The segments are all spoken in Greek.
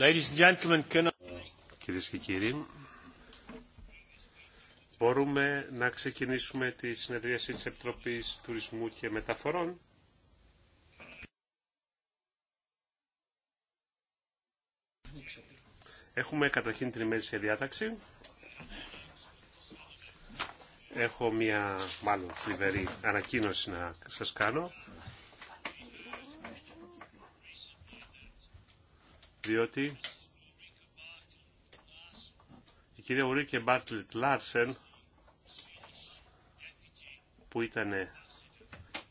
Κυρίες και κύριοι, μπορούμε να ξεκινήσουμε τη συνεδρίαση της Επιτροπής Τουρισμού και Μεταφορών. Έχουμε καταρχήν την ημέρη διάταξη. Έχω μία μάλλον θλιβερή ανακοίνωση να σας κάνω. διότι η κυρία Ουρίκε Μπάρτλιτ Λάρσεν που ήταν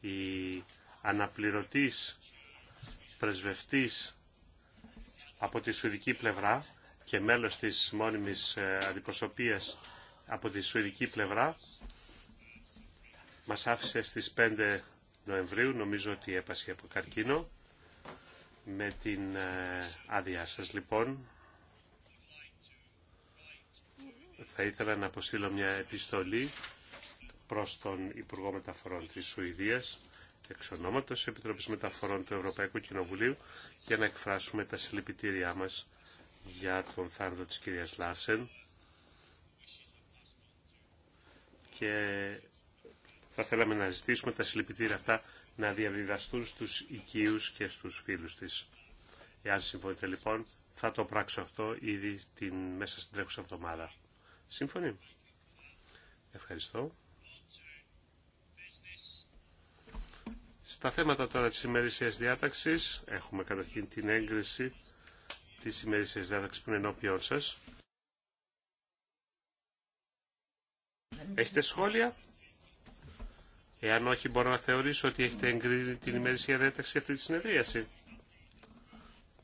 η αναπληρωτής πρεσβευτής από τη σουηδική πλευρά και μέλος της μόνιμης ε, αντιπροσωπείας από τη σουηδική πλευρά μας άφησε στις 5 Νοεμβρίου, νομίζω ότι έπασε από καρκίνο. Με την ε, άδειά σας λοιπόν, θα ήθελα να αποστείλω μια επιστολή προς τον Υπουργό Μεταφορών της Σουηδίας, εξ ονόματος Επιτροπής Μεταφορών του Ευρωπαϊκού Κοινοβουλίου, για να εκφράσουμε τα συλληπιτήριά μας για τον θάνατο της κυρίας Λάσεν. Και θα θέλαμε να ζητήσουμε τα συλληπιτήρια αυτά να διαβιβαστούν στους οικείους και στους φίλους της. Εάν συμφωνείτε λοιπόν, θα το πράξω αυτό ήδη την, μέσα στην τρέχουσα εβδομάδα. Σύμφωνοι. Ευχαριστώ. Στα θέματα τώρα της ημερήσιας διάταξης, έχουμε καταρχήν την έγκριση της ημερήσιας διάταξης που είναι ενώπιόν σας. Έχετε σχόλια. Εάν όχι, μπορώ να θεωρήσω ότι έχετε εγκρίνει την ημερησία διάταξη αυτή τη συνεδρίαση.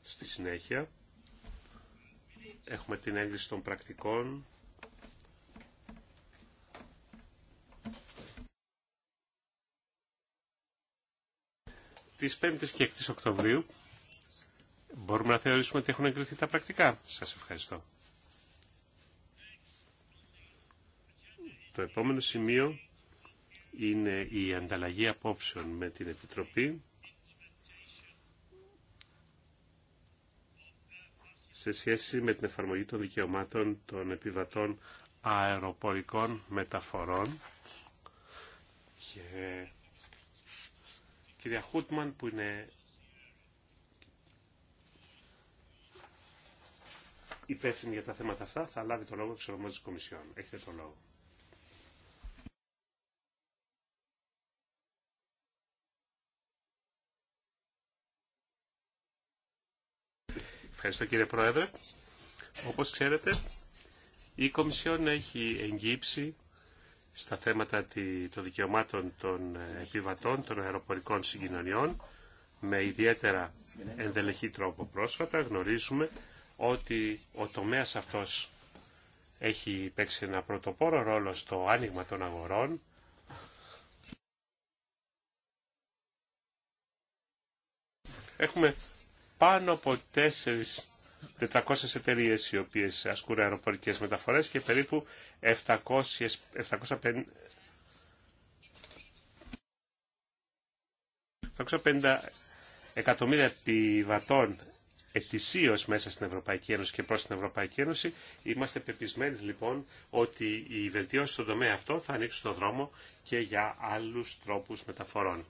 Στη συνέχεια, έχουμε την έγκριση των πρακτικών. Τη 5 η και 6ης Οκτωβρίου μπορούμε να θεωρήσουμε ότι έχουν εγκριθεί τα πρακτικά. Σας ευχαριστώ. Το επόμενο σημείο είναι η ανταλλαγή απόψεων με την Επιτροπή σε σχέση με την εφαρμογή των δικαιωμάτων των επιβατών αεροπορικών μεταφορών και κυρία Χούτμαν που είναι υπεύθυνη για τα θέματα αυτά θα λάβει το λόγο εξ της Κομισιόν. Έχετε το λόγο. Ευχαριστώ κύριε Πρόεδρε. Όπως ξέρετε, η Κομισιόν έχει εγγύψει στα θέματα των δικαιωμάτων των επιβατών των αεροπορικών συγκοινωνιών με ιδιαίτερα ενδελεχή τρόπο πρόσφατα. Γνωρίζουμε ότι ο τομέας αυτός έχει παίξει ένα πρωτοπόρο ρόλο στο άνοιγμα των αγορών Έχουμε πάνω από 400 εταιρείε οι οποίες ασκούν αεροπορικέ μεταφορές και περίπου 700, 750, εκατομμύρια επιβατών ετησίω μέσα στην Ευρωπαϊκή Ένωση και προ την Ευρωπαϊκή Ένωση. Είμαστε πεπισμένοι λοιπόν ότι οι βελτιώσει στον τομέα αυτό θα ανοίξουν το δρόμο και για άλλου τρόπου μεταφορών.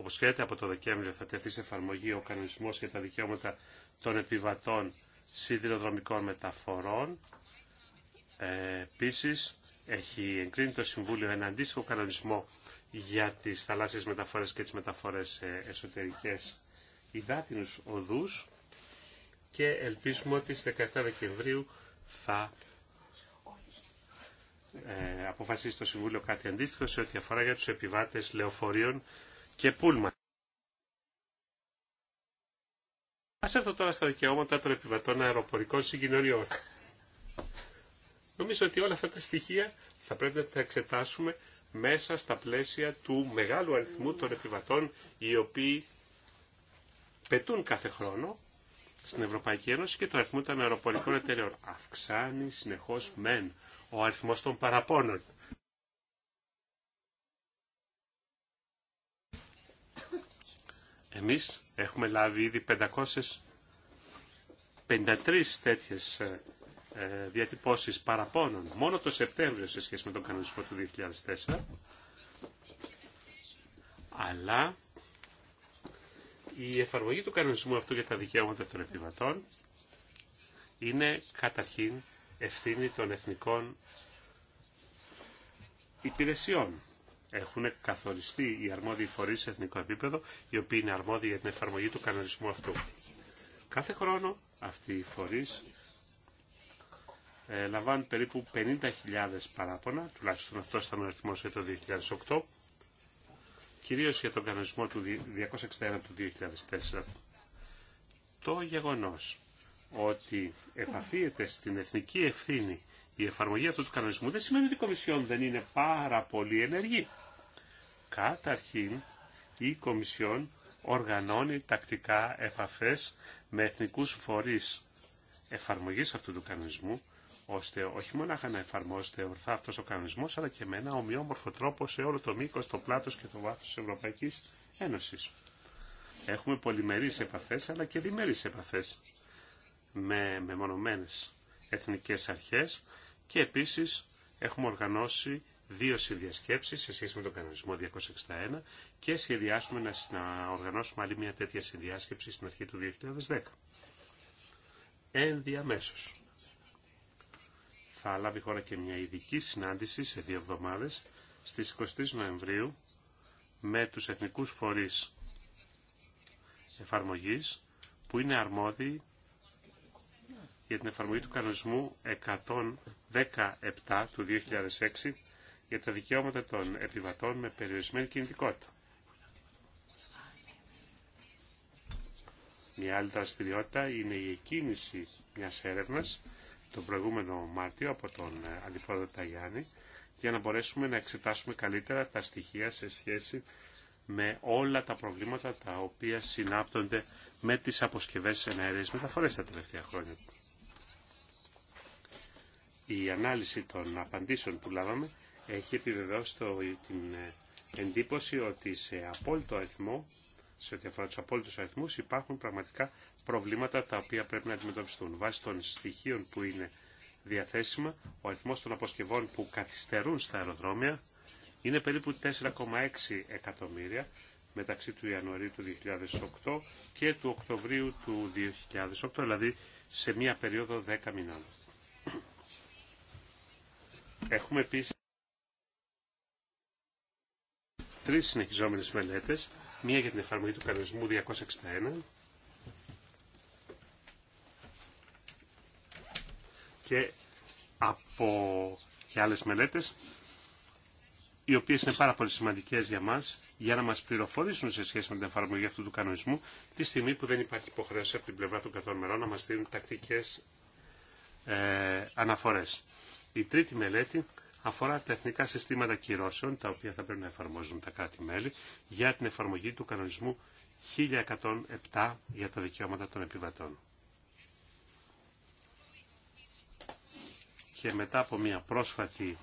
Όπως ξέρετε, από το Δεκέμβριο θα τεθεί σε εφαρμογή ο κανονισμός για τα δικαιώματα των επιβατών σιδηροδρομικών μεταφορών. Ε, Επίση, έχει εγκρίνει το Συμβούλιο ένα αντίστοιχο κανονισμό για τις θαλάσσιες μεταφορές και τις μεταφορές εσωτερικές υδάτινους οδούς και ελπίζουμε ότι στις 17 Δεκεμβρίου θα ε, αποφασίσει το Συμβούλιο κάτι αντίστοιχο σε ό,τι αφορά για τους επιβάτες λεωφορείων και πούλμαν. Ας έρθω τώρα στα δικαιώματα των επιβατών αεροπορικών συγκοινωνιών. Νομίζω ότι όλα αυτά τα στοιχεία θα πρέπει να τα εξετάσουμε μέσα στα πλαίσια του μεγάλου αριθμού των επιβατών οι οποίοι πετούν κάθε χρόνο στην Ευρωπαϊκή Ένωση και το αριθμό των αεροπορικών εταιρεών. Αυξάνει συνεχώς μεν ο αριθμός των παραπώνων. Εμείς έχουμε λάβει ήδη 553 τέτοιες ε, ε, διατυπώσεις παραπώνων μόνο το Σεπτέμβριο σε σχέση με τον κανονισμό του 2004 αλλά η εφαρμογή του κανονισμού αυτού για τα δικαιώματα των επιβατών είναι καταρχήν ευθύνη των εθνικών υπηρεσιών έχουν καθοριστεί οι αρμόδιοι φορεί σε εθνικό επίπεδο, οι οποίοι είναι αρμόδιοι για την εφαρμογή του κανονισμού αυτού. Κάθε χρόνο αυτοί οι φορεί ε, λαμβάνουν περίπου 50.000 παράπονα, τουλάχιστον αυτό ήταν ο αριθμό για το 2008, κυρίως για τον κανονισμό του 261 του 2004. Το γεγονός ότι επαφίεται στην εθνική ευθύνη η εφαρμογή αυτού του κανονισμού δεν σημαίνει ότι η Κομισιόν δεν είναι πάρα πολύ ενεργή. Καταρχήν, η Κομισιόν οργανώνει τακτικά επαφές με εθνικούς φορείς εφαρμογής αυτού του κανονισμού, ώστε όχι μόνο να εφαρμόσετε ορθά αυτός ο κανονισμός, αλλά και με ένα ομοιόμορφο τρόπο σε όλο το μήκος, το πλάτος και το βάθος της Ευρωπαϊκής Ένωσης. Έχουμε πολυμερείς επαφές, αλλά και διμερείς επαφές με μεμονωμένες εθνικές αρχές, και επίσης έχουμε οργανώσει δύο συνδιασκέψεις σε σχέση με τον κανονισμό 261 και σχεδιάσουμε να οργανώσουμε άλλη μια τέτοια συνδιάσκεψη στην αρχή του 2010. Ενδιαμέσως. Θα λάβει χώρα και μια ειδική συνάντηση σε δύο εβδομάδες στις 23 Νοεμβρίου με τους εθνικούς φορείς εφαρμογής που είναι αρμόδιοι για την εφαρμογή του κανονισμού 117 του 2006 για τα δικαιώματα των επιβατών με περιορισμένη κινητικότητα. Μια άλλη δραστηριότητα είναι η εκκίνηση μιας έρευνας τον προηγούμενο Μάρτιο από τον ε, Αντιπρόεδρο Ταγιάννη για να μπορέσουμε να εξετάσουμε καλύτερα τα στοιχεία σε σχέση με όλα τα προβλήματα τα οποία συνάπτονται με τις αποσκευές εναερίες μεταφορές τα τελευταία χρόνια η ανάλυση των απαντήσεων που λάβαμε έχει επιβεβαιώσει την ε, εντύπωση ότι σε απόλυτο αριθμό, σε ό,τι αφορά του απόλυτου αριθμού, υπάρχουν πραγματικά προβλήματα τα οποία πρέπει να αντιμετωπιστούν. Βάσει των στοιχείων που είναι διαθέσιμα, ο αριθμό των αποσκευών που καθυστερούν στα αεροδρόμια είναι περίπου 4,6 εκατομμύρια μεταξύ του Ιανουαρίου του 2008 και του Οκτωβρίου του 2008, δηλαδή σε μία περίοδο 10 μηνών. Έχουμε επίσης τρεις συνεχιζόμενες μελέτες, μία για την εφαρμογή του κανονισμού 261 και από και άλλες μελέτες, οι οποίες είναι πάρα πολύ σημαντικές για μας, για να μας πληροφορήσουν σε σχέση με την εφαρμογή αυτού του κανονισμού, τη στιγμή που δεν υπάρχει υποχρέωση από την πλευρά των κατών μερών να μας δίνουν τακτικές ε, αναφορές. Η τρίτη μελέτη αφορά τα εθνικά συστήματα κυρώσεων, τα οποία θα πρέπει να εφαρμόζουν τα κράτη-μέλη, για την εφαρμογή του κανονισμού 1107 για τα δικαιώματα των επιβατών. Και μετά από μια πρόσφατη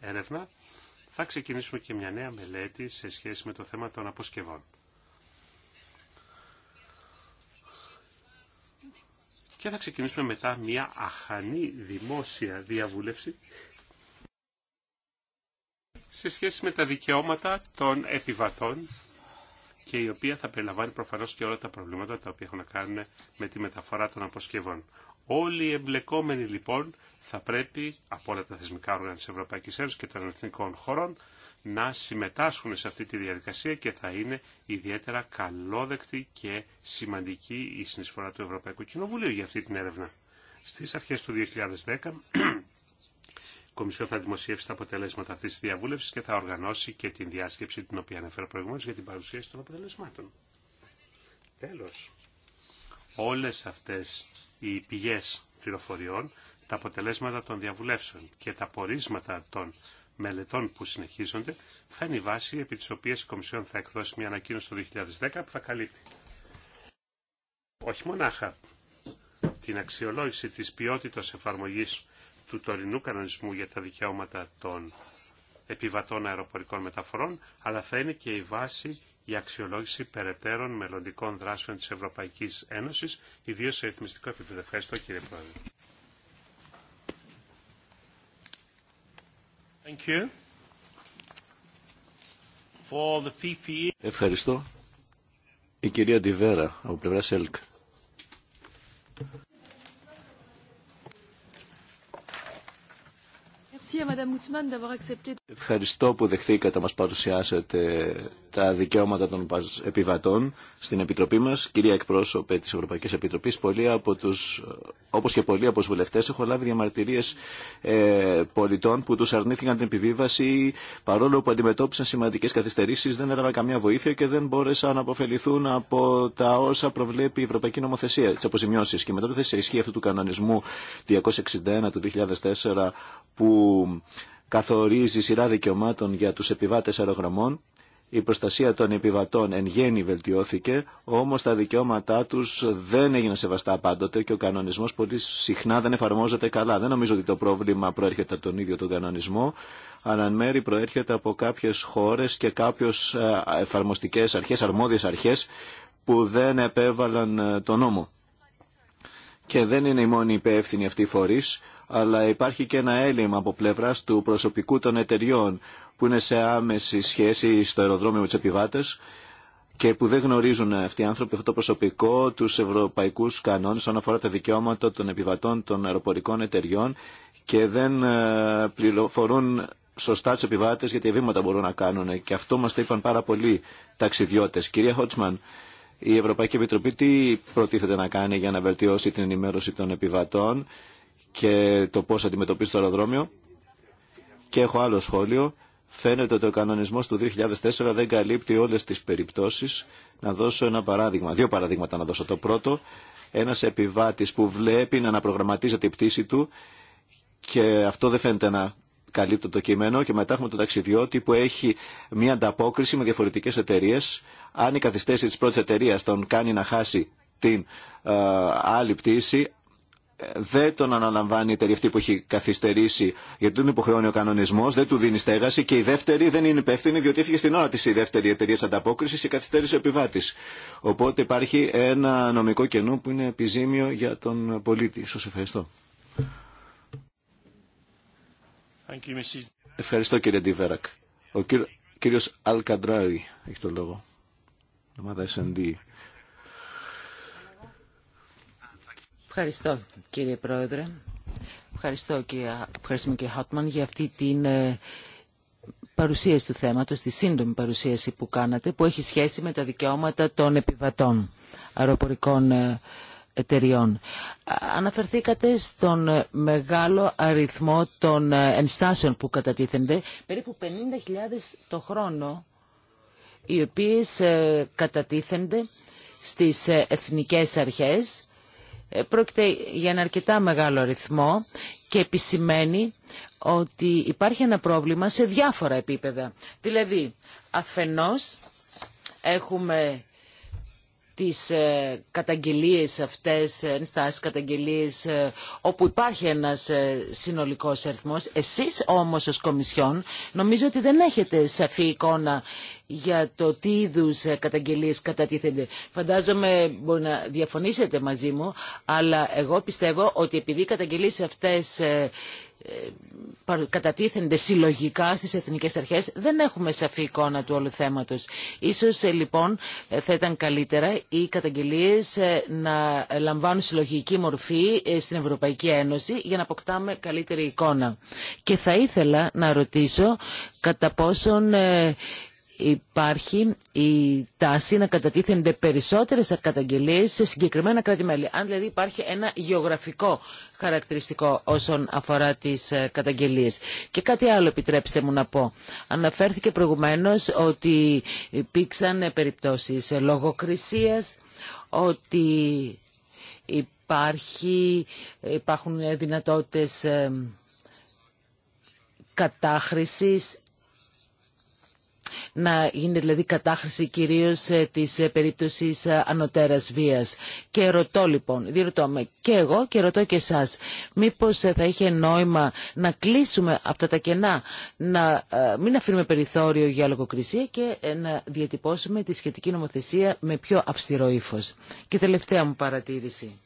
έρευνα, θα ξεκινήσουμε και μια νέα μελέτη σε σχέση με το θέμα των αποσκευών. και θα ξεκινήσουμε μετά μια αχανή δημόσια διαβούλευση σε σχέση με τα δικαιώματα των επιβατών και η οποία θα περιλαμβάνει προφανώς και όλα τα προβλήματα τα οποία έχουν να κάνουν με τη μεταφορά των αποσκευών. Όλοι οι εμπλεκόμενοι λοιπόν θα πρέπει από όλα τα θεσμικά όργανα της Ευρωπαϊκής Ένωσης και των εθνικών χωρών να συμμετάσχουν σε αυτή τη διαδικασία και θα είναι ιδιαίτερα καλόδεκτη και σημαντική η συνεισφορά του Ευρωπαϊκού Κοινοβουλίου για αυτή την έρευνα. Στις αρχές του 2010 η Κομισιόν θα δημοσιεύσει τα αποτελέσματα αυτής της διαβούλευσης και θα οργανώσει και την διάσκεψη την οποία ανέφερα προηγουμένως για την παρουσίαση των αποτελεσμάτων. Τέλος, όλες αυτές οι πηγές πληροφοριών, τα αποτελέσματα των διαβουλεύσεων και τα πορίσματα των μελετών που συνεχίζονται θα είναι η βάση επί της οποίας η Κομισιόν θα εκδώσει μια ανακοίνωση το 2010 που θα καλύπτει όχι μονάχα την αξιολόγηση της ποιότητας εφαρμογής του τωρινού κανονισμού για τα δικαιώματα των επιβατών αεροπορικών μεταφορών, αλλά θα είναι και η βάση για αξιολόγηση περαιτέρων μελλοντικών δράσεων της Ευρωπαϊκής Ένωσης, ιδίως σε ρυθμιστικό επίπεδο. Ευχαριστώ κύριε Πρόεδρε. Thank you. For the PPE. Ευχαριστώ. Η κυρία Ντιβέρα από πλευρά ΣΕΛΚ. Ευχαριστώ που δεχθήκατε να μας παρουσιάσετε τα δικαιώματα των επιβατών στην Επιτροπή μα, Κυρία εκπρόσωπε τη Ευρωπαϊκή Επιτροπή, πολλοί από όπως και πολλοί από του βουλευτές, έχω λάβει διαμαρτυρίε ε, πολιτών που του αρνήθηκαν την επιβίβαση παρόλο που αντιμετώπισαν σημαντικέ καθυστερήσει, δεν έλαβαν καμιά βοήθεια και δεν μπόρεσαν να αποφεληθούν από τα όσα προβλέπει η Ευρωπαϊκή Νομοθεσία, τι αποζημιώσει Και μετά το ισχύ αυτού του κανονισμού 261 του 2004 που καθορίζει σειρά δικαιωμάτων για τους επιβάτες αερογραμμών η προστασία των επιβατών εν γέννη βελτιώθηκε, όμως τα δικαιώματά τους δεν έγιναν σεβαστά πάντοτε και ο κανονισμός πολύ συχνά δεν εφαρμόζεται καλά. Δεν νομίζω ότι το πρόβλημα προέρχεται από τον ίδιο τον κανονισμό, αλλά εν μέρη προέρχεται από κάποιες χώρες και κάποιες ε, εφαρμοστικές αρχές, αρμόδιες αρχές που δεν επέβαλαν ε, τον νόμο. Και δεν είναι η μόνη υπεύθυνη αυτή η αλλά υπάρχει και ένα έλλειμμα από πλευρά του προσωπικού των εταιριών που είναι σε άμεση σχέση στο αεροδρόμιο με του επιβάτε και που δεν γνωρίζουν αυτοί οι άνθρωποι, αυτό το προσωπικό, του ευρωπαϊκού κανόνε όσον αφορά τα δικαιώματα των επιβατών των αεροπορικών εταιριών και δεν ε, πληροφορούν σωστά του επιβάτε γιατί βήματα μπορούν να κάνουν. Και αυτό μα το είπαν πάρα πολλοί ταξιδιώτε. Κυρία Χότσμαν, η Ευρωπαϊκή Επιτροπή τι προτίθεται να κάνει για να βελτιώσει την ενημέρωση των επιβατών και το πώ αντιμετωπίζει το αεροδρόμιο. Και έχω άλλο σχόλιο. Φαίνεται ότι ο κανονισμό του 2004 δεν καλύπτει όλε τι περιπτώσει Να δώσω ένα παράδειγμα, δύο παραδείγματα να δώσω. Το πρώτο, ένα επιβάτη που βλέπει να αναπρογραμματίζεται η πτήση του και αυτό δεν φαίνεται να καλύπτει το κείμενο και μετά έχουμε τον ταξιδιώτη που έχει μια ανταπόκριση με διαφορετικέ εταιρείε. Αν η καθυστέρηση τη πρώτη εταιρεία τον κάνει να χάσει την ε, άλλη πτήση, δεν τον αναλαμβάνει η εταιρεία αυτή που έχει καθυστερήσει γιατί τον υποχρεώνει ο κανονισμό, δεν του δίνει στέγαση και η δεύτερη δεν είναι υπεύθυνη διότι έφυγε στην ώρα τη η δεύτερη εταιρεία ανταπόκριση και καθυστέρησε ο επιβάτη. Οπότε υπάρχει ένα νομικό κενό που είναι επιζήμιο για τον πολίτη. Σα ευχαριστώ. Ευχαριστώ κύριε Ντιβέρακ. Ο κύριο Αλκαντράουι έχει το λόγο. Ομάδα Ευχαριστώ κύριε Πρόεδρε. Ευχαριστώ κύριε, ευχαριστούμε κύριε Χάτμαν για αυτή την ε, παρουσίαση του θέματος, τη σύντομη παρουσίαση που κάνατε, που έχει σχέση με τα δικαιώματα των επιβατών αεροπορικών ε, εταιριών. Αναφερθήκατε στον ε, μεγάλο αριθμό των ενστάσεων που κατατίθενται, περίπου 50.000 το χρόνο, οι οποίες κατατίθενται στις εθνικές αρχές ε, πρόκειται για ένα αρκετά μεγάλο αριθμό και επισημαίνει ότι υπάρχει ένα πρόβλημα σε διάφορα επίπεδα. Δηλαδή, αφενός έχουμε τις ε, καταγγελίες αυτές, ε, ενστάσεις καταγγελίες, ε, όπου υπάρχει ένας συνολικός αριθμός. Εσείς όμως ως Κομισιόν νομίζω ότι δεν έχετε σαφή εικόνα για το τι είδου καταγγελίες κατατίθενται. Φαντάζομαι μπορεί να διαφωνήσετε μαζί μου, αλλά εγώ πιστεύω ότι επειδή οι καταγγελίες αυτές ε, κατατίθενται συλλογικά στις εθνικές αρχές δεν έχουμε σαφή εικόνα του όλου θέματος. Ίσως ε, λοιπόν ε, θα ήταν καλύτερα οι καταγγελίες να λαμβάνουν συλλογική μορφή στην Ευρωπαϊκή Ένωση για να αποκτάμε καλύτερη εικόνα. Και θα ήθελα να ρωτήσω κατά πόσον υπάρχει η τάση να κατατίθενται περισσότερες καταγγελίες σε συγκεκριμένα κράτη-μέλη. Αν δηλαδή υπάρχει ένα γεωγραφικό χαρακτηριστικό όσον αφορά τις ε, καταγγελίες. Και κάτι άλλο επιτρέψτε μου να πω. Αναφέρθηκε προηγουμένως ότι υπήρξαν ε, περιπτώσεις ε, λογοκρισίας, ότι υπάρχει, υπάρχουν δυνατότητες κατάχρησης να γίνει δηλαδή κατάχρηση κυρίως ε, της ε, περίπτωσης ε, ανωτέρας βίας. Και ρωτώ λοιπόν, διερωτώ με και εγώ και ρωτώ και εσάς, μήπως θα είχε νόημα να κλείσουμε αυτά τα κενά, να μην αφήνουμε περιθώριο για λογοκρισία και να διατυπώσουμε τη σχετική νομοθεσία με πιο αυστηρό ύφο. Και τελευταία μου παρατήρηση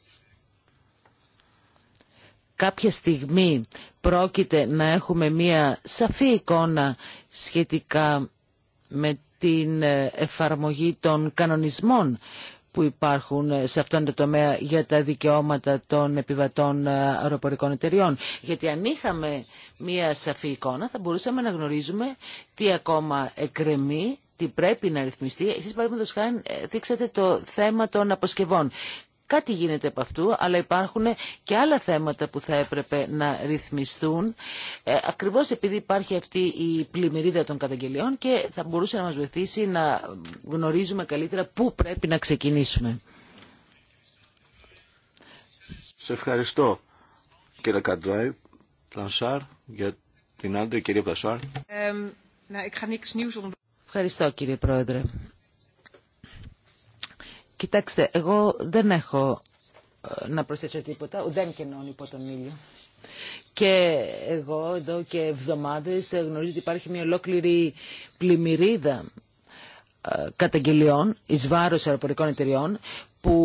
κάποια στιγμή πρόκειται να έχουμε μία σαφή εικόνα σχετικά με την ε, εφαρμογή των κανονισμών που υπάρχουν ε, σε αυτόν τον τομέα για τα δικαιώματα των επιβατών ε, αεροπορικών εταιριών. Γιατί αν είχαμε μία σαφή εικόνα θα μπορούσαμε να γνωρίζουμε τι ακόμα εκρεμεί τι πρέπει να ρυθμιστεί. Εσείς παραδείγματος χάρη δείξατε το θέμα των αποσκευών. Κάτι γίνεται από αυτού, αλλά υπάρχουν και άλλα θέματα που θα έπρεπε να ρυθμιστούν, ε, ακριβώς επειδή υπάρχει αυτή η πλημμυρίδα των καταγγελιών και θα μπορούσε να μας βοηθήσει να γνωρίζουμε καλύτερα πού πρέπει να ξεκινήσουμε. Σε ευχαριστώ κύριε Καντράι, Πλανσάρ, για την άντε, κύριε Πλανσάρ. Ευχαριστώ κύριε Πρόεδρε. Κοιτάξτε, εγώ δεν έχω ε, να προσθέσω τίποτα, ουδέν κενών υπό τον ήλιο. Και εγώ εδώ και εβδομάδες γνωρίζω ότι υπάρχει μια ολόκληρη πλημμυρίδα ε, καταγγελιών εις βάρος αεροπορικών εταιριών που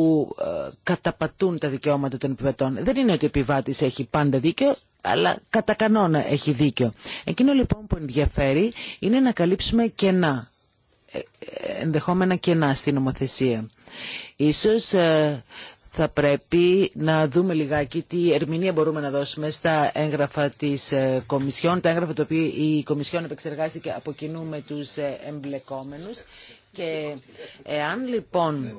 ε, καταπατούν τα δικαιώματα των επιβατών. Δεν είναι ότι ο επιβάτης έχει πάντα δίκιο, αλλά κατά κανόνα έχει δίκιο. Εκείνο λοιπόν που ενδιαφέρει είναι να καλύψουμε κενά ενδεχόμενα κενά στην νομοθεσία. Ίσως ε, θα πρέπει να δούμε λιγάκι τι ερμηνεία μπορούμε να δώσουμε στα έγγραφα της ε, Κομισιόν, τα έγγραφα τα οποία η Κομισιόν επεξεργάστηκε από κοινού με τους ε, εμπλεκόμενους. Και εάν λοιπόν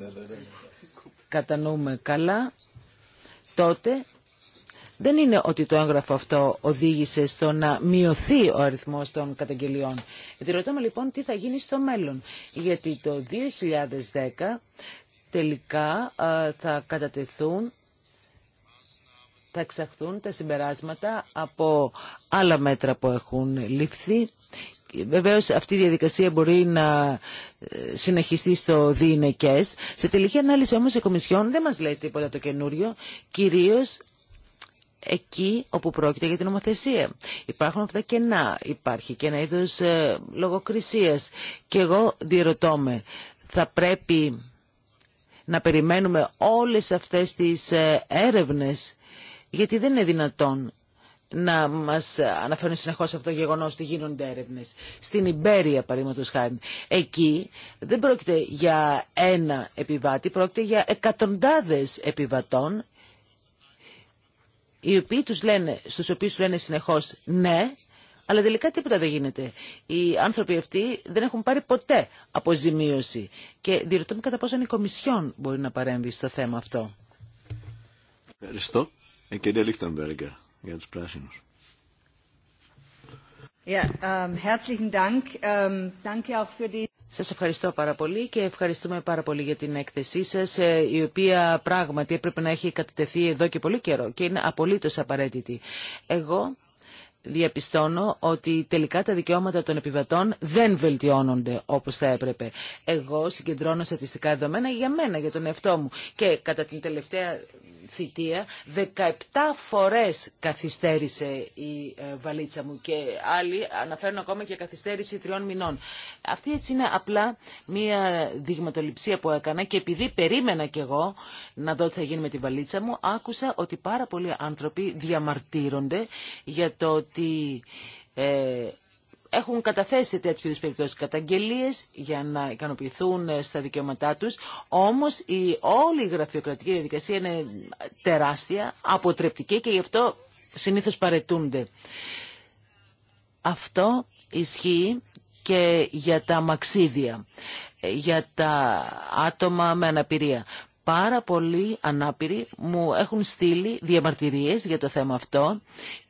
κατανοούμε καλά, τότε δεν είναι ότι το έγγραφο αυτό οδήγησε στο να μειωθεί ο αριθμός των καταγγελιών. Διερωτώμε λοιπόν τι θα γίνει στο μέλλον, γιατί το 2010 τελικά θα κατατεθούν θα εξαχθούν τα συμπεράσματα από άλλα μέτρα που έχουν ληφθεί. Βεβαίως αυτή η διαδικασία μπορεί να ε, συνεχιστεί στο διηνεκές. Σε τελική ανάλυση όμως η Κομισιόν δεν μας λέει τίποτα το καινούριο, κυρίως εκεί όπου πρόκειται για την ομοθεσία. Υπάρχουν αυτά κενά, υπάρχει και ένα είδος ε, λογοκρισίας. Και εγώ διερωτώ με, θα πρέπει να περιμένουμε όλες αυτές τις ε, έρευνες, γιατί δεν είναι δυνατόν να μας αναφέρουν συνεχώς αυτό το γεγονός ότι γίνονται έρευνες. Στην Ιμπέρια, παραδείγματος χάρη, εκεί δεν πρόκειται για ένα επιβάτη, πρόκειται για εκατοντάδες επιβατών οι οποίοι τους λένε, στους οποίους λένε συνεχώς ναι, αλλά τελικά τίποτα δεν γίνεται. Οι άνθρωποι αυτοί δεν έχουν πάρει ποτέ αποζημίωση και με κατά πόσο η Κομισιόν μπορεί να παρέμβει στο θέμα αυτό. Ευχαριστώ. Ε, κυρία για Um, um, σας ευχαριστώ πάρα πολύ και ευχαριστούμε πάρα πολύ για την έκθεσή σας, ε, η οποία πράγματι έπρεπε να έχει κατατεθεί εδώ και πολύ καιρό και είναι απολύτως απαραίτητη. Εγώ διαπιστώνω ότι τελικά τα δικαιώματα των επιβατών δεν βελτιώνονται όπως θα έπρεπε. Εγώ συγκεντρώνω στατιστικά δεδομένα για μένα, για τον εαυτό μου και κατά την τελευταία θητεία 17 φορές καθυστέρησε η ε, βαλίτσα μου και άλλοι αναφέρουν ακόμα και καθυστέρηση τριών μηνών. Αυτή έτσι είναι απλά μία δειγματοληψία που έκανα και επειδή περίμενα κι εγώ να δω τι θα γίνει με τη βαλίτσα μου, άκουσα ότι πάρα πολλοί άνθρωποι διαμαρτύρονται για το ότι ε, έχουν καταθέσει τέτοιου είδου περιπτώσει καταγγελίε για να ικανοποιηθούν ε, στα δικαιώματά του. Όμω η όλη η γραφειοκρατική διαδικασία είναι τεράστια, αποτρεπτική και γι' αυτό συνήθω παρετούνται. Αυτό ισχύει και για τα μαξίδια ε, για τα άτομα με αναπηρία πάρα πολλοί ανάπηροι μου έχουν στείλει διαμαρτυρίες για το θέμα αυτό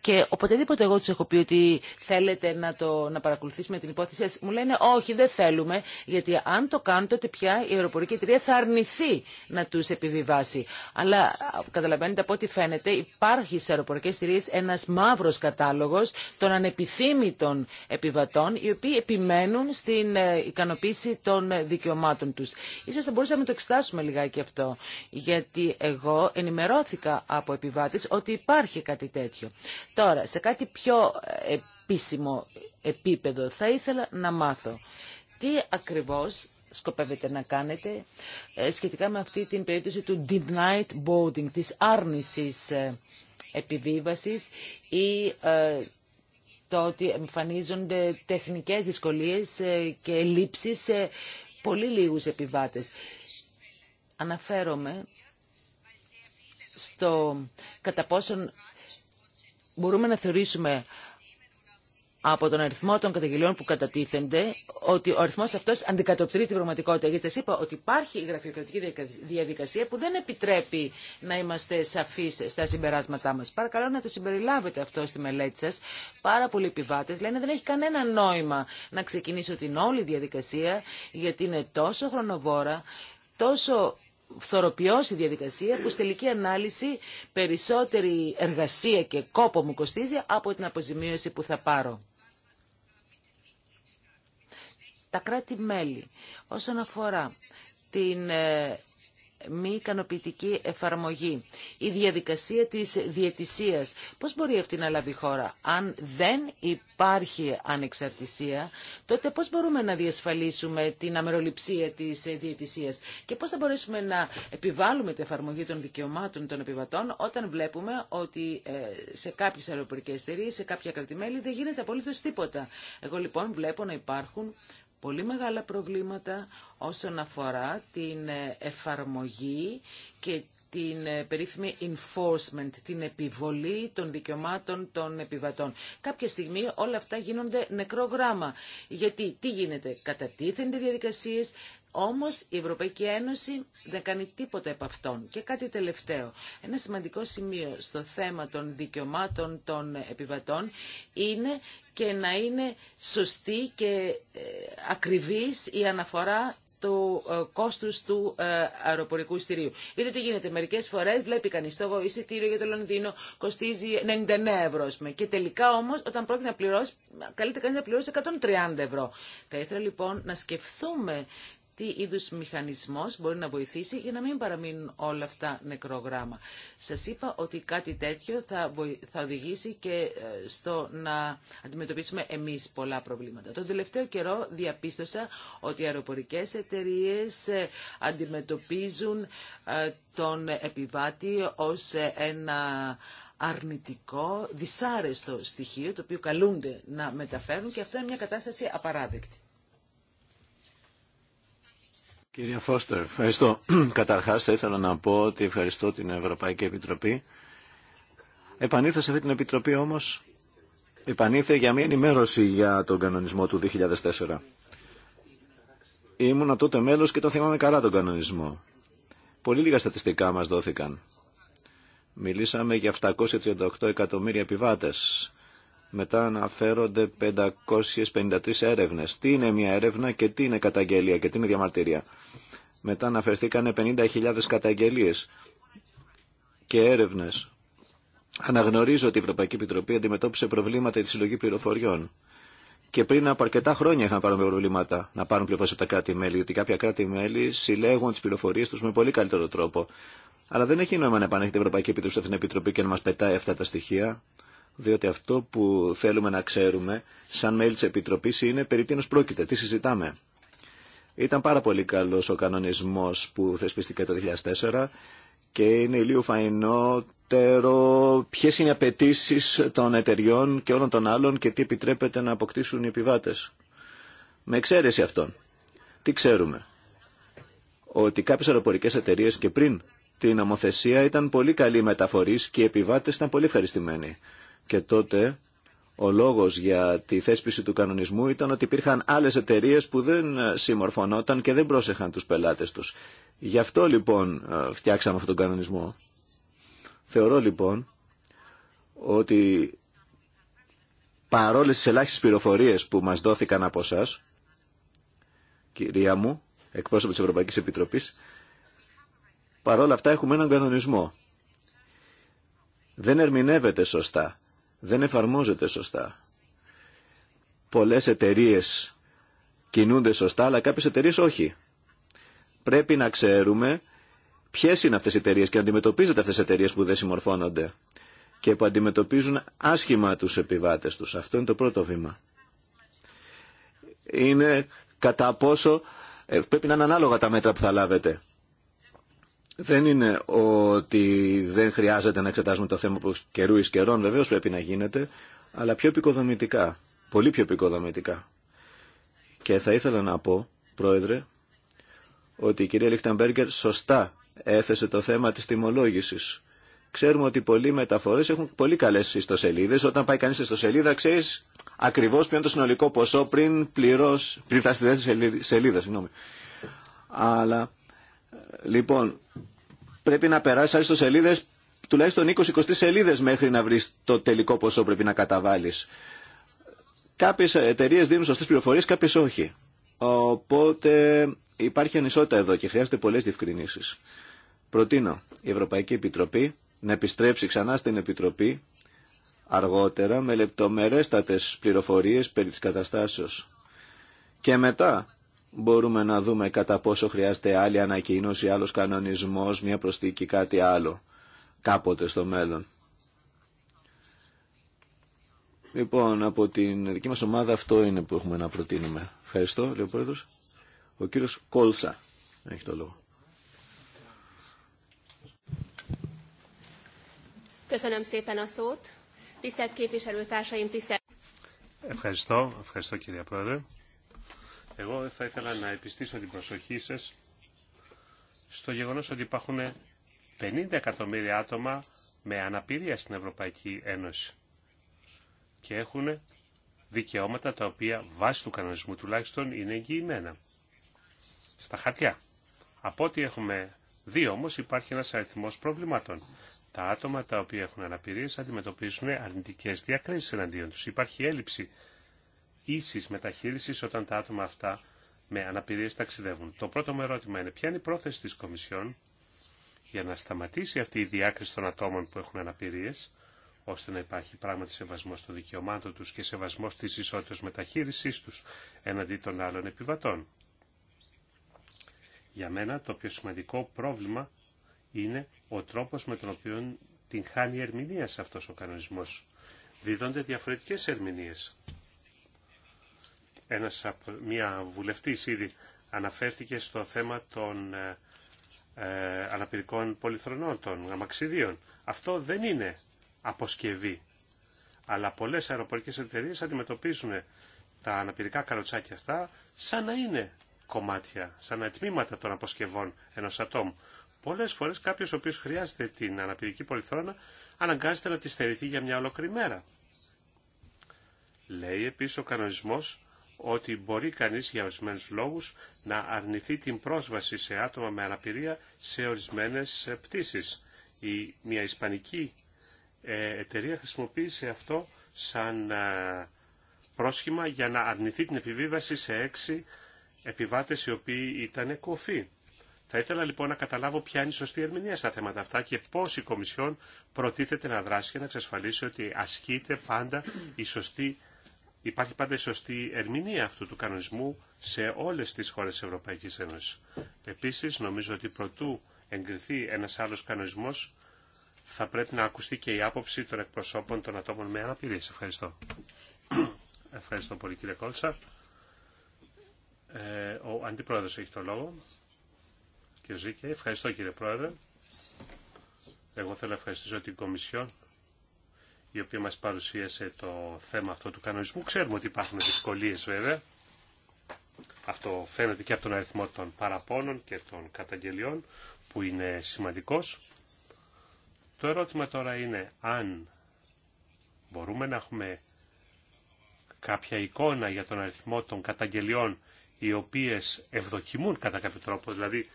και οποτεδήποτε εγώ τους έχω πει ότι θέλετε να, το, να παρακολουθήσουμε την υπόθεση μου λένε όχι δεν θέλουμε γιατί αν το κάνουν τότε πια η αεροπορική εταιρεία θα αρνηθεί να τους επιβιβάσει. Αλλά καταλαβαίνετε από ό,τι φαίνεται υπάρχει σε αεροπορικές εταιρείε ένας μαύρος κατάλογος των ανεπιθύμητων επιβατών οι οποίοι επιμένουν στην ε, ικανοποίηση των ε, δικαιωμάτων τους. Ίσως θα μπορούσαμε να το εξετάσουμε λιγάκι αυτό γιατί εγώ ενημερώθηκα από επιβάτης ότι υπάρχει κάτι τέτοιο. Τώρα, σε κάτι πιο επίσημο επίπεδο θα ήθελα να μάθω. Τι ακριβώς σκοπεύετε να κάνετε ε, σχετικά με αυτή την περίπτωση του denied boarding, της άρνησης ε, επιβίβασης ή ε, το ότι εμφανίζονται τεχνικές δυσκολίες και λήψεις σε πολύ λίγους επιβάτες αναφέρομαι στο κατά πόσον μπορούμε να θεωρήσουμε από τον αριθμό των καταγγελιών που κατατίθενται ότι ο αριθμός αυτός αντικατοπτρίζει την πραγματικότητα. Γιατί σας είπα ότι υπάρχει η γραφειοκρατική διαδικασία που δεν επιτρέπει να είμαστε σαφείς στα συμπεράσματά μας. Παρακαλώ να το συμπεριλάβετε αυτό στη μελέτη σας. Πάρα πολλοί επιβάτες λένε δεν έχει κανένα νόημα να ξεκινήσω την όλη διαδικασία γιατί είναι τόσο χρονοβόρα, τόσο φθοροποιώσει η διαδικασία που στη τελική ανάλυση περισσότερη εργασία και κόπο μου κοστίζει από την αποζημίωση που θα πάρω. Τα κράτη-μέλη όσον αφορά την ε, μη ικανοποιητική εφαρμογή. Η διαδικασία της διαιτησίας, πώς μπορεί αυτή να λάβει χώρα. Αν δεν υπάρχει ανεξαρτησία, τότε πώς μπορούμε να διασφαλίσουμε την αμεροληψία της διαιτησίας και πώς θα μπορέσουμε να επιβάλλουμε την εφαρμογή των δικαιωμάτων των επιβατών όταν βλέπουμε ότι ε, σε κάποιες αεροπορικές εταιρείε, σε κάποια κρατημέλη δεν γίνεται απολύτως τίποτα. Εγώ λοιπόν βλέπω να υπάρχουν πολύ μεγάλα προβλήματα όσον αφορά την ε, εφαρμογή και την ε, περίφημη enforcement, την επιβολή των δικαιωμάτων των επιβατών. Κάποια στιγμή όλα αυτά γίνονται νεκρό γράμμα. Γιατί τι γίνεται, κατατίθενται διαδικασίες, όμως η Ευρωπαϊκή Ένωση δεν κάνει τίποτα από αυτόν. Και κάτι τελευταίο. Ένα σημαντικό σημείο στο θέμα των δικαιωμάτων των επιβατών είναι και να είναι σωστή και ε, ακριβής η αναφορά του ε, κόστους του ε, αεροπορικού εισιτηρίου. Είδατε τι γίνεται, μερικές φορές βλέπει κανείς το εισιτήριο για το Λονδίνο κοστίζει 99 ευρώ και τελικά όμως όταν πρόκειται να πληρώσει, καλείται κανείς να πληρώσει 130 ευρώ. Θα ήθελα λοιπόν να σκεφτούμε τι είδους μηχανισμός μπορεί να βοηθήσει για να μην παραμείνουν όλα αυτά νεκρογράμμα. Σας είπα ότι κάτι τέτοιο θα, θα οδηγήσει και ε, στο να αντιμετωπίσουμε εμείς πολλά προβλήματα. Τον τελευταίο καιρό διαπίστωσα ότι οι αεροπορικές εταιρείες ε, αντιμετωπίζουν ε, τον επιβάτη ως ένα αρνητικό, δυσάρεστο στοιχείο το οποίο καλούνται να μεταφέρουν και αυτό είναι μια κατάσταση απαράδεκτη. Κύριε Φώστερ, ευχαριστώ. Καταρχάς θα ήθελα να πω ότι ευχαριστώ την Ευρωπαϊκή Επιτροπή. Επανήλθε σε αυτή την Επιτροπή όμως, επανήλθε για μια ενημέρωση για τον κανονισμό του 2004. Ήμουνα τότε μέλος και το θυμάμαι καλά τον κανονισμό. Πολύ λίγα στατιστικά μας δόθηκαν. Μιλήσαμε για 738 εκατομμύρια επιβάτες μετά αναφέρονται 553 έρευνε. Τι είναι μια έρευνα και τι είναι καταγγελία και τι είναι διαμαρτυρία. Μετά αναφερθήκανε 50.000 καταγγελίε και έρευνε. Αναγνωρίζω ότι η Ευρωπαϊκή Επιτροπή αντιμετώπισε προβλήματα για τη συλλογή πληροφοριών. Και πριν από αρκετά χρόνια είχαν πάρουν προβλήματα να πάρουν πληροφορίε από τα κράτη-μέλη, γιατί κάποια κράτη-μέλη συλλέγουν τι πληροφορίε του με πολύ καλύτερο τρόπο. Αλλά δεν έχει νόημα να επανέρχεται η Ευρωπαϊκή Επιτροπή στην Επιτροπή και να μα πετάει αυτά τα στοιχεία διότι αυτό που θέλουμε να ξέρουμε σαν μέλη της Επιτροπής είναι περί τίνος πρόκειται, τι συζητάμε. Ήταν πάρα πολύ καλός ο κανονισμός που θεσπίστηκε το 2004 και είναι λίγο φαϊνότερο ποιε είναι οι απαιτήσει των εταιριών και όλων των άλλων και τι επιτρέπεται να αποκτήσουν οι επιβάτες. Με εξαίρεση αυτών. Τι ξέρουμε. Ότι κάποιες αεροπορικές εταιρείε και πριν την νομοθεσία ήταν πολύ καλή μεταφορής και οι επιβάτες ήταν πολύ ευχαριστημένοι. Και τότε ο λόγος για τη θέσπιση του κανονισμού ήταν ότι υπήρχαν άλλες εταιρείε που δεν συμμορφωνόταν και δεν πρόσεχαν τους πελάτες τους. Γι' αυτό λοιπόν ε, φτιάξαμε αυτόν τον κανονισμό. Θεωρώ λοιπόν ότι παρόλες τις ελάχιστες πληροφορίες που μας δόθηκαν από εσά, κυρία μου, εκπρόσωπο της Ευρωπαϊκής Επιτροπής, παρόλα αυτά έχουμε έναν κανονισμό. Δεν ερμηνεύεται σωστά δεν εφαρμόζεται σωστά. Πολλές εταιρείε κινούνται σωστά, αλλά κάποιες εταιρείε όχι. Πρέπει να ξέρουμε ποιες είναι αυτές οι εταιρείε και να αντιμετωπίζετε αυτές οι εταιρείε που δεν συμμορφώνονται και που αντιμετωπίζουν άσχημα τους επιβάτες τους. Αυτό είναι το πρώτο βήμα. Είναι κατά πόσο ε, πρέπει να είναι ανάλογα τα μέτρα που θα λάβετε δεν είναι ότι δεν χρειάζεται να εξετάζουμε το θέμα που καιρού εις καιρών βεβαίως πρέπει να γίνεται, αλλά πιο επικοδομητικά, πολύ πιο επικοδομητικά. Και θα ήθελα να πω, Πρόεδρε, ότι η κυρία Λιχτανμπέργκερ σωστά έθεσε το θέμα της τιμολόγησης. Ξέρουμε ότι πολλοί μεταφορές έχουν πολύ καλές ιστοσελίδες. Όταν πάει κανείς σε ιστοσελίδα, ξέρεις ακριβώς ποιο είναι το συνολικό ποσό πριν, πληρώσει πριν φτάσει στη σελίδα. Αλλά Λοιπόν, πρέπει να περάσει άριστο σελίδε, τουλάχιστον 20-23 σελίδε μέχρι να βρει το τελικό ποσό πρέπει να καταβάλει. Κάποιε εταιρείε δίνουν σωστέ πληροφορίε, κάποιε όχι. Οπότε υπάρχει ανισότητα εδώ και χρειάζεται πολλέ διευκρινήσει. Προτείνω η Ευρωπαϊκή Επιτροπή να επιστρέψει ξανά στην Επιτροπή αργότερα με λεπτομερέστατες πληροφορίες περί της καταστάσεως. Και μετά μπορούμε να δούμε κατά πόσο χρειάζεται άλλη ανακοίνωση, άλλος κανονισμός, μια προσθήκη, κάτι άλλο κάποτε στο μέλλον. Λοιπόν, από την δική μας ομάδα αυτό είναι που έχουμε να προτείνουμε. Ευχαριστώ, λέει ο Πρόεδρος. Ο κύριος Κόλσα έχει το λόγο. Ευχαριστώ, ευχαριστώ κύριε Πρόεδρε. Εγώ θα ήθελα να επιστήσω την προσοχή σας στο γεγονός ότι υπάρχουν 50 εκατομμύρια άτομα με αναπηρία στην Ευρωπαϊκή Ένωση και έχουν δικαιώματα τα οποία βάσει του κανονισμού τουλάχιστον είναι εγγυημένα. Στα χαρτιά. Από ό,τι έχουμε δει όμως υπάρχει ένας αριθμός προβλημάτων. Τα άτομα τα οποία έχουν αναπηρίες αντιμετωπίζουν αρνητικές διακρίσεις εναντίον τους. Υπάρχει έλλειψη ίσης μεταχείρισης όταν τα άτομα αυτά με αναπηρίες ταξιδεύουν. Το πρώτο μου ερώτημα είναι ποια είναι η πρόθεση της Κομισιόν για να σταματήσει αυτή η διάκριση των ατόμων που έχουν αναπηρίες, ώστε να υπάρχει πράγματι σεβασμός των δικαιωμάτων τους και σεβασμός της ισότητας μεταχείρισής τους εναντί των άλλων επιβατών. Για μένα το πιο σημαντικό πρόβλημα είναι ο τρόπος με τον οποίο την χάνει η ερμηνεία σε αυτός ο κανονισμός. Δίδονται διαφορετικές ερμηνείες. Ένας από, μια βουλευτής ήδη αναφέρθηκε στο θέμα των ε, ε, αναπηρικών πολυθρονών, των αμαξιδίων. Αυτό δεν είναι αποσκευή. Αλλά πολλές αεροπορικές εταιρείες αντιμετωπίζουν τα αναπηρικά καροτσάκια αυτά σαν να είναι κομμάτια, σαν να τμήματα των αποσκευών ενός ατόμου. Πολλές φορές κάποιος ο οποίος χρειάζεται την αναπηρική πολυθρόνα αναγκάζεται να τη στερηθεί για μια ολόκληρη μέρα. Λέει επίσης ο κανονισμός ότι μπορεί κανείς για ορισμένους λόγους να αρνηθεί την πρόσβαση σε άτομα με αναπηρία σε ορισμένες ε, πτήσεις. Η, μια ισπανική ε, εταιρεία χρησιμοποίησε αυτό σαν ε, πρόσχημα για να αρνηθεί την επιβίβαση σε έξι επιβάτες οι οποίοι ήταν κοφοί. Θα ήθελα λοιπόν να καταλάβω ποια είναι η σωστή ερμηνεία στα θέματα αυτά και πώς η Κομισιόν προτίθεται να δράσει και να εξασφαλίσει ότι ασκείται πάντα η σωστή Υπάρχει πάντα η σωστή ερμηνεία αυτού του κανονισμού σε όλες τις χώρες της Ευρωπαϊκής Ένωσης. Επίσης, νομίζω ότι προτού εγκριθεί ένας άλλος κανονισμός, θα πρέπει να ακουστεί και η άποψη των εκπροσώπων των ατόμων με αναπηρίες. Ευχαριστώ. Ευχαριστώ πολύ κύριε Κόλσα. Ε, ο Αντιπρόεδρος έχει το λόγο. Κύριε Ζήκε, ευχαριστώ κύριε Πρόεδρε. Εγώ θέλω να ευχαριστήσω την Κομισιόν η οποία μας παρουσίασε το θέμα αυτό του κανονισμού. Ξέρουμε ότι υπάρχουν δυσκολίες βέβαια. Αυτό φαίνεται και από τον αριθμό των παραπώνων και των καταγγελιών που είναι σημαντικός. Το ερώτημα τώρα είναι αν μπορούμε να έχουμε κάποια εικόνα για τον αριθμό των καταγγελιών οι οποίες ευδοκιμούν κατά κάποιο τρόπο, δηλαδή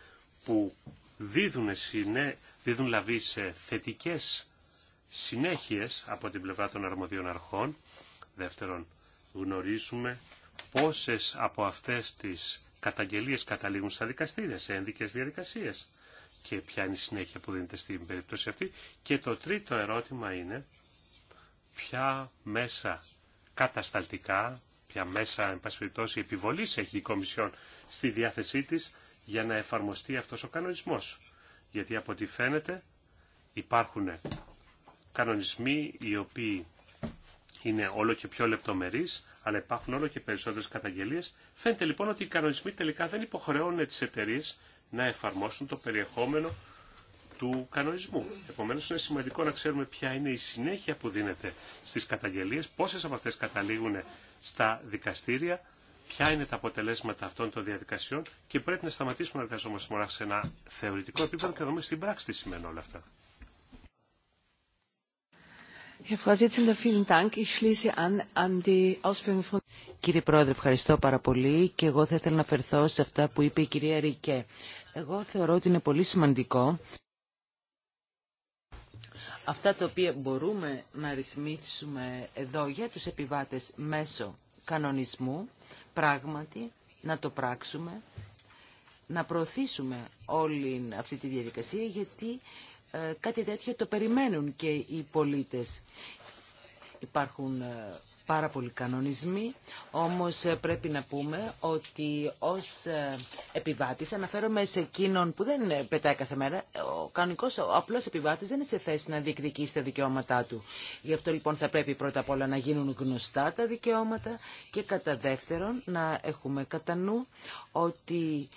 που δίδουν, συνέ, δίδουν λαβή σε θετικές συνέχειες από την πλευρά των αρμοδίων αρχών. Δεύτερον, γνωρίζουμε πόσες από αυτές τις καταγγελίες καταλήγουν στα δικαστήρια, σε ένδικες διαδικασίες και ποια είναι η συνέχεια που δίνεται στην περίπτωση αυτή. Και το τρίτο ερώτημα είναι ποια μέσα κατασταλτικά, ποια μέσα, εν επιβολής έχει η Κομισιόν στη διάθεσή της για να εφαρμοστεί αυτός ο κανονισμός. Γιατί από ό,τι φαίνεται υπάρχουν κανονισμοί οι οποίοι είναι όλο και πιο λεπτομερείς, αλλά υπάρχουν όλο και περισσότερες καταγγελίες. Φαίνεται λοιπόν ότι οι κανονισμοί τελικά δεν υποχρεώνουν τις εταιρείε να εφαρμόσουν το περιεχόμενο του κανονισμού. Επομένως είναι σημαντικό να ξέρουμε ποια είναι η συνέχεια που δίνεται στις καταγγελίες, πόσες από αυτές καταλήγουν στα δικαστήρια, ποια είναι τα αποτελέσματα αυτών των διαδικασιών και πρέπει να σταματήσουμε να εργαζόμαστε μόνο σε ένα θεωρητικό επίπεδο και να δούμε στην πράξη τι σημαίνουν όλα αυτά. Κύριε Πρόεδρε, ευχαριστώ πάρα πολύ και εγώ θα ήθελα να αφαιρθώ σε αυτά που είπε η κυρία Ρικέ. Εγώ θεωρώ ότι είναι πολύ σημαντικό αυτά τα οποία μπορούμε να ρυθμίσουμε εδώ για τους επιβάτες μέσω κανονισμού, πράγματι να το πράξουμε, να προωθήσουμε όλη αυτή τη διαδικασία γιατί ε, κάτι τέτοιο το περιμένουν και οι πολίτες. Υπάρχουν ε, πάρα πολλοί κανονισμοί, όμως ε, πρέπει να πούμε ότι ως επιβάτης, αναφέρομαι σε εκείνον που δεν πετάει κάθε μέρα, ο κανονικός, ο απλός επιβάτης δεν είναι σε θέση να διεκδικήσει τα δικαιώματά του. Γι' αυτό λοιπόν θα πρέπει πρώτα απ' όλα να γίνουν γνωστά τα δικαιώματα και κατά δεύτερον να έχουμε κατά νου ότι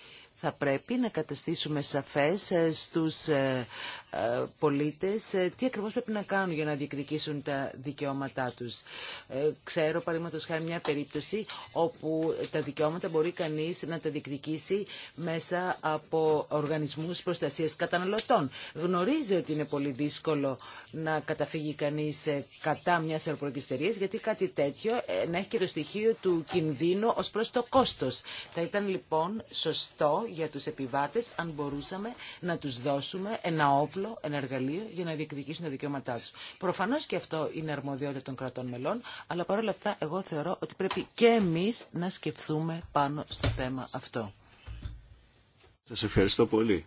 θα πρέπει να καταστήσουμε σαφές ε, στους ε, ε, πολίτες τι ακριβώς πρέπει να κάνουν για να διεκδικήσουν τα δικαιώματά τους. Ξέρω παραδείγματος χάρη μια περίπτωση όπου τα δικαιώματα μπορεί κανείς να τα διεκδικήσει μέσα από οργανισμούς προστασίας καταναλωτών. Γνωρίζει ότι είναι πολύ δύσκολο να καταφύγει κανείς κατά μιας αεροπορικής γιατί κάτι τέτοιο να έχει και το στοιχείο του κινδύνου ως προς το κόστος. Θα ήταν λοιπόν σωστό για τους επιβάτες αν μπορούσαμε να τους δώσουμε ένα όπλο, ένα εργαλείο για να διεκδικήσουν τα δικαιώματά τους. Προφανώς και αυτό είναι αρμοδιότητα των κρατών μελών, αλλά παρόλα αυτά εγώ θεωρώ ότι πρέπει και εμείς να σκεφτούμε πάνω στο θέμα αυτό. Σας ευχαριστώ πολύ.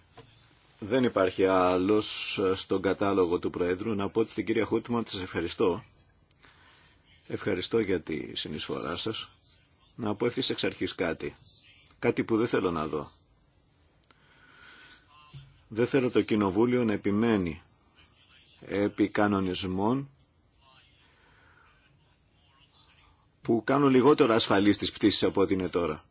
Δεν υπάρχει άλλος ε, στον κατάλογο του Προέδρου. Να πω ότι στην κυρία Χούτμαν σας ευχαριστώ. Ευχαριστώ για τη συνεισφορά σας. Να πω εξ αρχής κάτι. Κάτι που δεν θέλω να δω. Δεν θέλω το Κοινοβούλιο να επιμένει επί κανονισμών που κάνουν λιγότερο ασφαλή τις πτήσεις από ό,τι είναι τώρα.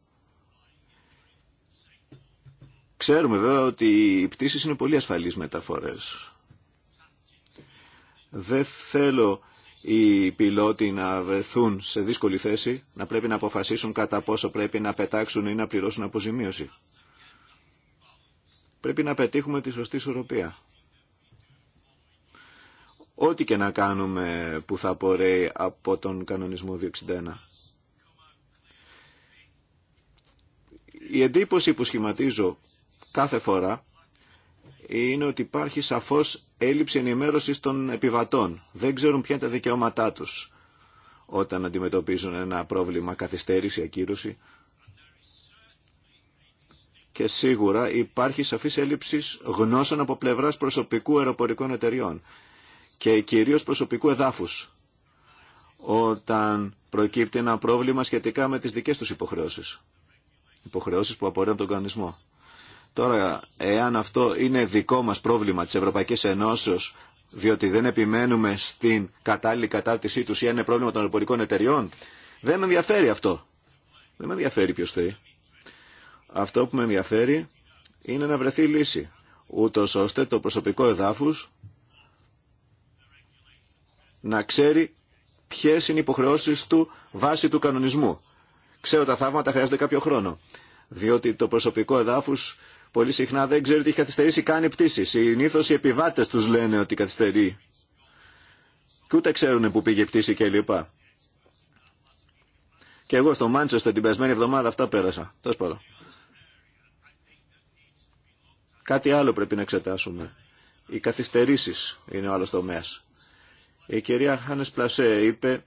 Ξέρουμε βέβαια ότι οι πτήσεις είναι πολύ ασφαλείς μεταφορές. Δεν θέλω οι πιλότοι να βρεθούν σε δύσκολη θέση, να πρέπει να αποφασίσουν κατά πόσο πρέπει να πετάξουν ή να πληρώσουν αποζημίωση. Πρέπει να πετύχουμε τη σωστή ισορροπία. Ό,τι και να κάνουμε που θα απορρέει από τον κανονισμό 261. Η εντύπωση που σχηματίζω κάθε φορά είναι ότι υπάρχει σαφώς έλλειψη ενημέρωσης των επιβατών. Δεν ξέρουν ποια είναι τα δικαιώματά τους όταν αντιμετωπίζουν ένα πρόβλημα καθυστέρηση, ακύρωση και σίγουρα υπάρχει σαφή έλλειψη γνώσεων από πλευρά προσωπικού αεροπορικών εταιριών και κυρίω προσωπικού εδάφου όταν προκύπτει ένα πρόβλημα σχετικά με τις δικές τους υποχρεώσεις. Υποχρεώσεις που απορρέουν τον κανονισμό. Τώρα, εάν αυτό είναι δικό μας πρόβλημα της Ευρωπαϊκής Ενώσεως, διότι δεν επιμένουμε στην κατάλληλη κατάρτισή τους ή αν είναι πρόβλημα των αεροπορικών εταιριών, δεν με ενδιαφέρει αυτό. Δεν με ενδιαφέρει ποιο θέλει. Αυτό που με ενδιαφέρει είναι να βρεθεί λύση, ούτω ώστε το προσωπικό εδάφους να ξέρει ποιες είναι οι υποχρεώσεις του βάσει του κανονισμού. Ξέρω τα θαύματα χρειάζονται κάποιο χρόνο, διότι το προσωπικό εδάφους πολύ συχνά δεν ξέρει ότι έχει καθυστερήσει καν οι πτήσεις. Συνήθω οι επιβάτες τους λένε ότι καθυστερεί και ούτε ξέρουν που πήγε η πτήση κλπ. Και εγώ στο Μάντσεστερ την περασμένη εβδομάδα αυτά πέρασα. Τόσο πολλά. Κάτι άλλο πρέπει να εξετάσουμε. Οι καθυστερήσεις είναι ο άλλος τομέας. Η κυρία Χάνες Πλασέ είπε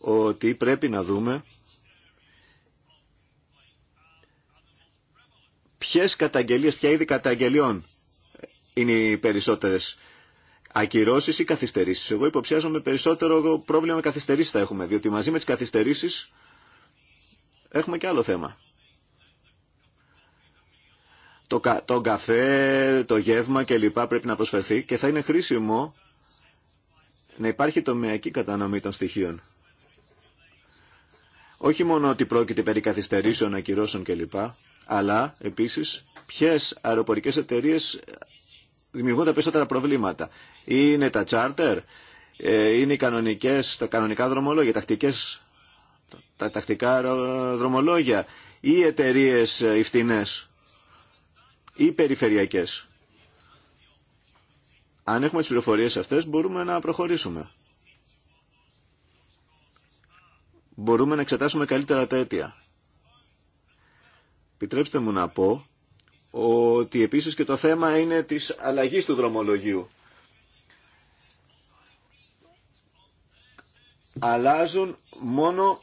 ότι πρέπει να δούμε ποιες καταγγελίες, ποια είδη καταγγελιών είναι οι περισσότερες ακυρώσεις ή καθυστερήσεις. Εγώ υποψιάζομαι περισσότερο πρόβλημα με καθυστερήσεις θα έχουμε, διότι μαζί με τις καθυστερήσεις έχουμε και άλλο θέμα το, κα, καφέ, το γεύμα κλπ. πρέπει να προσφερθεί και θα είναι χρήσιμο να υπάρχει τομεακή κατανομή των στοιχείων. Όχι μόνο ότι πρόκειται περί καθυστερήσεων, ακυρώσεων κλπ. Αλλά επίσης ποιες αεροπορικές εταιρείες δημιουργούν τα περισσότερα προβλήματα. Είναι τα charter, ε, είναι οι κανονικές, τα κανονικά δρομολόγια, τακτικές, τα, τακτικά δρομολόγια ή εταιρείε οι ε, ή περιφερειακές. Αν έχουμε τις πληροφορίες αυτές μπορούμε να προχωρήσουμε. Μπορούμε να εξετάσουμε καλύτερα τα αίτια. Επιτρέψτε μου να πω ότι επίσης και το θέμα είναι της αλλαγής του δρομολογίου. Αλλάζουν μόνο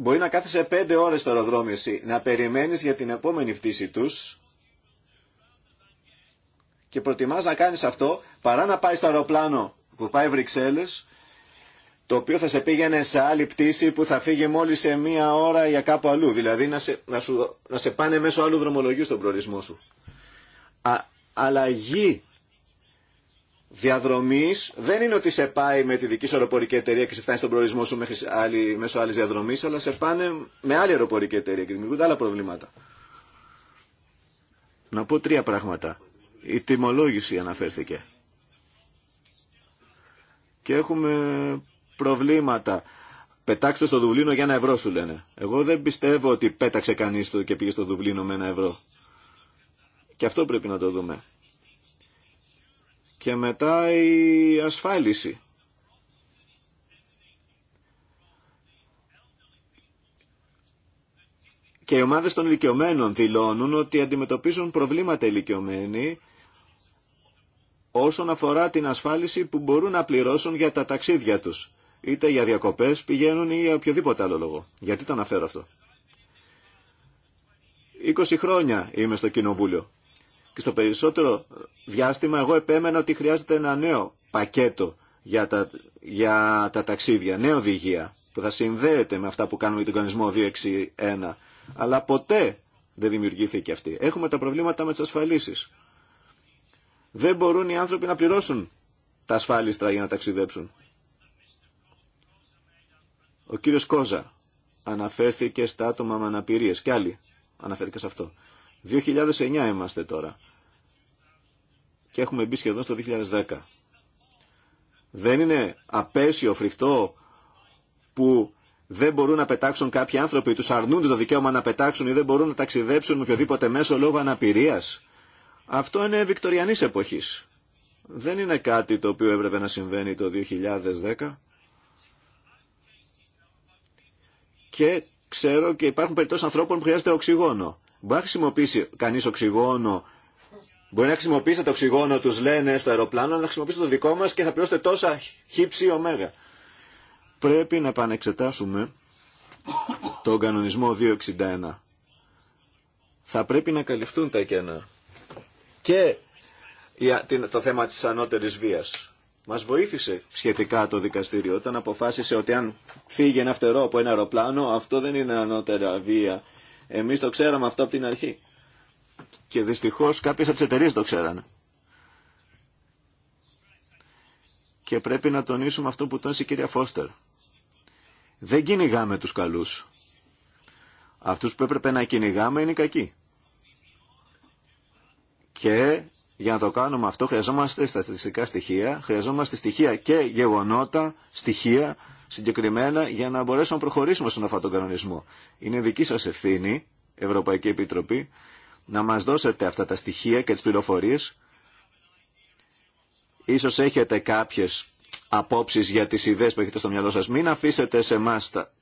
Μπορεί να κάθεσαι πέντε ώρες στο αεροδρόμιο εσύ, να περιμένεις για την επόμενη πτήση τους και προτιμάς να κάνεις αυτό παρά να πάει στο αεροπλάνο που πάει Βρυξέλλες το οποίο θα σε πήγαινε σε άλλη πτήση που θα φύγει μόλις σε μία ώρα για κάπου αλλού. Δηλαδή να σε, να σε πάνε μέσω άλλου δρομολογίου στον προορισμό σου. Α, αλλαγή διαδρομή δεν είναι ότι σε πάει με τη δική σου αεροπορική εταιρεία και σε φτάνει στον προορισμό σου μέχρι άλλη, μέσω άλλη διαδρομή, αλλά σε πάνε με άλλη αεροπορική εταιρεία και δημιουργούνται άλλα προβλήματα. Να πω τρία πράγματα. Η τιμολόγηση αναφέρθηκε. Και έχουμε προβλήματα. Πετάξτε στο Δουβλίνο για ένα ευρώ σου λένε. Εγώ δεν πιστεύω ότι πέταξε κανείς του και πήγε στο Δουβλίνο με ένα ευρώ. Και αυτό πρέπει να το δούμε και μετά η ασφάλιση. Και οι ομάδες των ηλικιωμένων δηλώνουν ότι αντιμετωπίζουν προβλήματα ηλικιωμένοι όσον αφορά την ασφάλιση που μπορούν να πληρώσουν για τα ταξίδια τους. Είτε για διακοπές πηγαίνουν ή για οποιοδήποτε άλλο λόγο. Γιατί το αναφέρω αυτό. 20 χρόνια είμαι στο Κοινοβούλιο. Και στο περισσότερο διάστημα εγώ επέμενα ότι χρειάζεται ένα νέο πακέτο για τα, για τα ταξίδια, νέα οδηγία που θα συνδέεται με αυτά που κάνουμε για τον κανονισμό 261. Αλλά ποτέ δεν δημιουργήθηκε αυτή. Έχουμε τα προβλήματα με τις ασφαλίσεις. Δεν μπορούν οι άνθρωποι να πληρώσουν τα ασφάλιστρα για να ταξιδέψουν. Ο κύριος Κόζα αναφέρθηκε στα άτομα με αναπηρίες και άλλοι αναφέρθηκαν σε αυτό. 2009 είμαστε τώρα και έχουμε μπει σχεδόν στο 2010. Δεν είναι απέσιο, φρικτό που δεν μπορούν να πετάξουν κάποιοι άνθρωποι, τους αρνούνται το δικαίωμα να πετάξουν ή δεν μπορούν να ταξιδέψουν με οποιοδήποτε μέσο λόγω αναπηρίας. Αυτό είναι βικτοριανής εποχής. Δεν είναι κάτι το οποίο έπρεπε να συμβαίνει το 2010. Και ξέρω και υπάρχουν περιπτώσεις ανθρώπων που χρειάζεται οξυγόνο. Μπορεί να χρησιμοποιήσει κανεί οξυγόνο Μπορεί να χρησιμοποιήσει το οξυγόνο του λένε στο αεροπλάνο, να χρησιμοποιήσει το δικό μας και θα πληρώσετε τόσα χύψη ωμέγα. Πρέπει να επανεξετάσουμε τον κανονισμό 261. Θα πρέπει να καλυφθούν τα κένα. Και το θέμα της ανώτερης βίας. Μας βοήθησε σχετικά το δικαστήριο όταν αποφάσισε ότι αν φύγει ένα φτερό από ένα αεροπλάνο αυτό δεν είναι ανώτερα βία εμείς το ξέραμε αυτό από την αρχή. Και δυστυχώς κάποιε από τις εταιρείε το ξέρανε. Και πρέπει να τονίσουμε αυτό που τόνισε η κυρία Φώστερ. Δεν κυνηγάμε τους καλούς. Αυτούς που έπρεπε να κυνηγάμε είναι οι κακοί. Και για να το κάνουμε αυτό χρειαζόμαστε στατιστικά στοιχεία, χρειαζόμαστε στοιχεία και γεγονότα, στοιχεία συγκεκριμένα για να μπορέσουμε να προχωρήσουμε στον αυτόν τον κανονισμό. Είναι δική σας ευθύνη, Ευρωπαϊκή Επιτροπή, να μας δώσετε αυτά τα στοιχεία και τις πληροφορίες. Ίσως έχετε κάποιες απόψεις για τις ιδέες που έχετε στο μυαλό σας. Μην αφήσετε σε εμά τα,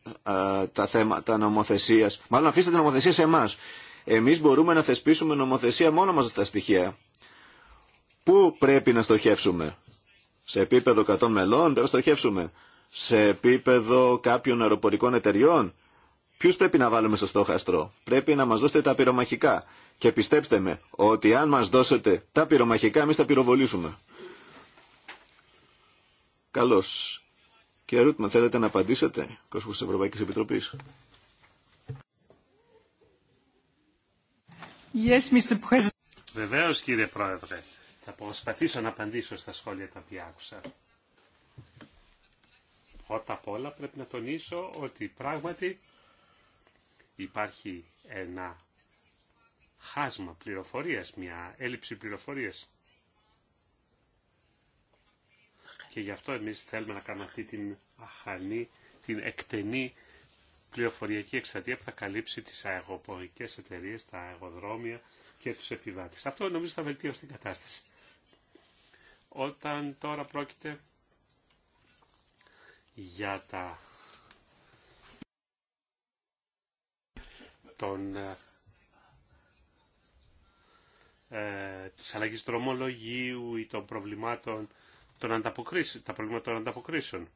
τα θέματα νομοθεσίας. Μάλλον αφήσετε την νομοθεσία σε εμά. Εμείς μπορούμε να θεσπίσουμε νομοθεσία μόνο μας τα στοιχεία. Πού πρέπει να στοχεύσουμε. Σε επίπεδο 100 μελών πρέπει να στοχεύσουμε σε επίπεδο κάποιων αεροπορικών εταιριών. Ποιου πρέπει να βάλουμε στο στόχαστρο. Πρέπει να μα δώσετε τα πυρομαχικά. Και πιστέψτε με ότι αν μα δώσετε τα πυρομαχικά, εμεί τα πυροβολήσουμε. Καλώ. Κύριε Ρούτμαν, θέλετε να απαντήσετε, κόσμο τη Ευρωπαϊκή Επιτροπή. Yes, Mr. Βεβαίω, κύριε Πρόεδρε. Θα προσπαθήσω να απαντήσω στα σχόλια τα οποία άκουσα. Πρώτα απ' όλα πρέπει να τονίσω ότι πράγματι υπάρχει ένα χάσμα πληροφορίας, μια έλλειψη πληροφορίας. Και γι' αυτό εμείς θέλουμε να κάνουμε αυτή την αχανή, την εκτενή πληροφοριακή εξαρτία που θα καλύψει τις αεροπορικές εταιρείες, τα αεροδρόμια και τους επιβάτες. Αυτό νομίζω θα βελτίωσει την κατάσταση. Όταν τώρα πρόκειται για τα τον ε, ε της αλλαγής ή των προβλημάτων των ανταποκρίσεων, τα προβλήματα των ανταποκρίσεων.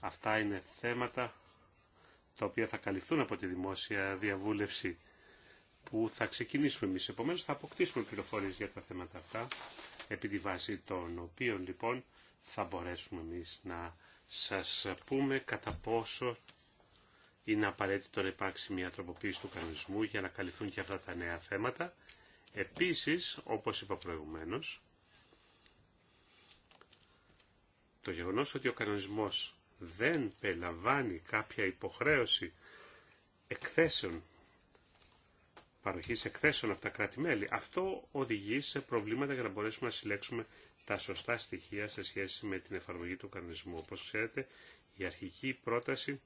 Αυτά είναι θέματα τα οποία θα καλυφθούν από τη δημόσια διαβούλευση που θα ξεκινήσουμε εμείς. Επομένως θα αποκτήσουμε πληροφορίες για τα θέματα αυτά, επί τη βάση των οποίων λοιπόν θα μπορέσουμε εμείς να σας πούμε κατά πόσο είναι απαραίτητο να υπάρξει μια τροποποίηση του κανονισμού για να καλυφθούν και αυτά τα νέα θέματα. Επίσης, όπως είπα προηγουμένως, το γεγονός ότι ο κανονισμός δεν περιλαμβάνει κάποια υποχρέωση εκθέσεων, παροχής εκθέσεων από τα κράτη-μέλη, αυτό οδηγεί σε προβλήματα για να μπορέσουμε να συλλέξουμε τα σωστά στοιχεία σε σχέση με την εφαρμογή του κανονισμού. Όπως ξέρετε, η αρχική πρόταση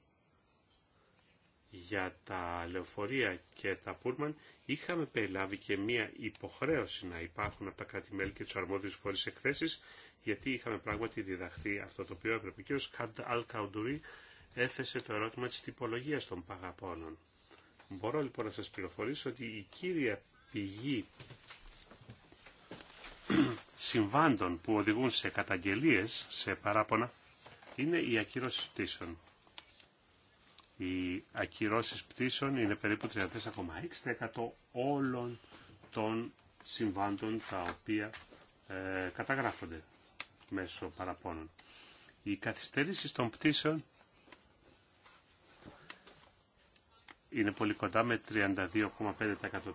για τα λεωφορεία και τα πούλμαν είχαμε περιλάβει και μία υποχρέωση να υπάρχουν από τα κρατη και τους αρμόδιους φορείς εκθέσεις γιατί είχαμε πράγματι διδαχθεί αυτό το οποίο έπρεπε. Ο κ. Αλκαουντουρί έθεσε το ερώτημα της τυπολογίας των παγαπώνων. Μπορώ λοιπόν να σας πληροφορήσω ότι η κύρια πηγή συμβάντων που οδηγούν σε καταγγελίες, σε παράπονα, είναι η ακυρώσεις πτήσεων. Οι ακυρώσεις πτήσεων είναι περίπου 34,6% όλων των συμβάντων τα οποία ε, καταγράφονται μέσω παραπώνων. Η καθυστερήση των πτήσεων είναι πολύ κοντά με 32,5%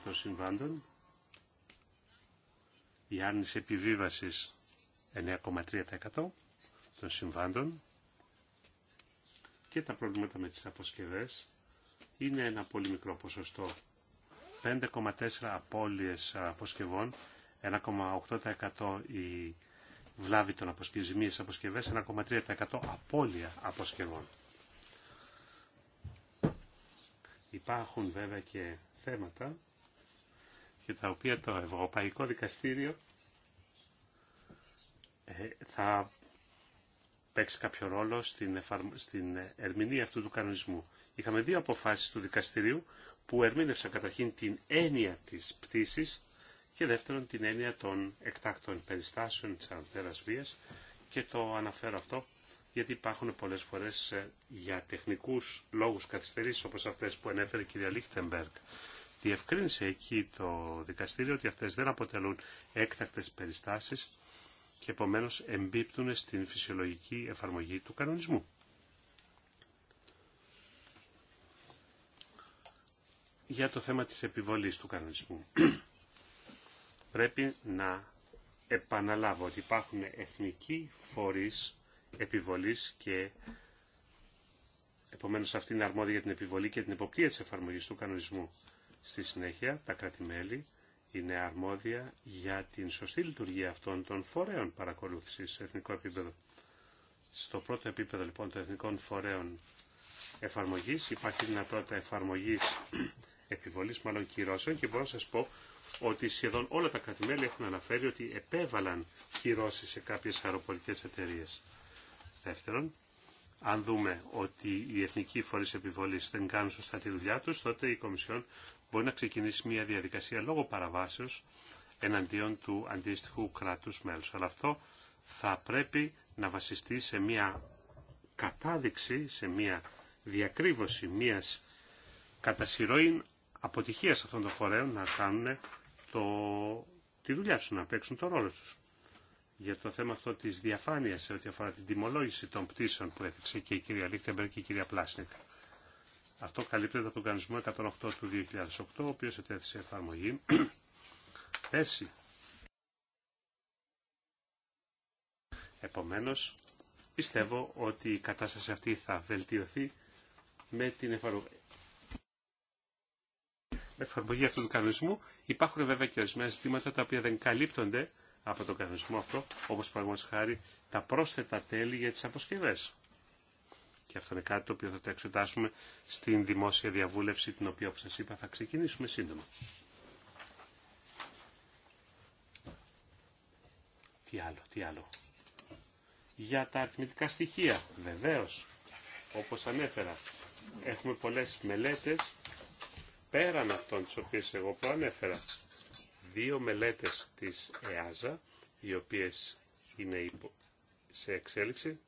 των συμβάντων η άρνηση επιβίβασης 9,3% των συμβάντων και τα προβλήματα με τις αποσκευές είναι ένα πολύ μικρό ποσοστό. 5,4 απώλειες αποσκευών, 1,8% η βλάβη των αποσκευής, αποσκευές, 1,3% απώλεια αποσκευών. Υπάρχουν βέβαια και θέματα και τα οποία το Ευρωπαϊκό Δικαστήριο ε, θα παίξει κάποιο ρόλο στην, ερμηνεία αυτού του κανονισμού. Είχαμε δύο αποφάσεις του δικαστηρίου που ερμήνευσαν καταρχήν την έννοια της πτήσης και δεύτερον την έννοια των εκτάκτων περιστάσεων της ανωτέρας βίας και το αναφέρω αυτό γιατί υπάρχουν πολλές φορές ε, για τεχνικούς λόγους καθυστερήσεις όπως αυτές που ανέφερε η κυρία Λίχτεμπεργκ διευκρίνησε εκεί το δικαστήριο ότι αυτές δεν αποτελούν έκτακτες περιστάσεις και επομένως εμπίπτουν στην φυσιολογική εφαρμογή του κανονισμού. Για το θέμα της επιβολής του κανονισμού. Πρέπει να επαναλάβω ότι υπάρχουν εθνικοί φορείς επιβολής και επομένως αυτή είναι αρμόδια για την επιβολή και την εποπτεία της εφαρμογής του κανονισμού. Στη συνέχεια, τα κράτη-μέλη είναι αρμόδια για την σωστή λειτουργία αυτών των φορέων παρακολούθησης σε εθνικό επίπεδο. Στο πρώτο επίπεδο λοιπόν των εθνικών φορέων εφαρμογής υπάρχει δυνατότητα εφαρμογής επιβολής μάλλον κυρώσεων και μπορώ να σας πω ότι σχεδόν όλα τα κρατημέλη έχουν αναφέρει ότι επέβαλαν κυρώσεις σε κάποιες αεροπορικέ εταιρείες. Δεύτερον, αν δούμε ότι οι εθνικοί φορείς επιβολή δεν κάνουν σωστά τη δουλειά του, τότε η Κομισιόν μπορεί να ξεκινήσει μια διαδικασία λόγω παραβάσεω εναντίον του αντίστοιχου κράτου μέλου. Αλλά αυτό θα πρέπει να βασιστεί σε μια κατάδειξη, σε μια διακρύβωση μιας κατασυρώη αποτυχίας αυτών των φορέων να κάνουν το, τη δουλειά του, να παίξουν το ρόλο του για το θέμα αυτό της διαφάνειας σε ό,τι αφορά την τιμολόγηση των πτήσεων που έθιξε και η κυρία Λίχτεμπερ και η κυρία Πλάσνικ. Αυτό καλύπτεται από τον κανονισμό 108 του 2008, ο οποίος ετέθησε εφαρμογή πέρσι. Επομένως, πιστεύω ότι η κατάσταση αυτή θα βελτιωθεί με την εφαρμογή. Εφαρμογή αυτού του κανονισμού υπάρχουν βέβαια και ορισμένα ζητήματα τα οποία δεν καλύπτονται από τον καθορισμό αυτό, όπως παραγωγός χάρη τα πρόσθετα τέλη για τις αποσκευές. Και αυτό είναι κάτι το οποίο θα το εξετάσουμε στην δημόσια διαβούλευση, την οποία, όπως σας είπα, θα ξεκινήσουμε σύντομα. Τι άλλο, τι άλλο. Για τα αριθμητικά στοιχεία, βεβαίως, όπως ανέφερα, έχουμε πολλές μελέτες πέραν αυτών τις οποίες εγώ προανέφερα δύο μελέτες της ΕΑΖΑ, οι οποίες είναι σε εξέλιξη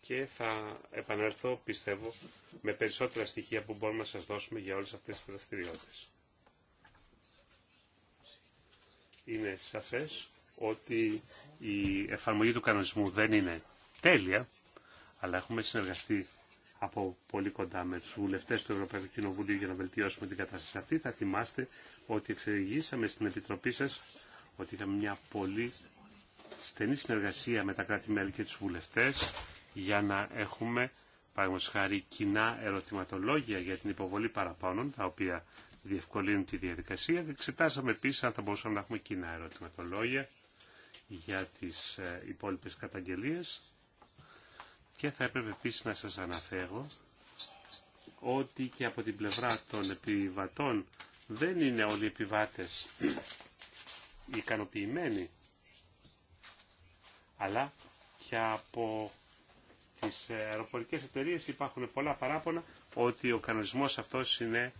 και θα επανέλθω, πιστεύω, με περισσότερα στοιχεία που μπορούμε να σας δώσουμε για όλες αυτές τις δραστηριότητες. Είναι σαφές ότι η εφαρμογή του κανονισμού δεν είναι τέλεια, αλλά έχουμε συνεργαστεί από πολύ κοντά με του βουλευτέ του Ευρωπαϊκού Κοινοβουλίου για να βελτιώσουμε την κατάσταση αυτή. Θα θυμάστε ότι εξεργήσαμε στην Επιτροπή σας ότι είχαμε μια πολύ στενή συνεργασία με τα κράτη-μέλη και τους βουλευτές για να έχουμε παραδείγματος χάρη κοινά ερωτηματολόγια για την υποβολή παραπώνων, τα οποία διευκολύνουν τη διαδικασία. Εξετάσαμε επίσης αν θα μπορούσαμε να έχουμε κοινά ερωτηματολόγια για τις ε, υπόλοιπες καταγγελίες και θα έπρεπε επίσης να σας αναφέρω ότι και από την πλευρά των επιβατών δεν είναι όλοι οι επιβάτες ικανοποιημένοι, αλλά και από τις αεροπορικές εταιρείες υπάρχουν πολλά παράπονα ότι ο κανονισμός αυτός είναι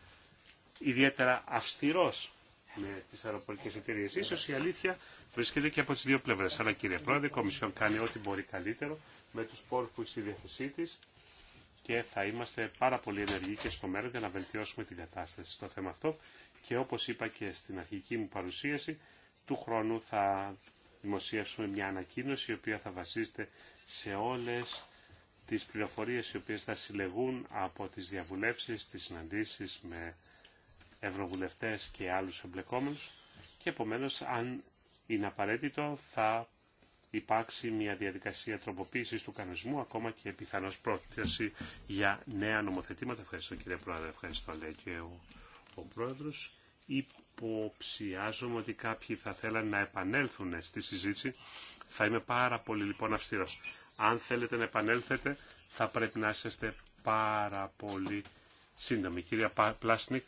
ιδιαίτερα αυστηρός με τις αεροπορικές εταιρείες. Ίσως η αλήθεια βρίσκεται και από τι δύο πλευρέ, Αλλά κύριε Πρόεδρε, η Κομισιόν κάνει ό,τι μπορεί καλύτερο με του πόρου που έχει στη διάθεσή τη και θα είμαστε πάρα πολύ ενεργοί και στο μέλλον για να βελτιώσουμε την κατάσταση στο θέμα αυτό και όπω είπα και στην αρχική μου παρουσίαση, του χρόνου θα δημοσιεύσουμε μια ανακοίνωση η οποία θα βασίζεται σε όλε τι πληροφορίε οι οποίε θα συλλεγούν από τι διαβουλεύσει, τι συναντήσει με ευρωβουλευτέ και άλλου εμπλεκόμενου. και επομένω, αν είναι απαραίτητο, θα υπάρξει μια διαδικασία τροποποίησης του κανονισμού, ακόμα και πιθανώς πρόταση για νέα νομοθετήματα. Ευχαριστώ κύριε Πρόεδρε, ευχαριστώ λέει και ο, ο Πρόεδρος. Υποψιάζομαι ότι κάποιοι θα θέλανε να επανέλθουν στη συζήτηση. Θα είμαι πάρα πολύ λοιπόν αυστηρός. Αν θέλετε να επανέλθετε, θα πρέπει να είστε πάρα πολύ σύντομοι. Κυρία Πλάσνικ,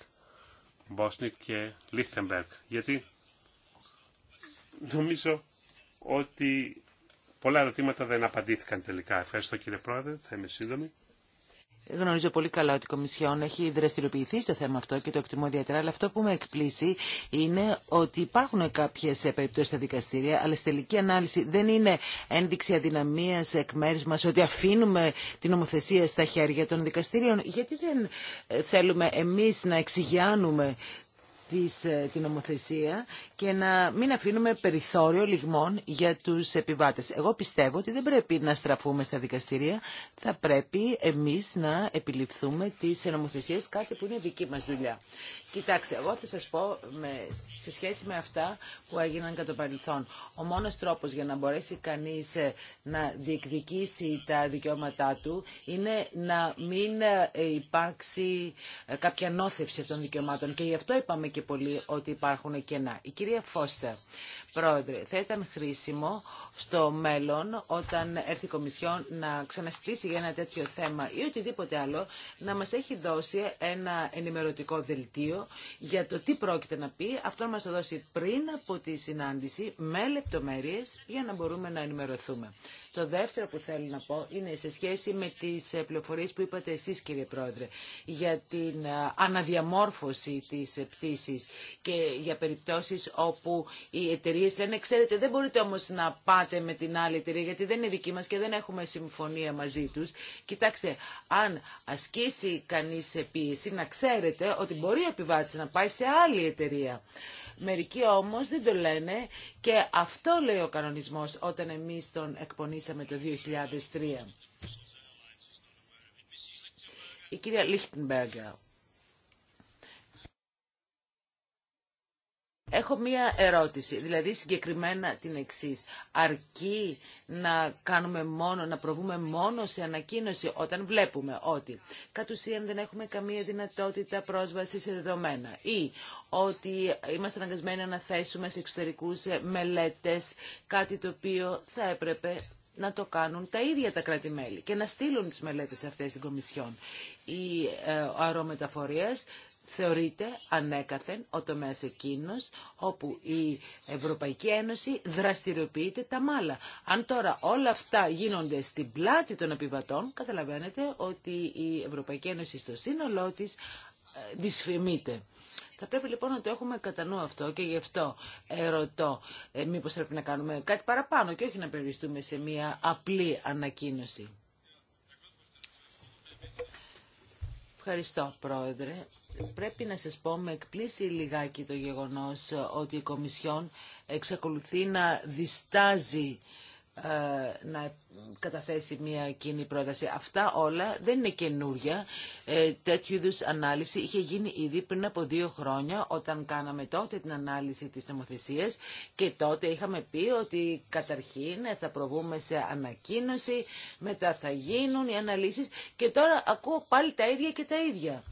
Μπόσνικ και Λίχτεμπεργκ. Γιατί Νομίζω ότι πολλά ερωτήματα δεν απαντήθηκαν τελικά. Ευχαριστώ κύριε Πρόεδρε, θα είμαι σύντομη. Γνωρίζω πολύ καλά ότι η Κομισιόν έχει δραστηριοποιηθεί στο θέμα αυτό και το εκτιμώ ιδιαίτερα, αλλά αυτό που με εκπλήσει είναι ότι υπάρχουν κάποιε περιπτώσει στα δικαστήρια, αλλά στη τελική ανάλυση δεν είναι ένδειξη αδυναμία εκ μέρου μα ότι αφήνουμε την νομοθεσία στα χέρια των δικαστήριων. Γιατί δεν θέλουμε εμεί να εξηγιάνουμε της, ε, την νομοθεσία και να μην αφήνουμε περιθώριο λιγμών για τους επιβάτες. Εγώ πιστεύω ότι δεν πρέπει να στραφούμε στα δικαστηρία, θα πρέπει εμείς να επιληφθούμε τις νομοθεσίες, κάτι που είναι δική μας δουλειά. Κοιτάξτε, εγώ θα σας πω με, σε σχέση με αυτά που έγιναν κατά το παρελθόν. Ο μόνος τρόπος για να μπορέσει κανείς ε, να διεκδικήσει τα δικαιώματά του είναι να μην ε, υπάρξει κάποια νόθευση αυτών των δικαιωμάτων. Και γι' αυτό είπαμε και πολύ ότι υπάρχουν κενά. Η κυρία Φώστερ, πρόεδρε, θα ήταν χρήσιμο στο μέλλον όταν έρθει η Κομισιόν να ξαναστήσει για ένα τέτοιο θέμα ή οτιδήποτε άλλο να μας έχει δώσει ένα ενημερωτικό δελτίο για το τι πρόκειται να πει. Αυτό μας το δώσει πριν από τη συνάντηση με λεπτομέρειες για να μπορούμε να ενημερωθούμε. Το δεύτερο που θέλω να πω είναι σε σχέση με τις ε, πληροφορίες που είπατε εσείς κύριε Πρόεδρε για την ε, αναδιαμόρφωση της ε, πτήσης και για περιπτώσεις όπου οι εταιρείε λένε ξέρετε δεν μπορείτε όμως να πάτε με την άλλη εταιρεία γιατί δεν είναι δική μας και δεν έχουμε συμφωνία μαζί τους. Κοιτάξτε, αν ασκήσει κανείς πίεση να ξέρετε ότι μπορεί ο επιβάτης να πάει σε άλλη εταιρεία. Μερικοί όμως δεν το λένε και αυτό λέει ο κανονισμός όταν εμείς τον εκπονήσαμε το 2003. Η κυρία Λιχτενμπέργκα. Έχω μία ερώτηση, δηλαδή συγκεκριμένα την εξή. Αρκεί να κάνουμε μόνο, να προβούμε μόνο σε ανακοίνωση όταν βλέπουμε ότι κατ' ουσίαν δεν έχουμε καμία δυνατότητα πρόσβαση σε δεδομένα ή ότι είμαστε αναγκασμένοι να θέσουμε σε εξωτερικούς μελέτες κάτι το οποίο θα έπρεπε να το κάνουν τα ίδια τα κράτη-μέλη και να στείλουν τις μελέτες αυτές στην Κομισιόν. Η ε, αερομεταφορίας θεωρείται ανέκαθεν ο τομέας εκείνος όπου η Ευρωπαϊκή Ένωση δραστηριοποιείται τα μάλα. Αν τώρα όλα αυτά γίνονται στην πλάτη των επιβατών, καταλαβαίνετε ότι η Ευρωπαϊκή Ένωση στο σύνολό της ε, δυσφημείται. Θα πρέπει λοιπόν να το έχουμε κατά νου αυτό και γι' αυτό ερωτώ ε, μήπως πρέπει να κάνουμε κάτι παραπάνω και όχι να περιοριστούμε σε μια απλή ανακοίνωση. Ευχαριστώ, Πρόεδρε. Πρέπει να σας πω, με εκπλήσει λιγάκι το γεγονός ότι η Κομισιόν εξακολουθεί να διστάζει ε, να καταθέσει μια κοινή πρόταση. Αυτά όλα δεν είναι καινούρια. Ε, τέτοιου είδου ανάλυση είχε γίνει ήδη πριν από δύο χρόνια όταν κάναμε τότε την ανάλυση της νομοθεσίας και τότε είχαμε πει ότι καταρχήν θα προβούμε σε ανακοίνωση, μετά θα γίνουν οι αναλύσεις και τώρα ακούω πάλι τα ίδια και τα ίδια.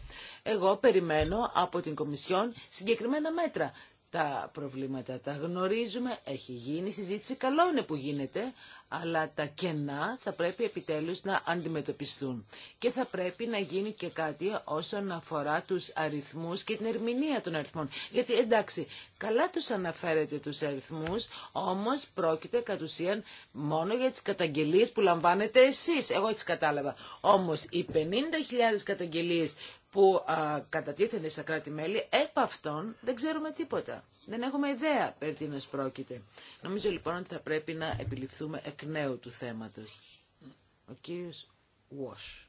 Εγώ περιμένω από την Κομισιόν συγκεκριμένα μέτρα τα προβλήματα τα γνωρίζουμε, έχει γίνει συζήτηση, καλό είναι που γίνεται, αλλά τα κενά θα πρέπει επιτέλους να αντιμετωπιστούν. Και θα πρέπει να γίνει και κάτι όσον αφορά τους αριθμούς και την ερμηνεία των αριθμών. Γιατί εντάξει, καλά τους αναφέρετε τους αριθμούς, όμως πρόκειται κατ' ουσίαν μόνο για τις καταγγελίες που λαμβάνετε εσείς. Εγώ έτσι κατάλαβα. Όμως οι 50.000 καταγγελίες που κατατίθενται στα κράτη-μέλη, επ' αυτών δεν ξέρουμε τίποτα. Δεν έχουμε ιδέα περί τίνος πρόκειται. Νομίζω λοιπόν ότι θα πρέπει να επιληφθούμε εκ νέου του θέματος. Ο κύριος Wash.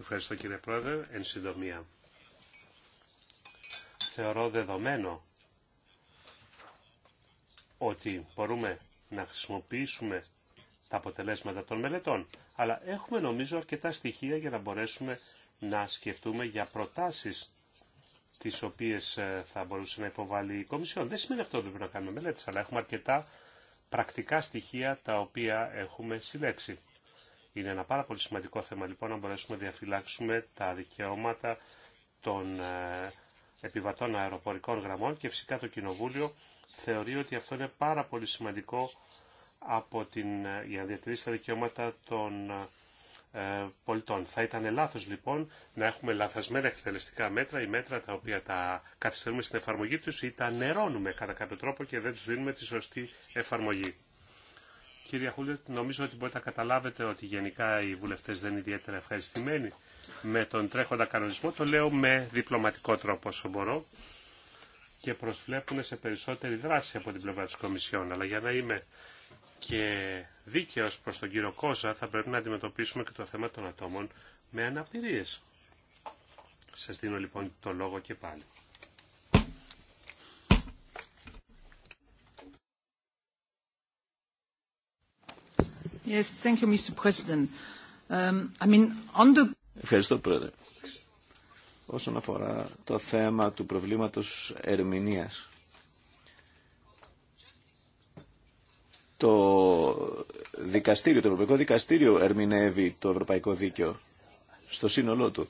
Ευχαριστώ κύριε Πρόεδρε. Εν συντομία. Θεωρώ δεδομένο ότι μπορούμε να χρησιμοποιήσουμε τα αποτελέσματα των μελετών. Αλλά έχουμε νομίζω αρκετά στοιχεία για να μπορέσουμε να σκεφτούμε για προτάσεις τις οποίες ε, θα μπορούσε να υποβάλει η Κομισιόν. Δεν σημαίνει αυτό ότι πρέπει να κάνουμε μελέτες, αλλά έχουμε αρκετά πρακτικά στοιχεία τα οποία έχουμε συλλέξει. Είναι ένα πάρα πολύ σημαντικό θέμα λοιπόν να μπορέσουμε να διαφυλάξουμε τα δικαιώματα των ε, επιβατών αεροπορικών γραμμών και φυσικά το Κοινοβούλιο θεωρεί ότι αυτό είναι πάρα πολύ σημαντικό από την, ε, για να διατηρήσει τα δικαιώματα των ε, πολιτών. Θα ήταν λάθος λοιπόν να έχουμε λαθασμένα εκτελεστικά μέτρα οι μέτρα τα οποία τα καθυστερούμε στην εφαρμογή τους ή τα νερώνουμε κατά κάποιο τρόπο και δεν τους δίνουμε τη σωστή εφαρμογή. Κύριε Χούλετ, νομίζω ότι μπορείτε να καταλάβετε ότι γενικά οι βουλευτές δεν είναι ιδιαίτερα ευχαριστημένοι με τον τρέχοντα κανονισμό. Το λέω με διπλωματικό τρόπο όσο μπορώ και προσβλέπουν σε περισσότερη δράση από την πλευρά τη Κομισιόν. Αλλά για να είμαι και δίκαιος προς τον κύριο Κόζα θα πρέπει να αντιμετωπίσουμε και το θέμα των ατόμων με αναπηρίες. Σας δίνω λοιπόν το λόγο και πάλι. Yes, thank you, Mr. President. Um, I mean, on the... Ευχαριστώ, Πρόεδρε. Όσον αφορά το θέμα του προβλήματος ερμηνείας, το δικαστήριο, το Ευρωπαϊκό Δικαστήριο ερμηνεύει το Ευρωπαϊκό Δίκαιο στο σύνολό του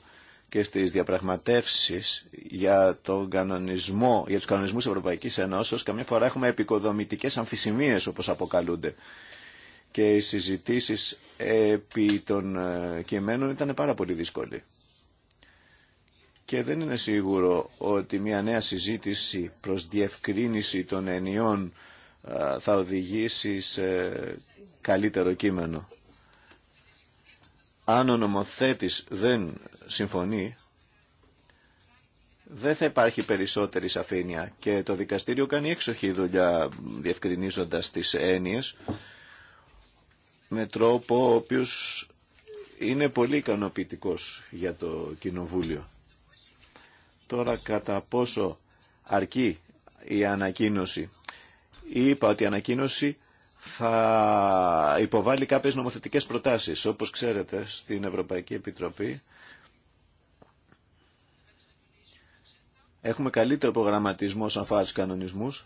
και στις διαπραγματεύσεις για, τον κανονισμό, για τους κανονισμούς Ευρωπαϊκής Ενώσεως καμιά φορά έχουμε επικοδομητικές αμφισημίες όπως αποκαλούνται και οι συζητήσεις επί των ε, κειμένων ήταν πάρα πολύ δύσκολοι. Και δεν είναι σίγουρο ότι μια νέα συζήτηση προς διευκρίνηση των ενιών θα οδηγήσει σε καλύτερο κείμενο. Αν ο νομοθέτης δεν συμφωνεί, δεν θα υπάρχει περισσότερη σαφήνεια και το δικαστήριο κάνει έξοχη δουλειά διευκρινίζοντας τις έννοιες με τρόπο ο οποίος είναι πολύ ικανοποιητικό για το Κοινοβούλιο. Τώρα κατά πόσο αρκεί η ανακοίνωση είπα ότι η ανακοίνωση θα υποβάλει κάποιες νομοθετικές προτάσεις. Όπως ξέρετε, στην Ευρωπαϊκή Επιτροπή έχουμε καλύτερο προγραμματισμό σαν αφορά κανονισμούς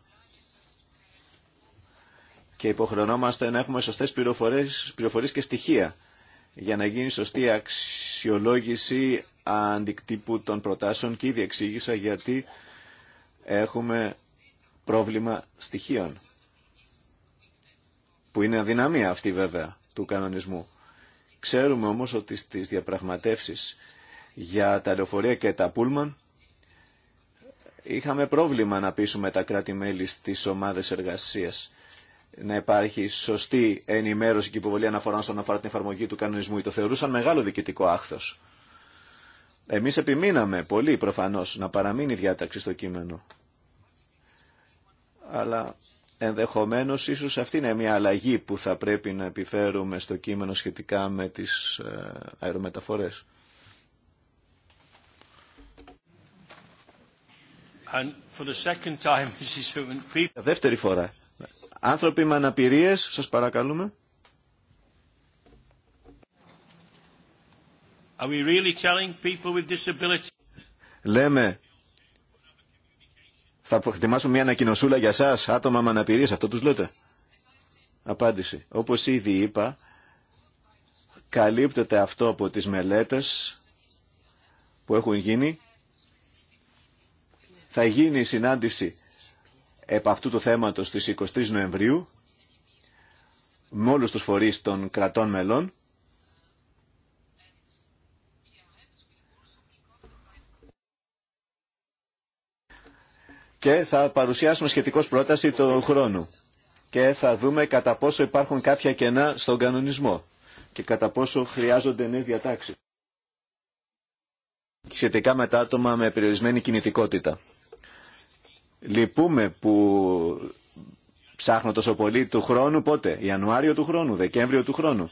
και υποχρεωνόμαστε να έχουμε σωστές πληροφορίες, πληροφορίες και στοιχεία για να γίνει σωστή αξιολόγηση αντικτύπου των προτάσεων και ήδη εξήγησα γιατί έχουμε πρόβλημα στοιχείων, που είναι αδυναμία αυτή βέβαια του κανονισμού. Ξέρουμε όμως ότι στις διαπραγματεύσεις για τα λεωφορεία και τα πούλμαν είχαμε πρόβλημα να πείσουμε τα κράτη-μέλη στις ομάδες εργασίας να υπάρχει σωστή ενημέρωση και υποβολή αναφορά στον αφορά την εφαρμογή του κανονισμού. η Το θεωρούσαν μεγάλο διοικητικό άχθος. Εμείς επιμείναμε πολύ προφανώς να παραμείνει η διάταξη στο κείμενο αλλά ενδεχομένως ίσως αυτή είναι μια αλλαγή που θα πρέπει να επιφέρουμε στο κείμενο σχετικά με τις ε, αερομεταφορές. And for the second time, Δεύτερη φορά. Άνθρωποι με αναπηρίες, σας παρακαλούμε. Are we really telling people with Λέμε θα προετοιμάσουμε μια ανακοινωσούλα για εσά άτομα με αναπηρία. αυτό του λέτε. Απάντηση. Όπως ήδη είπα, καλύπτεται αυτό από τι μελέτες που έχουν γίνει. Θα γίνει η συνάντηση επ' αυτού του θέματος στις 23 Νοεμβρίου με όλους τους φορείς των κρατών μελών και θα παρουσιάσουμε σχετικώς πρόταση του χρόνου και θα δούμε κατά πόσο υπάρχουν κάποια κενά στον κανονισμό και κατά πόσο χρειάζονται νέες διατάξεις σχετικά με τα άτομα με περιορισμένη κινητικότητα. Λυπούμε που ψάχνω τόσο πολύ του χρόνου πότε, Ιανουάριο του χρόνου, Δεκέμβριο του χρόνου.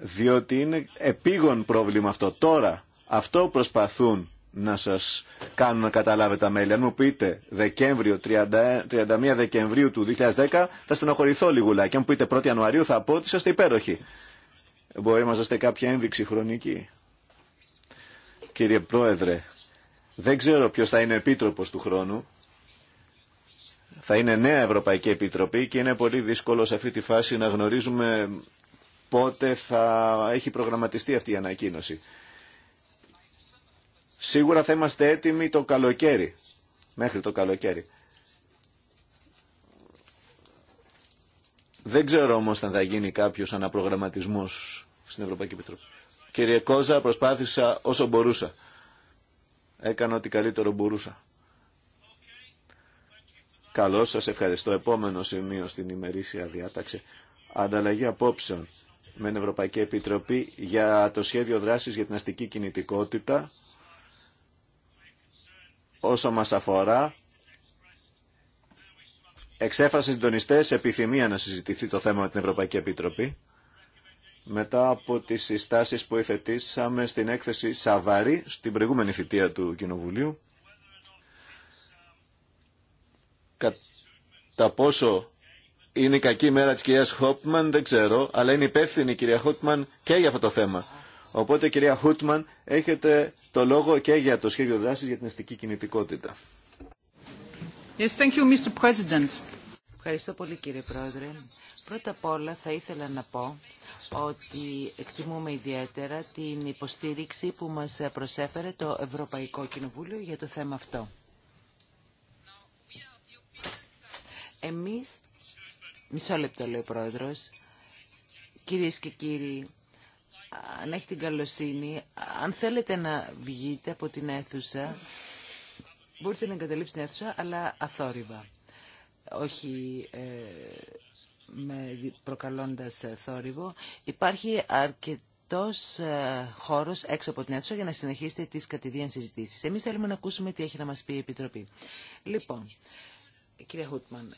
Διότι είναι επίγον πρόβλημα αυτό. Τώρα αυτό προσπαθούν να σας κάνουν να καταλάβετε τα μέλη. Αν μου πείτε Δεκέμβριο, 31 Δεκεμβρίου του 2010 θα στενοχωρηθώ λιγουλά και αν μου πείτε 1 Ιανουαρίου θα πω ότι είστε υπέροχοι. Μπορεί να δώσετε κάποια ένδειξη χρονική. Κύριε Πρόεδρε, δεν ξέρω ποιος θα είναι επίτροπος του χρόνου. Θα είναι νέα Ευρωπαϊκή Επιτροπή και είναι πολύ δύσκολο σε αυτή τη φάση να γνωρίζουμε πότε θα έχει προγραμματιστεί αυτή η ανακοίνωση. Σίγουρα θα είμαστε έτοιμοι το καλοκαίρι, μέχρι το καλοκαίρι. Δεν ξέρω όμως αν θα γίνει κάποιος αναπρογραμματισμός στην Ευρωπαϊκή Επιτροπή. Κύριε Κόζα, προσπάθησα όσο μπορούσα. Έκανα ό,τι καλύτερο μπορούσα. Καλώς σας ευχαριστώ. Επόμενο σημείο στην ημερήσια διάταξη. Ανταλλαγή απόψεων με την Ευρωπαϊκή Επιτροπή για το σχέδιο δράσης για την αστική κινητικότητα όσο μας αφορά των συντονιστέ επιθυμία να συζητηθεί το θέμα με την Ευρωπαϊκή Επιτροπή μετά από τις συστάσεις που υθετήσαμε στην έκθεση Σαβαρή στην προηγούμενη θητεία του Κοινοβουλίου κατά πόσο είναι η κακή μέρα της κυρίας Χόπμαν δεν ξέρω αλλά είναι υπεύθυνη η κυρία Χόπμαν και για αυτό το θέμα Οπότε κυρία Χούτμαν έχετε το λόγο και για το σχέδιο δράσης για την αστική κινητικότητα. Yes, thank you, Mr. President. Ευχαριστώ πολύ κύριε Πρόεδρε. Πρώτα απ' όλα θα ήθελα να πω ότι εκτιμούμε ιδιαίτερα την υποστήριξη που μας προσέφερε το Ευρωπαϊκό Κοινοβούλιο για το θέμα αυτό. Εμείς, μισό λεπτό λέει ο Πρόεδρος, κυρίες και κύριοι, αν έχει την καλοσύνη, αν θέλετε να βγείτε από την αίθουσα, μπορείτε να εγκαταλείψετε την αίθουσα, αλλά αθόρυβα. Όχι ε, με προκαλώντας ε, θόρυβο. Υπάρχει αρκετός ε, χώρος έξω από την αίθουσα για να συνεχίσετε τις κατηδίαν συζητήσεις. Εμείς θέλουμε να ακούσουμε τι έχει να μας πει η Επιτροπή. Λοιπόν, κύριε Χούτμαν,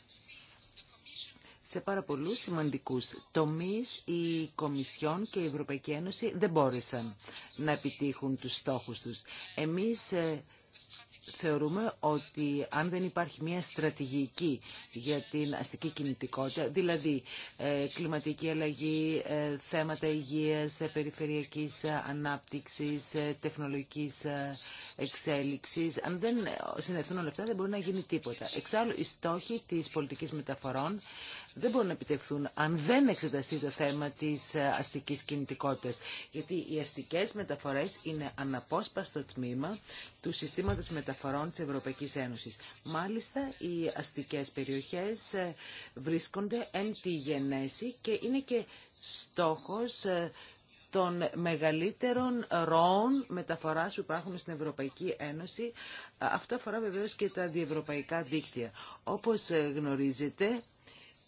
σε πάρα πολλούς σημαντικούς τομείς η Κομισιόν και η Ευρωπαϊκή Ένωση δεν μπόρεσαν να επιτύχουν τους στόχους τους. Εμείς ε, θεωρούμε ότι αν δεν υπάρχει μια στρατηγική για την αστική κινητικότητα, δηλαδή ε, κλιματική αλλαγή, ε, θέματα υγείας, περιφερειακής ανάπτυξης, τεχνολογικής εξέλιξης, αν δεν συνδεθούν όλα αυτά δεν μπορεί να γίνει τίποτα. Εξάλλου, οι στόχοι της πολιτικής μεταφορών δεν μπορούν να επιτευχθούν αν δεν εξεταστεί το θέμα της ε, αστικής κινητικότητας. Γιατί οι αστικές μεταφορές είναι αναπόσπαστο τμήμα του συστήματος μεταφορών της Ευρωπαϊκής Ένωσης. Μάλιστα, οι αστικές περιοχές ε, βρίσκονται εν τη γενέση και είναι και στόχος ε, των μεγαλύτερων ροών μεταφοράς που υπάρχουν στην Ευρωπαϊκή Ένωση. Αυτό αφορά βεβαίως και τα διευρωπαϊκά δίκτυα. Όπως γνωρίζετε,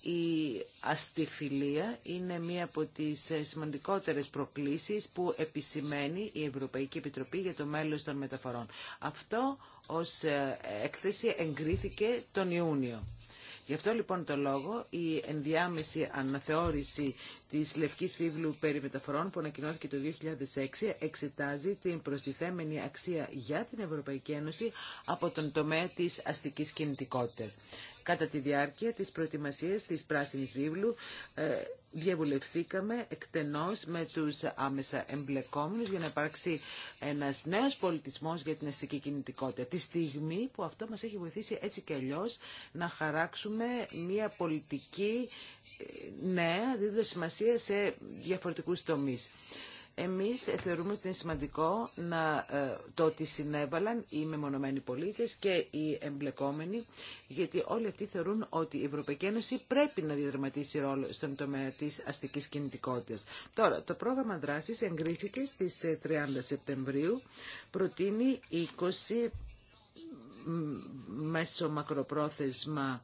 η αστιφιλία είναι μία από τις ε, σημαντικότερες προκλήσεις που επισημαίνει η Ευρωπαϊκή Επιτροπή για το μέλλον των μεταφορών. Αυτό ως ε, έκθεση εγκρίθηκε τον Ιούνιο. Γι' αυτό λοιπόν το λόγο η ενδιάμεση αναθεώρηση της Λευκής Φίβλου περί μεταφορών που ανακοινώθηκε το 2006 εξετάζει την προστιθέμενη αξία για την Ευρωπαϊκή Ένωση από τον τομέα της αστικής κινητικότητας. Κατά τη διάρκεια της προετοιμασίας της Πράσινης Βίβλου ε, διαβουλευθήκαμε εκτενώς με τους άμεσα εμπλεκόμενους για να υπάρξει ένας νέος πολιτισμός για την αστική κινητικότητα. Τη στιγμή που αυτό μας έχει βοηθήσει έτσι και αλλιώ να χαράξουμε μια πολιτική ε, νέα δίδοντας σημασία σε διαφορετικούς τομείς. Εμείς θεωρούμε ότι είναι σημαντικό να, ε, το ότι συνέβαλαν οι μεμονωμένοι πολίτες και οι εμπλεκόμενοι, γιατί όλοι αυτοί θεωρούν ότι η Ευρωπαϊκή Ένωση πρέπει να διαδραματίσει ρόλο στον τομέα της αστικής κινητικότητας. Τώρα, το πρόγραμμα δράσης εγκρίθηκε στις 30 ε, Σεπτεμβρίου, προτείνει 20 μέσο μακροπρόθεσμα,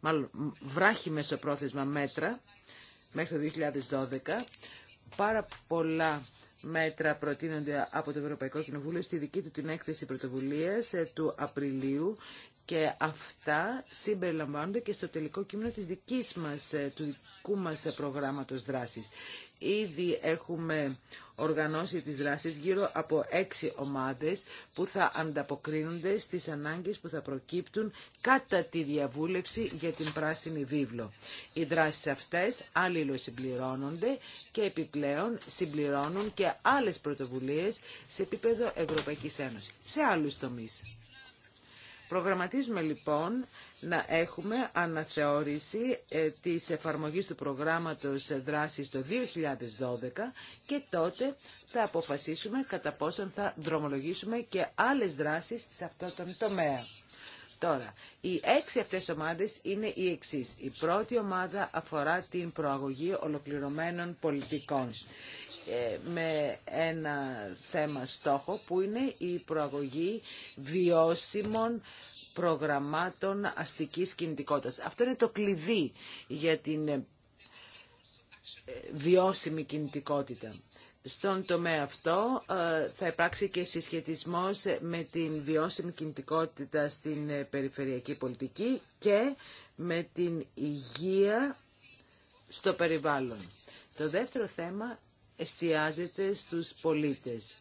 μάλλον βράχη μεσοπρόθεσμα μέτρα μέχρι το 2012 Πάρα πολλά μέτρα προτείνονται από το Ευρωπαϊκό Κοινοβούλιο στη δική του την έκθεση πρωτοβουλίας ε, του Απριλίου και αυτά συμπεριλαμβάνονται και στο τελικό κείμενο της δικής μας, ε, του δικού μας ε, προγράμματος δράσης. Ήδη έχουμε οργανώσει τις δράσεις γύρω από έξι ομάδες που θα ανταποκρίνονται στις ανάγκες που θα προκύπτουν κατά τη διαβούλευση για την πράσινη βίβλο. Οι δράσεις αυτές αλληλοσυμπληρώνονται και επιπλέον συμπληρώνουν και άλλες πρωτοβουλίες σε επίπεδο Ευρωπαϊκής Ένωσης, σε άλλους τομείς. Προγραμματίζουμε λοιπόν να έχουμε αναθεώρηση ε, της εφαρμογής του προγράμματος δράσης το 2012 και τότε θα αποφασίσουμε κατά πόσον θα δρομολογήσουμε και άλλες δράσεις σε αυτό τον τομέα. Τώρα, οι έξι αυτές ομάδες είναι οι εξής. Η πρώτη ομάδα αφορά την προαγωγή ολοκληρωμένων πολιτικών ε, με ένα θέμα στόχο που είναι η προαγωγή βιώσιμων προγραμμάτων αστικής κινητικότητας. Αυτό είναι το κλειδί για την ε, βιώσιμη κινητικότητα. Στον τομέα αυτό ε, θα υπάρξει και συσχετισμός με την βιώσιμη κινητικότητα στην ε, περιφερειακή πολιτική και με την υγεία στο περιβάλλον. Το δεύτερο θέμα εστιάζεται στους πολίτες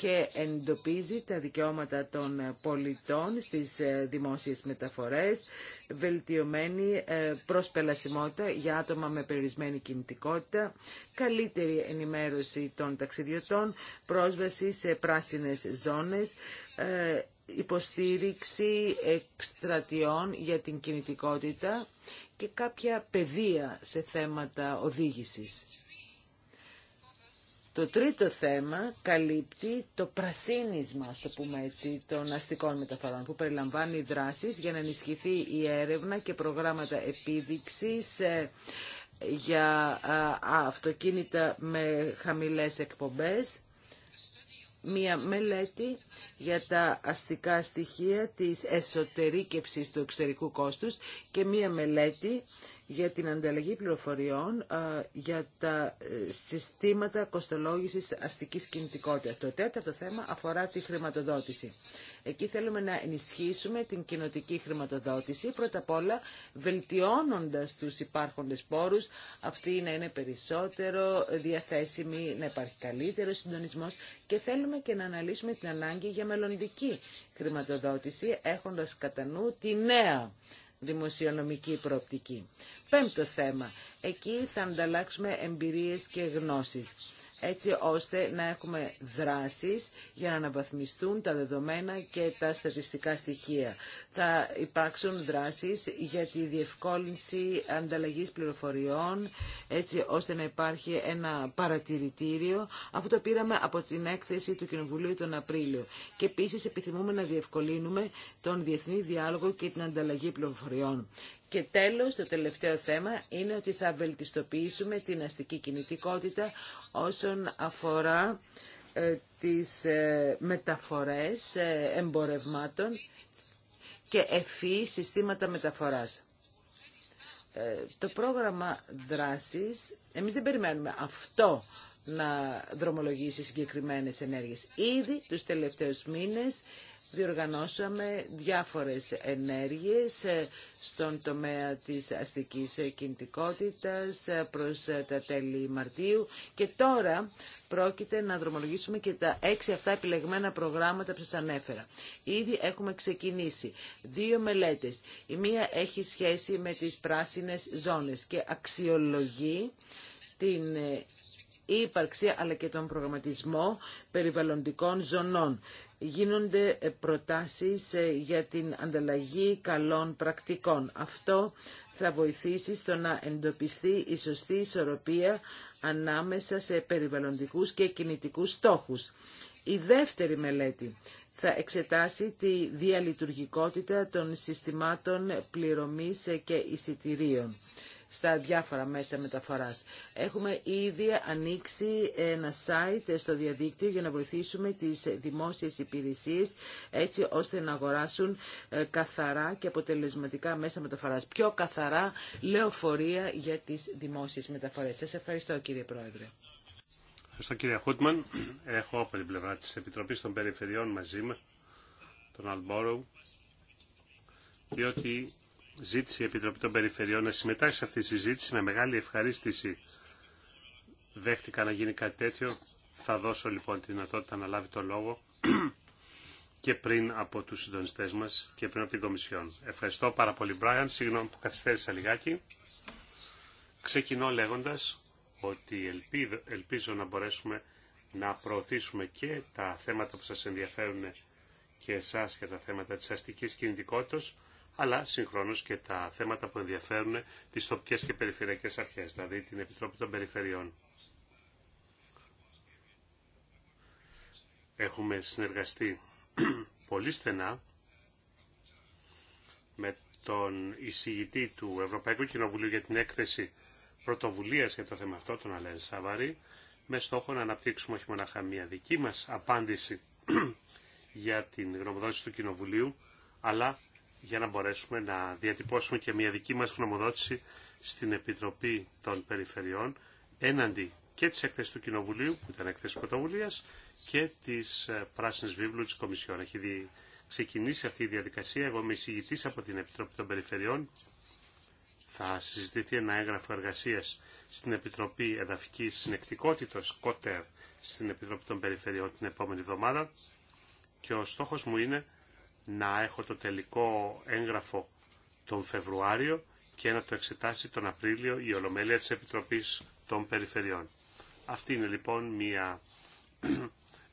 και εντοπίζει τα δικαιώματα των πολιτών στις ε, δημόσιες μεταφορές, βελτιωμένη ε, προσπελασιμότητα για άτομα με περιορισμένη κινητικότητα, καλύτερη ενημέρωση των ταξιδιωτών, πρόσβαση σε πράσινες ζώνες, ε, υποστήριξη εκστρατιών για την κινητικότητα και κάποια πεδία σε θέματα οδήγησης. Το τρίτο θέμα καλύπτει το πρασίνισμα, το πούμε έτσι, των αστικών μεταφορών, που περιλαμβάνει δράσεις για να ενισχυθεί η έρευνα και προγράμματα επίδειξης ε, για ε, αυτοκίνητα με χαμηλές εκπομπές, μία μελέτη για τα αστικά στοιχεία της εσωτερήκευσης του εξωτερικού κόστους και μία μελέτη για την ανταλλαγή πληροφοριών ε, για τα ε, συστήματα κοστολόγησης αστικής κινητικότητας. Το τέταρτο θέμα αφορά τη χρηματοδότηση. Εκεί θέλουμε να ενισχύσουμε την κοινοτική χρηματοδότηση, πρώτα απ' όλα βελτιώνοντας τους υπάρχοντες πόρους, αυτή να είναι περισσότερο διαθέσιμη, να υπάρχει καλύτερο συντονισμός και θέλουμε και να αναλύσουμε την ανάγκη για μελλοντική χρηματοδότηση, έχοντας κατά νου τη νέα δημοσιονομική προοπτική πέμπτο θέμα. Εκεί θα ανταλλάξουμε εμπειρίες και γνώσεις έτσι ώστε να έχουμε δράσεις για να αναβαθμιστούν τα δεδομένα και τα στατιστικά στοιχεία. Θα υπάρξουν δράσεις για τη διευκόλυνση ανταλλαγής πληροφοριών, έτσι ώστε να υπάρχει ένα παρατηρητήριο. αφού το πήραμε από την έκθεση του Κοινοβουλίου τον Απρίλιο. Και επίσης επιθυμούμε να διευκολύνουμε τον διεθνή διάλογο και την ανταλλαγή πληροφοριών. Και τέλος, το τελευταίο θέμα είναι ότι θα βελτιστοποιήσουμε την αστική κινητικότητα όσον αφορά ε, τις ε, μεταφορές ε, εμπορευμάτων και ευφύ συστήματα μεταφοράς. Το πρόγραμμα δράσης, εμείς δεν περιμένουμε αυτό να δρομολογήσει συγκεκριμένες ενέργειες. Ήδη τους τελευταίους μήνες διοργανώσαμε διάφορες ενέργειες ε, στον τομέα της αστικής ε, κινητικότητας ε, προς τα τέλη Μαρτίου και τώρα πρόκειται να δρομολογήσουμε και τα έξι αυτά επιλεγμένα προγράμματα που σας ανέφερα. Ήδη έχουμε ξεκινήσει δύο μελέτες. Η μία έχει σχέση με τις πράσινες ζώνες και αξιολογεί την ύπαρξη αλλά και τον προγραμματισμό περιβαλλοντικών ζωνών. Γίνονται ε, προτάσεις ε, για την ανταλλαγή καλών πρακτικών. Αυτό θα βοηθήσει στο να εντοπιστεί η σωστή ισορροπία ανάμεσα σε περιβαλλοντικούς και κινητικούς στόχους. Η δεύτερη μελέτη θα εξετάσει τη διαλειτουργικότητα των συστημάτων πληρωμής ε, και εισιτηρίων στα διάφορα μέσα μεταφοράς. Έχουμε ήδη ανοίξει ένα site στο διαδίκτυο για να βοηθήσουμε τις δημόσιες υπηρεσίες έτσι ώστε να αγοράσουν ε, καθαρά και αποτελεσματικά μέσα μεταφοράς. Πιο καθαρά λεωφορεία για τις δημόσιες μεταφορές. Σας ευχαριστώ κύριε Πρόεδρε. Ευχαριστώ κύριε Χούτμαν. Έχω από την πλευρά της Επιτροπής των Περιφερειών μαζί με τον Αλμπόρο, διότι ζήτησε η Επιτροπή των Περιφερειών να συμμετάσχει σε αυτή τη συζήτηση με μεγάλη ευχαρίστηση. Δέχτηκα να γίνει κάτι τέτοιο. Θα δώσω λοιπόν τη δυνατότητα να λάβει το λόγο και πριν από του συντονιστέ μα και πριν από την Κομισιόν. Ευχαριστώ πάρα πολύ, Μπράγαν. Συγγνώμη που καθυστέρησα λιγάκι. Ξεκινώ λέγοντα ότι ελπίζω, ελπίζω να μπορέσουμε να προωθήσουμε και τα θέματα που σας ενδιαφέρουν και εσάς και τα θέματα της αστικής κινητικότητας αλλά συγχρόνω και τα θέματα που ενδιαφέρουν τι τοπικέ και περιφερειακέ αρχέ, δηλαδή την Επιτροπή των Περιφερειών. Έχουμε συνεργαστεί πολύ στενά με τον εισηγητή του Ευρωπαϊκού Κοινοβουλίου για την έκθεση πρωτοβουλία για το θέμα αυτό, τον Αλέν Σαβαρή, με στόχο να αναπτύξουμε όχι μόνο μια δική μα απάντηση για την γνωμοδότηση του Κοινοβουλίου, αλλά για να μπορέσουμε να διατυπώσουμε και μια δική μας γνωμοδότηση στην Επιτροπή των Περιφερειών έναντι και της έκθεσης του Κοινοβουλίου, που ήταν έκθεση πρωτοβουλία και της ε, Πράσινης Βίβλου της Κομισιόν. Έχει δει, ξεκινήσει αυτή η διαδικασία. Εγώ είμαι εισηγητή από την Επιτροπή των Περιφερειών. Θα συζητηθεί ένα έγγραφο εργασία στην Επιτροπή Εδαφικής Συνεκτικότητας, ΚΟΤΕΡ, στην Επιτροπή των Περιφερειών την επόμενη εβδομάδα. Και ο στόχο μου είναι να έχω το τελικό έγγραφο τον Φεβρουάριο και να το εξετάσει τον Απρίλιο η Ολομέλεια της Επιτροπής των Περιφερειών. Αυτή είναι λοιπόν μια,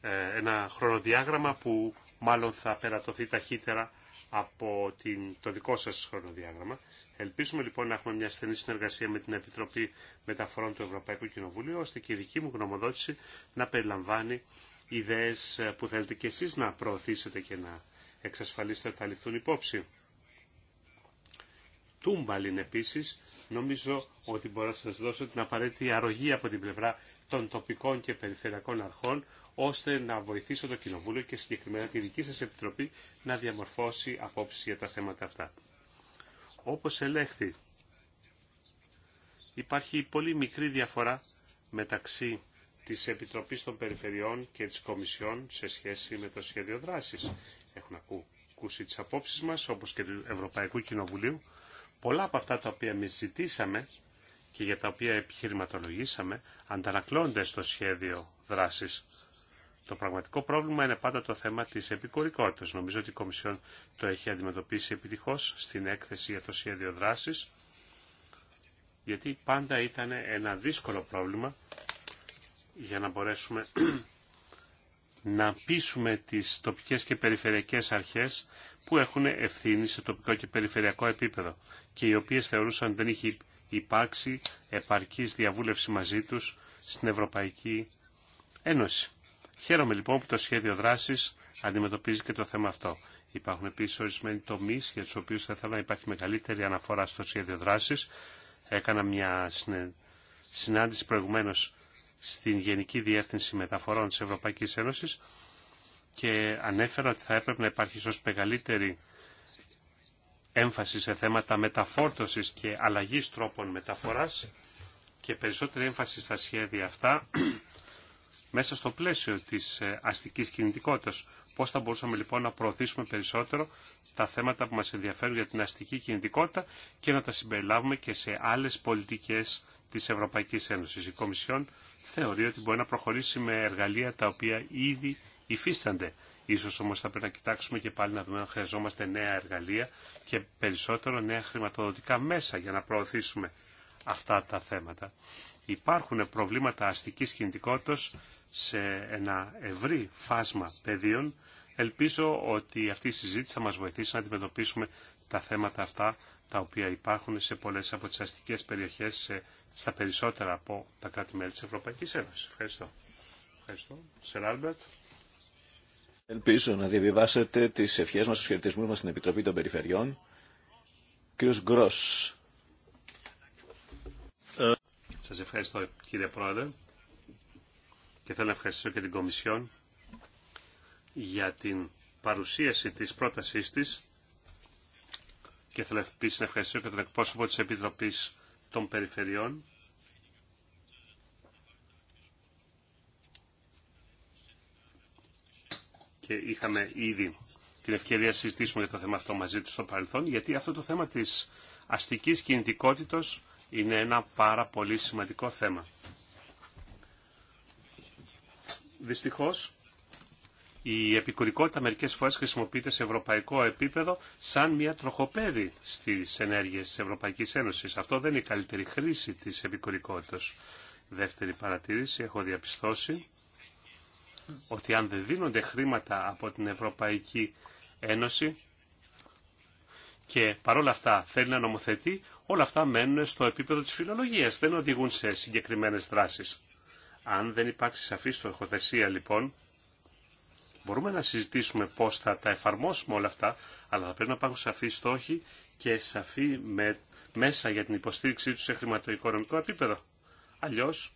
ε, ένα χρονοδιάγραμμα που μάλλον θα περατωθεί ταχύτερα από την, το δικό σας χρονοδιάγραμμα. Ελπίζουμε λοιπόν να έχουμε μια στενή συνεργασία με την Επιτροπή Μεταφορών του Ευρωπαϊκού Κοινοβουλίου, ώστε και η δική μου γνωμοδότηση να περιλαμβάνει ιδέες ε, που θέλετε και εσείς να προωθήσετε και να Εξασφαλίστε θα ληφθούν υπόψη. Τούμπαλιν επίση, νομίζω ότι μπορώ να σας δώσω την απαραίτητη αρρωγή από την πλευρά των τοπικών και περιφερειακών αρχών, ώστε να βοηθήσω το Κοινοβούλιο και συγκεκριμένα τη δική σα Επιτροπή να διαμορφώσει απόψεις για τα θέματα αυτά. Όπως ελέγχθη, υπάρχει πολύ μικρή διαφορά μεταξύ της Επιτροπής των Περιφερειών και της Κομισιόν σε σχέση με το σχέδιο δράσης έχουν ακούσει τις απόψεις μας, όπως και του Ευρωπαϊκού Κοινοβουλίου. Πολλά από αυτά τα οποία εμείς ζητήσαμε και για τα οποία επιχειρηματολογήσαμε αντανακλώνται στο σχέδιο δράσης. Το πραγματικό πρόβλημα είναι πάντα το θέμα της επικορικότητας. Νομίζω ότι η Κομισιόν το έχει αντιμετωπίσει επιτυχώς στην έκθεση για το σχέδιο δράσης, γιατί πάντα ήταν ένα δύσκολο πρόβλημα για να μπορέσουμε να πείσουμε τις τοπικές και περιφερειακές αρχές που έχουν ευθύνη σε τοπικό και περιφερειακό επίπεδο και οι οποίες θεωρούσαν ότι δεν είχε υπάρξει επαρκής διαβούλευση μαζί τους στην Ευρωπαϊκή Ένωση. Χαίρομαι λοιπόν που το σχέδιο δράσης αντιμετωπίζει και το θέμα αυτό. Υπάρχουν επίση ορισμένοι τομεί για του οποίου θα ήθελα να υπάρχει μεγαλύτερη αναφορά στο σχέδιο δράση. Έκανα μια συνάντηση προηγουμένω στην Γενική Διεύθυνση Μεταφορών της Ευρωπαϊκής Ένωσης και ανέφερα ότι θα έπρεπε να υπάρχει ίσως μεγαλύτερη έμφαση σε θέματα μεταφόρτωσης και αλλαγής τρόπων μεταφοράς και περισσότερη έμφαση στα σχέδια αυτά μέσα στο πλαίσιο της ε, αστικής κινητικότητας. Πώς θα μπορούσαμε λοιπόν να προωθήσουμε περισσότερο τα θέματα που μας ενδιαφέρουν για την αστική κινητικότητα και να τα συμπεριλάβουμε και σε άλλες πολιτικές της Ευρωπαϊκής Ένωσης. Η Κομισιόν θεωρεί ότι μπορεί να προχωρήσει με εργαλεία τα οποία ήδη υφίστανται. Ίσως όμως θα πρέπει να κοιτάξουμε και πάλι να δούμε αν χρειαζόμαστε νέα εργαλεία και περισσότερο νέα χρηματοδοτικά μέσα για να προωθήσουμε αυτά τα θέματα. Υπάρχουν προβλήματα αστικής κινητικότητας σε ένα ευρύ φάσμα πεδίων. Ελπίζω ότι αυτή η συζήτηση θα μας βοηθήσει να αντιμετωπίσουμε τα θέματα αυτά τα οποία υπάρχουν σε πολλές από τις αστικές περιοχές, σε στα περισσότερα από τα κράτη-μέλη της Ευρωπαϊκής Ένωσης. Ευχαριστώ. Ευχαριστώ. Σερ Άλμπερτ. Ελπίζω να διαβιβάσετε τις ευχές μας, τους χαιρετισμούς μας στην Επιτροπή των Περιφερειών. Κύριος Γκρός. Σας ευχαριστώ κύριε Πρόεδρε και θέλω να ευχαριστήσω και την Κομισιόν για την παρουσίαση της πρότασής της και θέλω επίσης να ευχαριστήσω και τον εκπρόσωπο της Επιτροπής των περιφερειών και είχαμε ήδη την ευκαιρία να συζητήσουμε για το θέμα αυτό μαζί του στο παρελθόν, γιατί αυτό το θέμα της αστικής κινητικότητας είναι ένα πάρα πολύ σημαντικό θέμα. Δυστυχώς, η επικουρικότητα μερικές φορές χρησιμοποιείται σε ευρωπαϊκό επίπεδο σαν μια τροχοπέδη στις ενέργειες της Ευρωπαϊκής Ένωσης. Αυτό δεν είναι η καλύτερη χρήση της επικουρικότητας. Δεύτερη παρατήρηση, έχω διαπιστώσει ότι αν δεν δίνονται χρήματα από την Ευρωπαϊκή Ένωση και παρόλα αυτά θέλει να νομοθετεί, όλα αυτά μένουν στο επίπεδο της φιλολογίας, δεν οδηγούν σε συγκεκριμένες δράσεις. Αν δεν υπάρξει σαφή στοχοθεσία λοιπόν, Μπορούμε να συζητήσουμε πώς θα τα εφαρμόσουμε όλα αυτά, αλλά θα πρέπει να υπάρχουν σαφή στόχη και σαφή μέσα για την υποστήριξή του σε χρηματοοικονομικό επίπεδο. Αλλιώς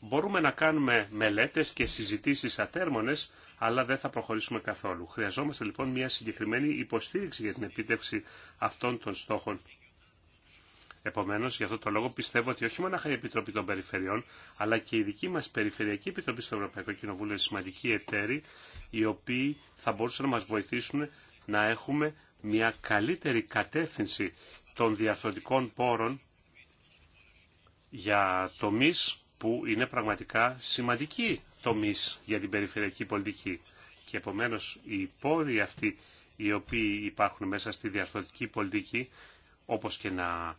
μπορούμε να κάνουμε μελέτες και συζητήσεις ατέρμονες, αλλά δεν θα προχωρήσουμε καθόλου. Χρειαζόμαστε λοιπόν μια συγκεκριμένη υποστήριξη για την επίτευξη αυτών των στόχων. Επομένω, για αυτό το λόγο πιστεύω ότι όχι μόνο η Επιτροπή των Περιφερειών, αλλά και η δική μα Περιφερειακή Επιτροπή στο Ευρωπαϊκό Κοινοβούλιο είναι σημαντικοί εταίροι, οι οποίοι θα μπορούσαν να μα βοηθήσουν να έχουμε μια καλύτερη κατεύθυνση των διαρθρωτικών πόρων για τομεί που είναι πραγματικά σημαντικοί τομεί για την περιφερειακή πολιτική. Και επομένω οι πόροι αυτοί οι οποίοι υπάρχουν μέσα στη διαρθρωτική πολιτική, όπως και να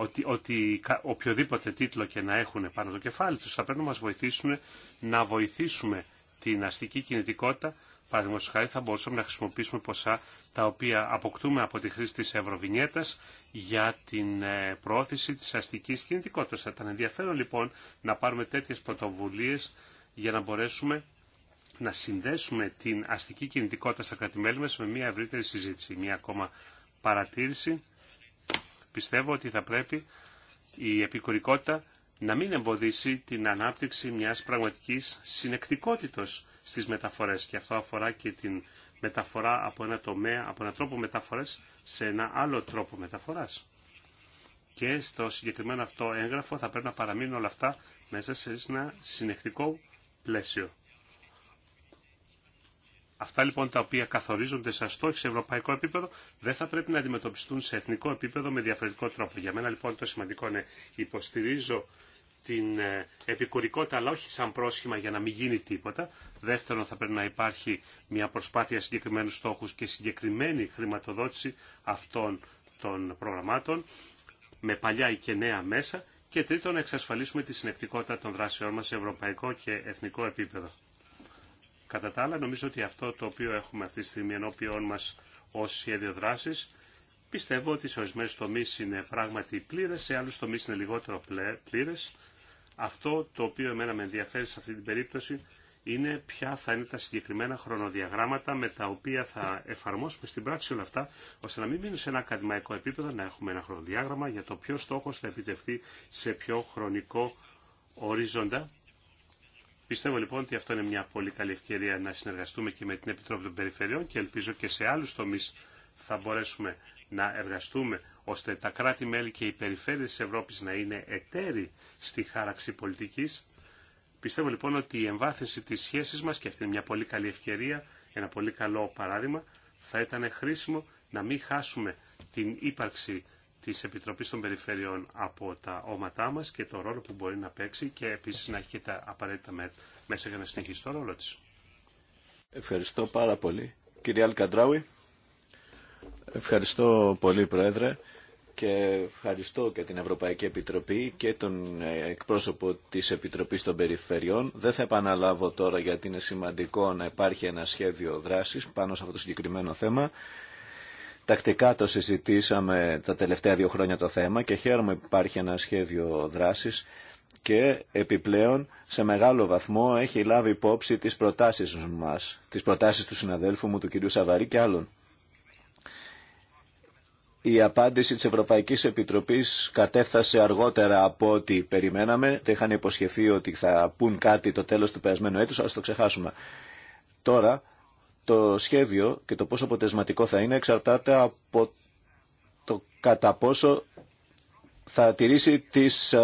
ότι, ότι οποιοδήποτε τίτλο και να έχουν πάνω το κεφάλι τους θα πρέπει να μας βοηθήσουν να βοηθήσουμε την αστική κινητικότητα. Παραδείγματο χάρη θα μπορούσαμε να χρησιμοποιήσουμε ποσά τα οποία αποκτούμε από τη χρήση της Ευρωβινιέτας για την ε, προώθηση της αστικής κινητικότητας. Θα ήταν ενδιαφέρον λοιπόν να πάρουμε τέτοιες πρωτοβουλίες για να μπορέσουμε να συνδέσουμε την αστική κινητικότητα στα κρατημέλη μας με μια ευρύτερη συζήτηση. Μια ακόμα παρατήρηση Πιστεύω ότι θα πρέπει η επικουρικότητα να μην εμποδίσει την ανάπτυξη μιας πραγματικής συνεκτικότητος στις μεταφορές και αυτό αφορά και την μεταφορά από ένα τομέα, από ένα τρόπο μεταφορές σε ένα άλλο τρόπο μεταφοράς. Και στο συγκεκριμένο αυτό έγγραφο θα πρέπει να παραμείνουν όλα αυτά μέσα σε ένα συνεκτικό πλαίσιο. Αυτά λοιπόν τα οποία καθορίζονται σαν στόχοι σε ευρωπαϊκό επίπεδο δεν θα πρέπει να αντιμετωπιστούν σε εθνικό επίπεδο με διαφορετικό τρόπο. Για μένα λοιπόν το σημαντικό είναι υποστηρίζω την ε, επικουρικότητα αλλά όχι σαν πρόσχημα για να μην γίνει τίποτα. Δεύτερον θα πρέπει να υπάρχει μια προσπάθεια συγκεκριμένου στόχους και συγκεκριμένη χρηματοδότηση αυτών των προγραμμάτων με παλιά ή και νέα μέσα. Και τρίτον, να εξασφαλίσουμε τη συνεκτικότητα των δράσεών μα σε ευρωπαϊκό και εθνικό επίπεδο. Κατά τα άλλα, νομίζω ότι αυτό το οποίο έχουμε αυτή τη στιγμή ενώπιόν μας ως σχέδιο δράσης, πιστεύω ότι σε ορισμένου τομεί είναι πράγματι πλήρες, σε άλλους τομείς είναι λιγότερο πλήρες. Αυτό το οποίο εμένα με ενδιαφέρει σε αυτή την περίπτωση είναι ποια θα είναι τα συγκεκριμένα χρονοδιαγράμματα με τα οποία θα εφαρμόσουμε στην πράξη όλα αυτά, ώστε να μην μείνουν σε ένα ακαδημαϊκό επίπεδο, να έχουμε ένα χρονοδιάγραμμα για το ποιο στόχο θα επιτευχθεί σε ποιο χρονικό ορίζοντα Πιστεύω λοιπόν ότι αυτό είναι μια πολύ καλή ευκαιρία να συνεργαστούμε και με την Επιτροπή των Περιφερειών και ελπίζω και σε άλλους τομείς θα μπορέσουμε να εργαστούμε ώστε τα κράτη-μέλη και οι περιφέρειες της Ευρώπης να είναι εταίροι στη χάραξη πολιτικής. Πιστεύω λοιπόν ότι η εμβάθυνση της σχέσης μας, και αυτή είναι μια πολύ καλή ευκαιρία, ένα πολύ καλό παράδειγμα, θα ήταν χρήσιμο να μην χάσουμε την ύπαρξη της Επιτροπής των Περιφερειών από τα όματά μας και το ρόλο που μπορεί να παίξει και επίσης να έχει και τα απαραίτητα μέσα για να συνεχίσει το ρόλο της. Ευχαριστώ πάρα πολύ. Κυρία Αλκαντράουι. Ευχαριστώ πολύ Πρόεδρε και ευχαριστώ και την Ευρωπαϊκή Επιτροπή και τον ε, εκπρόσωπο της Επιτροπής των Περιφερειών. Δεν θα επαναλάβω τώρα γιατί είναι σημαντικό να υπάρχει ένα σχέδιο δράσης πάνω σε αυτό το συγκεκριμένο θέμα. Τακτικά το συζητήσαμε τα τελευταία δύο χρόνια το θέμα και χαίρομαι που υπάρχει ένα σχέδιο δράσης και επιπλέον σε μεγάλο βαθμό έχει λάβει υπόψη τις προτάσεις μας, τις προτάσεις του συναδέλφου μου, του κυρίου Σαβαρή και άλλων. Η απάντηση της Ευρωπαϊκής Επιτροπής κατέφθασε αργότερα από ό,τι περιμέναμε. Τα είχαν υποσχεθεί ότι θα πούν κάτι το τέλος του περασμένου έτους, ας το ξεχάσουμε. Τώρα το σχέδιο και το πόσο αποτελεσματικό θα είναι εξαρτάται από το κατά πόσο θα τηρήσει τις ε,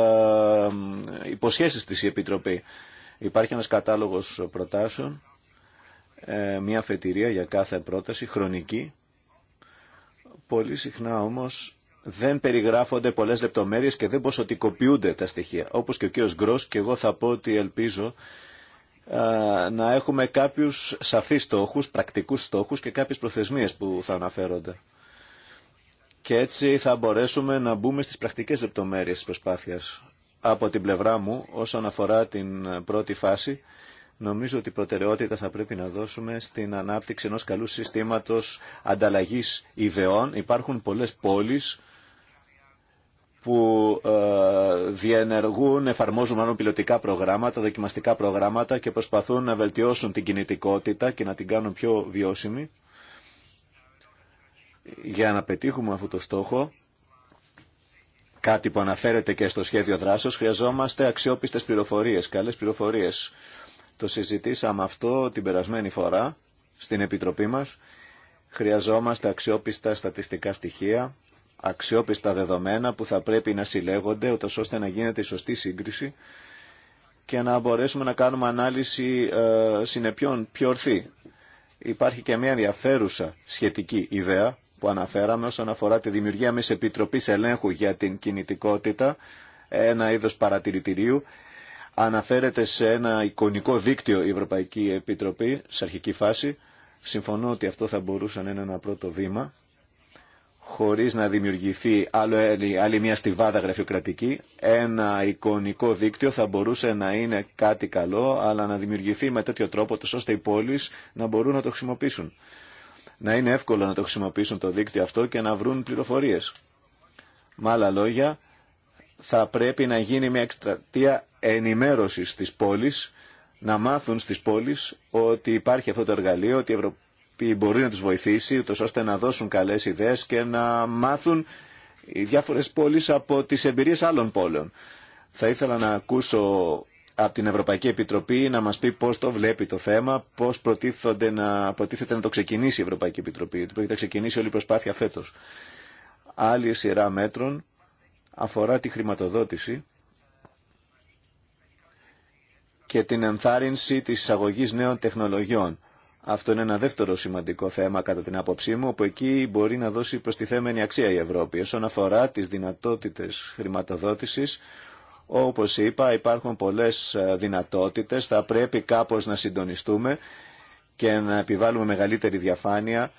υποσχέσεις της η Επιτροπή. Υπάρχει ένας κατάλογος προτάσεων, ε, μια φετηρία για κάθε πρόταση, χρονική. Πολύ συχνά όμως δεν περιγράφονται πολλές λεπτομέρειες και δεν ποσοτικοποιούνται τα στοιχεία. Όπως και ο κύριος Γκρός και εγώ θα πω ότι ελπίζω να έχουμε κάποιους σαφείς στόχους, πρακτικούς στόχους και κάποιες προθεσμίες που θα αναφέρονται. Και έτσι θα μπορέσουμε να μπούμε στις πρακτικές λεπτομέρειες της προσπάθειας. Από την πλευρά μου, όσον αφορά την πρώτη φάση, νομίζω ότι προτεραιότητα θα πρέπει να δώσουμε στην ανάπτυξη ενός καλού συστήματος ανταλλαγής ιδεών. Υπάρχουν πολλές πόλεις που ε, διενεργούν, εφαρμόζουν μάλλον πιλωτικά προγράμματα, δοκιμαστικά προγράμματα και προσπαθούν να βελτιώσουν την κινητικότητα και να την κάνουν πιο βιώσιμη. Για να πετύχουμε αυτό το στόχο, κάτι που αναφέρεται και στο σχέδιο δράσεως, χρειαζόμαστε αξιόπιστες πληροφορίες, καλές πληροφορίες. Το συζητήσαμε αυτό την περασμένη φορά στην Επιτροπή μας. Χρειαζόμαστε αξιόπιστα στατιστικά στοιχεία αξιόπιστα δεδομένα που θα πρέπει να συλλέγονται, ούτως ώστε να γίνεται η σωστή σύγκριση και να μπορέσουμε να κάνουμε ανάλυση ε, συνεπιών πιο ορθή. Υπάρχει και μια ενδιαφέρουσα σχετική ιδέα που αναφέραμε όσον αφορά τη δημιουργία μιας Επιτροπής Ελέγχου για την Κινητικότητα, ένα είδος παρατηρητηρίου. Αναφέρεται σε ένα εικονικό δίκτυο η Ευρωπαϊκή Επιτροπή σε αρχική φάση. Συμφωνώ ότι αυτό θα μπορούσε να είναι ένα πρώτο βήμα χωρίς να δημιουργηθεί άλλη, άλλη μια στιβάδα γραφειοκρατική, ένα εικονικό δίκτυο θα μπορούσε να είναι κάτι καλό, αλλά να δημιουργηθεί με τέτοιο τρόπο, ώστε οι πόλεις να μπορούν να το χρησιμοποιήσουν. Να είναι εύκολο να το χρησιμοποιήσουν το δίκτυο αυτό και να βρουν πληροφορίες. Με άλλα λόγια, θα πρέπει να γίνει μια εκστρατεία ενημέρωσης της πόλης, να μάθουν στις πόλεις ότι υπάρχει αυτό το εργαλείο, ότι μπορεί να τους βοηθήσει, ούτως ώστε να δώσουν καλές ιδέες και να μάθουν οι διάφορες πόλεις από τις εμπειρίες άλλων πόλεων. Θα ήθελα να ακούσω από την Ευρωπαϊκή Επιτροπή να μας πει πώς το βλέπει το θέμα, πώς προτίθεται να, προτίθεται να το ξεκινήσει η Ευρωπαϊκή Επιτροπή, γιατί πρέπει να ξεκινήσει όλη η προσπάθεια φέτος. Άλλη σειρά μέτρων αφορά τη χρηματοδότηση και την ενθάρρυνση της εισαγωγής νέων τεχνολογιών αυτό είναι ένα δεύτερο σημαντικό θέμα κατά την άποψή μου, όπου εκεί μπορεί να δώσει προστιθέμενη αξία η Ευρώπη. Όσον αφορά τις δυνατότητες χρηματοδότησης, όπως είπα υπάρχουν πολλές ε, δυνατότητες, θα πρέπει κάπως να συντονιστούμε και να επιβάλλουμε μεγαλύτερη διαφάνεια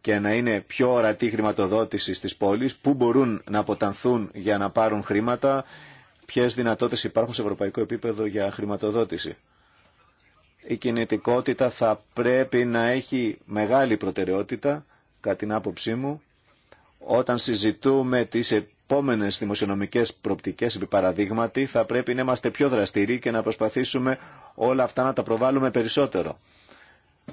και να είναι πιο ορατή η χρηματοδότηση στις πόλεις, πού μπορούν να αποτανθούν για να πάρουν χρήματα, ποιες δυνατότητες υπάρχουν σε ευρωπαϊκό επίπεδο για χρηματοδότηση η κινητικότητα θα πρέπει να έχει μεγάλη προτεραιότητα, κατά την άποψή μου, όταν συζητούμε τις επόμενες δημοσιονομικές προπτικές, επί παραδείγματι, θα πρέπει να είμαστε πιο δραστηροί και να προσπαθήσουμε όλα αυτά να τα προβάλλουμε περισσότερο.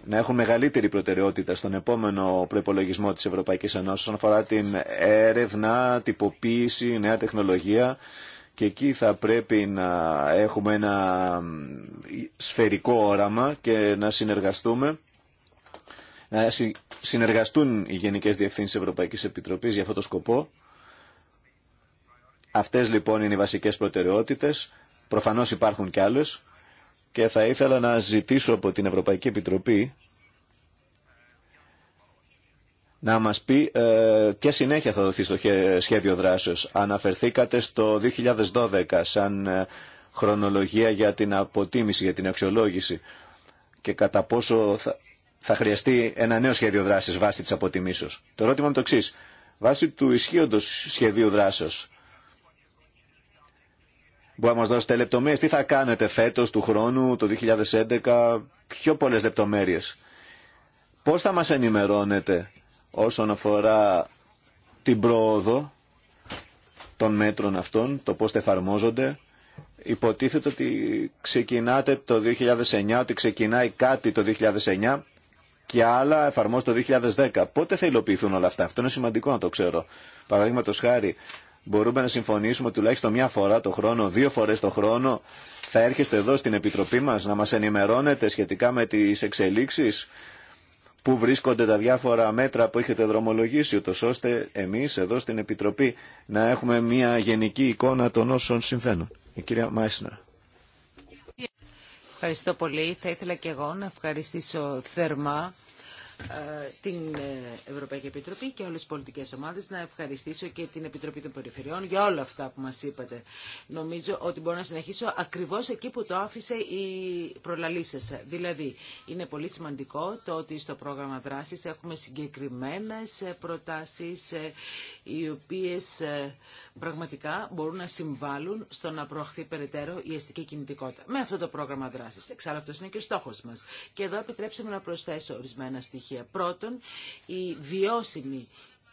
Να έχουν μεγαλύτερη προτεραιότητα στον επόμενο προπολογισμό της Ευρωπαϊκής Ενώσης όσον αφορά την έρευνα, τυποποίηση, νέα τεχνολογία και εκεί θα πρέπει να έχουμε ένα σφαιρικό όραμα και να συνεργαστούμε να συνεργαστούν οι Γενικές Διευθύνσεις Ευρωπαϊκής Επιτροπής για αυτό το σκοπό. Αυτές λοιπόν είναι οι βασικές προτεραιότητες. Προφανώς υπάρχουν κι άλλες και θα ήθελα να ζητήσω από την Ευρωπαϊκή Επιτροπή να μας πει ε, ποια συνέχεια θα δοθεί στο σχέδιο δράσεως. Αναφερθήκατε στο 2012 σαν ε, χρονολογία για την αποτίμηση, για την αξιολόγηση και κατά πόσο θα, θα χρειαστεί ένα νέο σχέδιο δράσης βάσει της αποτιμήσεως. Το ερώτημα είναι το εξή. Βάσει του ισχύοντος σχεδίου δράσεως, Μπορεί να μας δώσετε λεπτομέρειες. Τι θα κάνετε φέτος, του χρόνου, το 2011, πιο πολλές λεπτομέρειες. Πώς θα μας ενημερώνετε όσον αφορά την πρόοδο των μέτρων αυτών, το πώς θα εφαρμόζονται. Υποτίθεται ότι ξεκινάτε το 2009, ότι ξεκινάει κάτι το 2009 και άλλα εφαρμόζονται το 2010. Πότε θα υλοποιηθούν όλα αυτά. Αυτό είναι σημαντικό να το ξέρω. Παραδείγματο χάρη, μπορούμε να συμφωνήσουμε τουλάχιστον μία φορά το χρόνο, δύο φορές το χρόνο, θα έρχεστε εδώ στην Επιτροπή μας να μας ενημερώνετε σχετικά με τις εξελίξεις πού βρίσκονται τα διάφορα μέτρα που έχετε δρομολογήσει, ούτως ώστε εμείς εδώ στην Επιτροπή να έχουμε μια γενική εικόνα των όσων συμβαίνουν. Η κυρία Μάισνα. Ευχαριστώ πολύ. Θα ήθελα και εγώ να ευχαριστήσω θερμά ε, την ε, Ευρωπαϊκή Επιτροπή και όλες τις πολιτικές ομάδες να ευχαριστήσω και την Επιτροπή των Περιφερειών για όλα αυτά που μας είπατε. Νομίζω ότι μπορώ να συνεχίσω ακριβώς εκεί που το άφησε η προλαλή σας. Δηλαδή, είναι πολύ σημαντικό το ότι στο πρόγραμμα δράσης έχουμε συγκεκριμένες ε, προτάσεις οι οποίες πραγματικά μπορούν να συμβάλλουν στο να προαχθεί περαιτέρω η αστική κινητικότητα. Με αυτό το πρόγραμμα δράσης. Εξάλλου αυτός είναι και ο στόχος μας. Και εδώ επιτρέψτε μου να προσθέσω ορισμένα στοιχεία Πρώτον, η βιώσιμη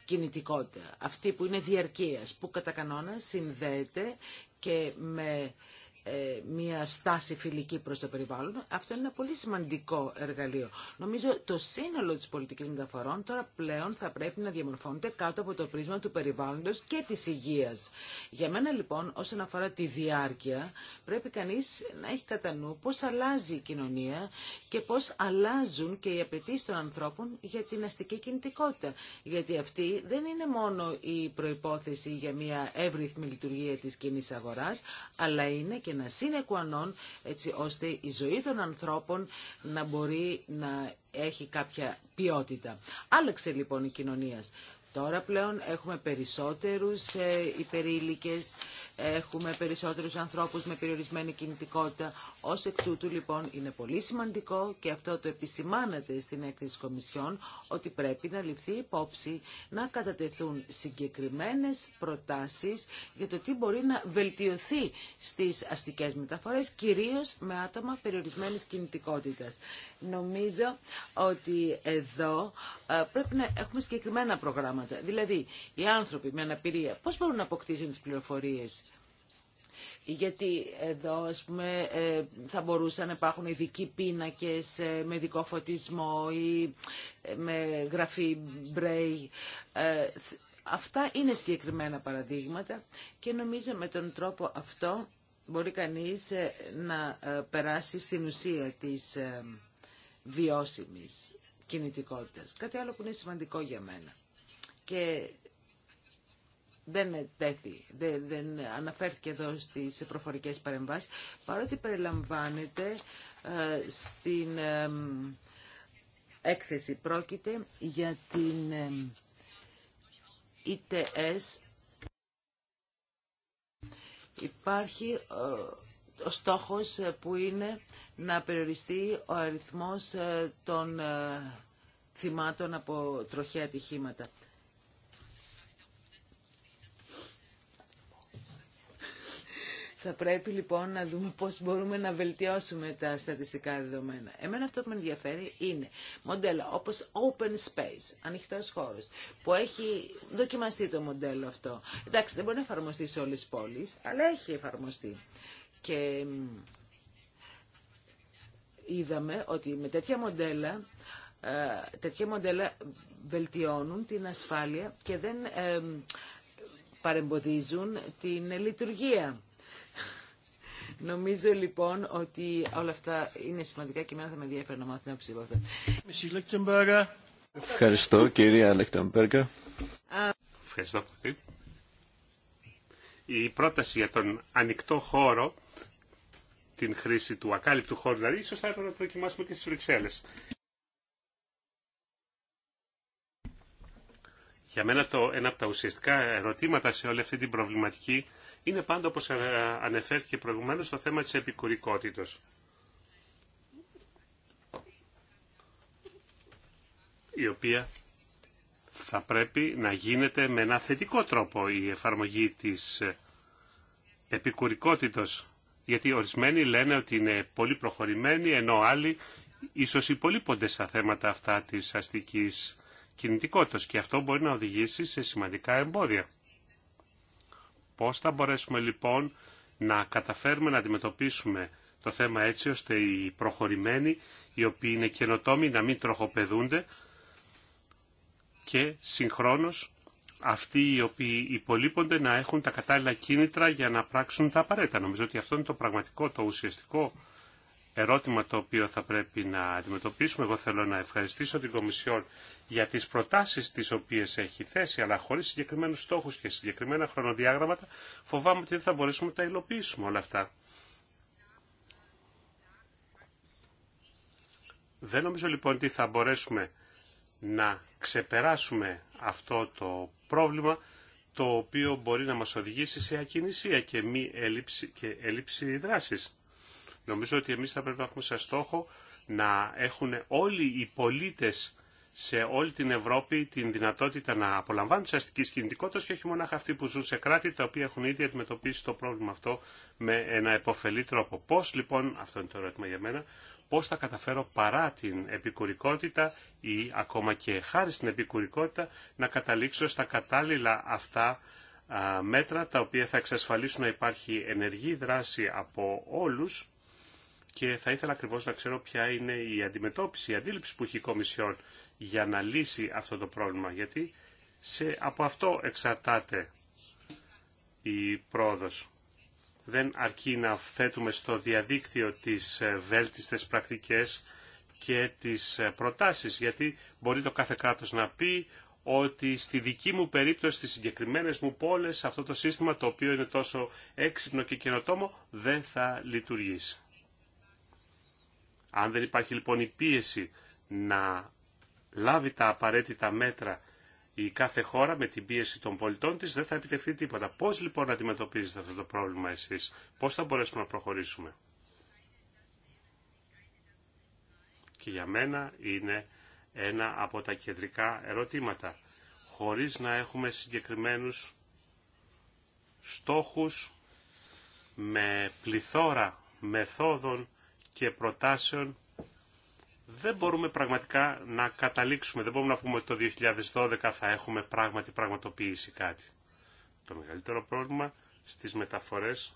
κινητικότητα, αυτή που είναι διαρκείας, που κατά κανόνα συνδέεται και με ε, μια στάση φιλική προς το περιβάλλον. Αυτό είναι ένα πολύ σημαντικό εργαλείο. Νομίζω το σύνολο της πολιτικής μεταφορών τώρα πλέον θα πρέπει να διαμορφώνεται κάτω από το πρίσμα του περιβάλλοντος και της υγείας. Για μένα λοιπόν όσον αφορά τη διάρκεια πρέπει κανείς να έχει κατά νου πώς αλλάζει η κοινωνία και πώς αλλάζουν και οι απαιτήσει των ανθρώπων για την αστική κινητικότητα. Γιατί αυτή δεν είναι μόνο η προϋπόθεση για μια εύρυθμη λειτουργία της κοινή αγοράς, αλλά είναι και ένα σύνεκουανόν έτσι ώστε η ζωή των ανθρώπων να μπορεί να έχει κάποια ποιότητα. Άλλαξε λοιπόν η κοινωνία. Τώρα πλέον έχουμε περισσότερους ε, υπερήλικες, έχουμε περισσότερους ανθρώπους με περιορισμένη κινητικότητα. Ως εκ τούτου λοιπόν είναι πολύ σημαντικό και αυτό το επισημάνατε στην έκθεση Κομισιόν ότι πρέπει να ληφθεί υπόψη να κατατεθούν συγκεκριμένες προτάσεις για το τι μπορεί να βελτιωθεί στις αστικές μεταφορές, κυρίως με άτομα περιορισμένης κινητικότητας. Νομίζω ότι εδώ ε, πρέπει να έχουμε συγκεκριμένα προγράμματα. Δηλαδή, οι άνθρωποι με αναπηρία πώς μπορούν να αποκτήσουν τις πληροφορίες γιατί εδώ ας πούμε, ε, θα μπορούσαν να υπάρχουν ειδικοί πίνακες ε, με ειδικό φωτισμό ή ε, με γραφή μπρέι. Αυτά είναι συγκεκριμένα παραδείγματα και νομίζω με τον τρόπο αυτό μπορεί κανείς να περάσει στην ουσία της βιώσιμης κινητικότητας. Κάτι άλλο που είναι σημαντικό για μένα και δεν, τέθη, δεν, αναφέρθηκε εδώ στις προφορικές παρεμβάσεις, παρότι περιλαμβάνεται ε, στην έκθεση. Πρόκειται για την ITS. Υπάρχει ο στόχος που είναι να περιοριστεί ο αριθμός ε, των ε, θυμάτων από τροχαία ατυχήματα. Θα πρέπει λοιπόν να δούμε πώς μπορούμε να βελτιώσουμε τα στατιστικά δεδομένα. Εμένα αυτό που με ενδιαφέρει είναι μοντέλα όπως open space, ανοιχτός χώρος, που έχει δοκιμαστεί το μοντέλο αυτό. Εντάξει, δεν μπορεί να εφαρμοστεί σε όλες τις πόλεις, αλλά έχει εφαρμοστεί. Και είδαμε ότι με τέτοια μοντέλα ε, τέτοια μοντέλα βελτιώνουν την ασφάλεια και δεν ε, παρεμποδίζουν την λειτουργία Νομίζω λοιπόν ότι όλα αυτά είναι σημαντικά και εμένα θα με ενδιαφέρει να μάθω να ψήφω αυτά. Ευχαριστώ κυρία Λεκτεμπέργα. Ευχαριστώ πολύ. Η πρόταση για τον ανοιχτό χώρο, την χρήση του ακάλυπτου χώρου, δηλαδή ίσως θα έπρεπε να το δοκιμάσουμε και στις Βρυξέλλες. Για μένα το, ένα από τα ουσιαστικά ερωτήματα σε όλη αυτή την προβληματική είναι πάντα όπως ανεφέρθηκε προηγουμένως το θέμα της επικουρικότητας. η οποία θα πρέπει να γίνεται με ένα θετικό τρόπο η εφαρμογή της επικουρικότητας. Γιατί ορισμένοι λένε ότι είναι πολύ προχωρημένοι, ενώ άλλοι ίσως υπολείπονται στα θέματα αυτά της αστικής κινητικότητας και αυτό μπορεί να οδηγήσει σε σημαντικά εμπόδια. Πώς θα μπορέσουμε λοιπόν να καταφέρουμε να αντιμετωπίσουμε το θέμα έτσι ώστε οι προχωρημένοι, οι οποίοι είναι καινοτόμοι, να μην τροχοπεδούνται και συγχρόνως αυτοί οι οποίοι υπολείπονται να έχουν τα κατάλληλα κίνητρα για να πράξουν τα απαραίτητα. Νομίζω ότι αυτό είναι το πραγματικό, το ουσιαστικό ερώτημα το οποίο θα πρέπει να αντιμετωπίσουμε. Εγώ θέλω να ευχαριστήσω την Κομισιόν για τις προτάσεις τις οποίες έχει θέσει, αλλά χωρίς συγκεκριμένους στόχους και συγκεκριμένα χρονοδιάγραμματα, φοβάμαι ότι δεν θα μπορέσουμε να τα υλοποιήσουμε όλα αυτά. Δεν νομίζω λοιπόν ότι θα μπορέσουμε να ξεπεράσουμε αυτό το πρόβλημα, το οποίο μπορεί να μας οδηγήσει σε ακινησία και, μη έλλειψη, και έλλειψη δράσης. Νομίζω ότι εμείς θα πρέπει να έχουμε σε στόχο να έχουν όλοι οι πολίτες σε όλη την Ευρώπη την δυνατότητα να απολαμβάνουν τη αστική κινητικότητα και όχι μόνο αυτοί που ζουν σε κράτη τα οποία έχουν ήδη αντιμετωπίσει το πρόβλημα αυτό με ένα επωφελή τρόπο. Πώ λοιπόν, αυτό είναι το ερώτημα για μένα, πώ θα καταφέρω παρά την επικουρικότητα ή ακόμα και χάρη στην επικουρικότητα να καταλήξω στα κατάλληλα αυτά μέτρα τα οποία θα εξασφαλίσουν να υπάρχει ενεργή δράση από όλους και θα ήθελα ακριβώ να ξέρω ποια είναι η αντιμετώπιση, η αντίληψη που έχει η Κομισιόν για να λύσει αυτό το πρόβλημα, γιατί σε, από αυτό εξαρτάται η πρόοδος. Δεν αρκεί να θέτουμε στο διαδίκτυο τις ε, βέλτιστες πρακτικές και τις ε, προτάσεις, γιατί μπορεί το κάθε κράτος να πει ότι στη δική μου περίπτωση, στις συγκεκριμένες μου πόλες, αυτό το σύστημα το οποίο είναι τόσο έξυπνο και καινοτόμο δεν θα λειτουργήσει. Αν δεν υπάρχει λοιπόν η πίεση να λάβει τα απαραίτητα μέτρα η κάθε χώρα με την πίεση των πολιτών της δεν θα επιτευχθεί τίποτα. Πώς λοιπόν αντιμετωπίζετε αυτό το πρόβλημα εσείς, πώς θα μπορέσουμε να προχωρήσουμε. Και για μένα είναι ένα από τα κεντρικά ερωτήματα. Χωρίς να έχουμε συγκεκριμένους στόχους με πληθώρα μεθόδων και προτάσεων δεν μπορούμε πραγματικά να καταλήξουμε. Δεν μπορούμε να πούμε ότι το 2012 θα έχουμε πράγματι πραγματοποιήσει κάτι. Το μεγαλύτερο πρόβλημα στις μεταφορές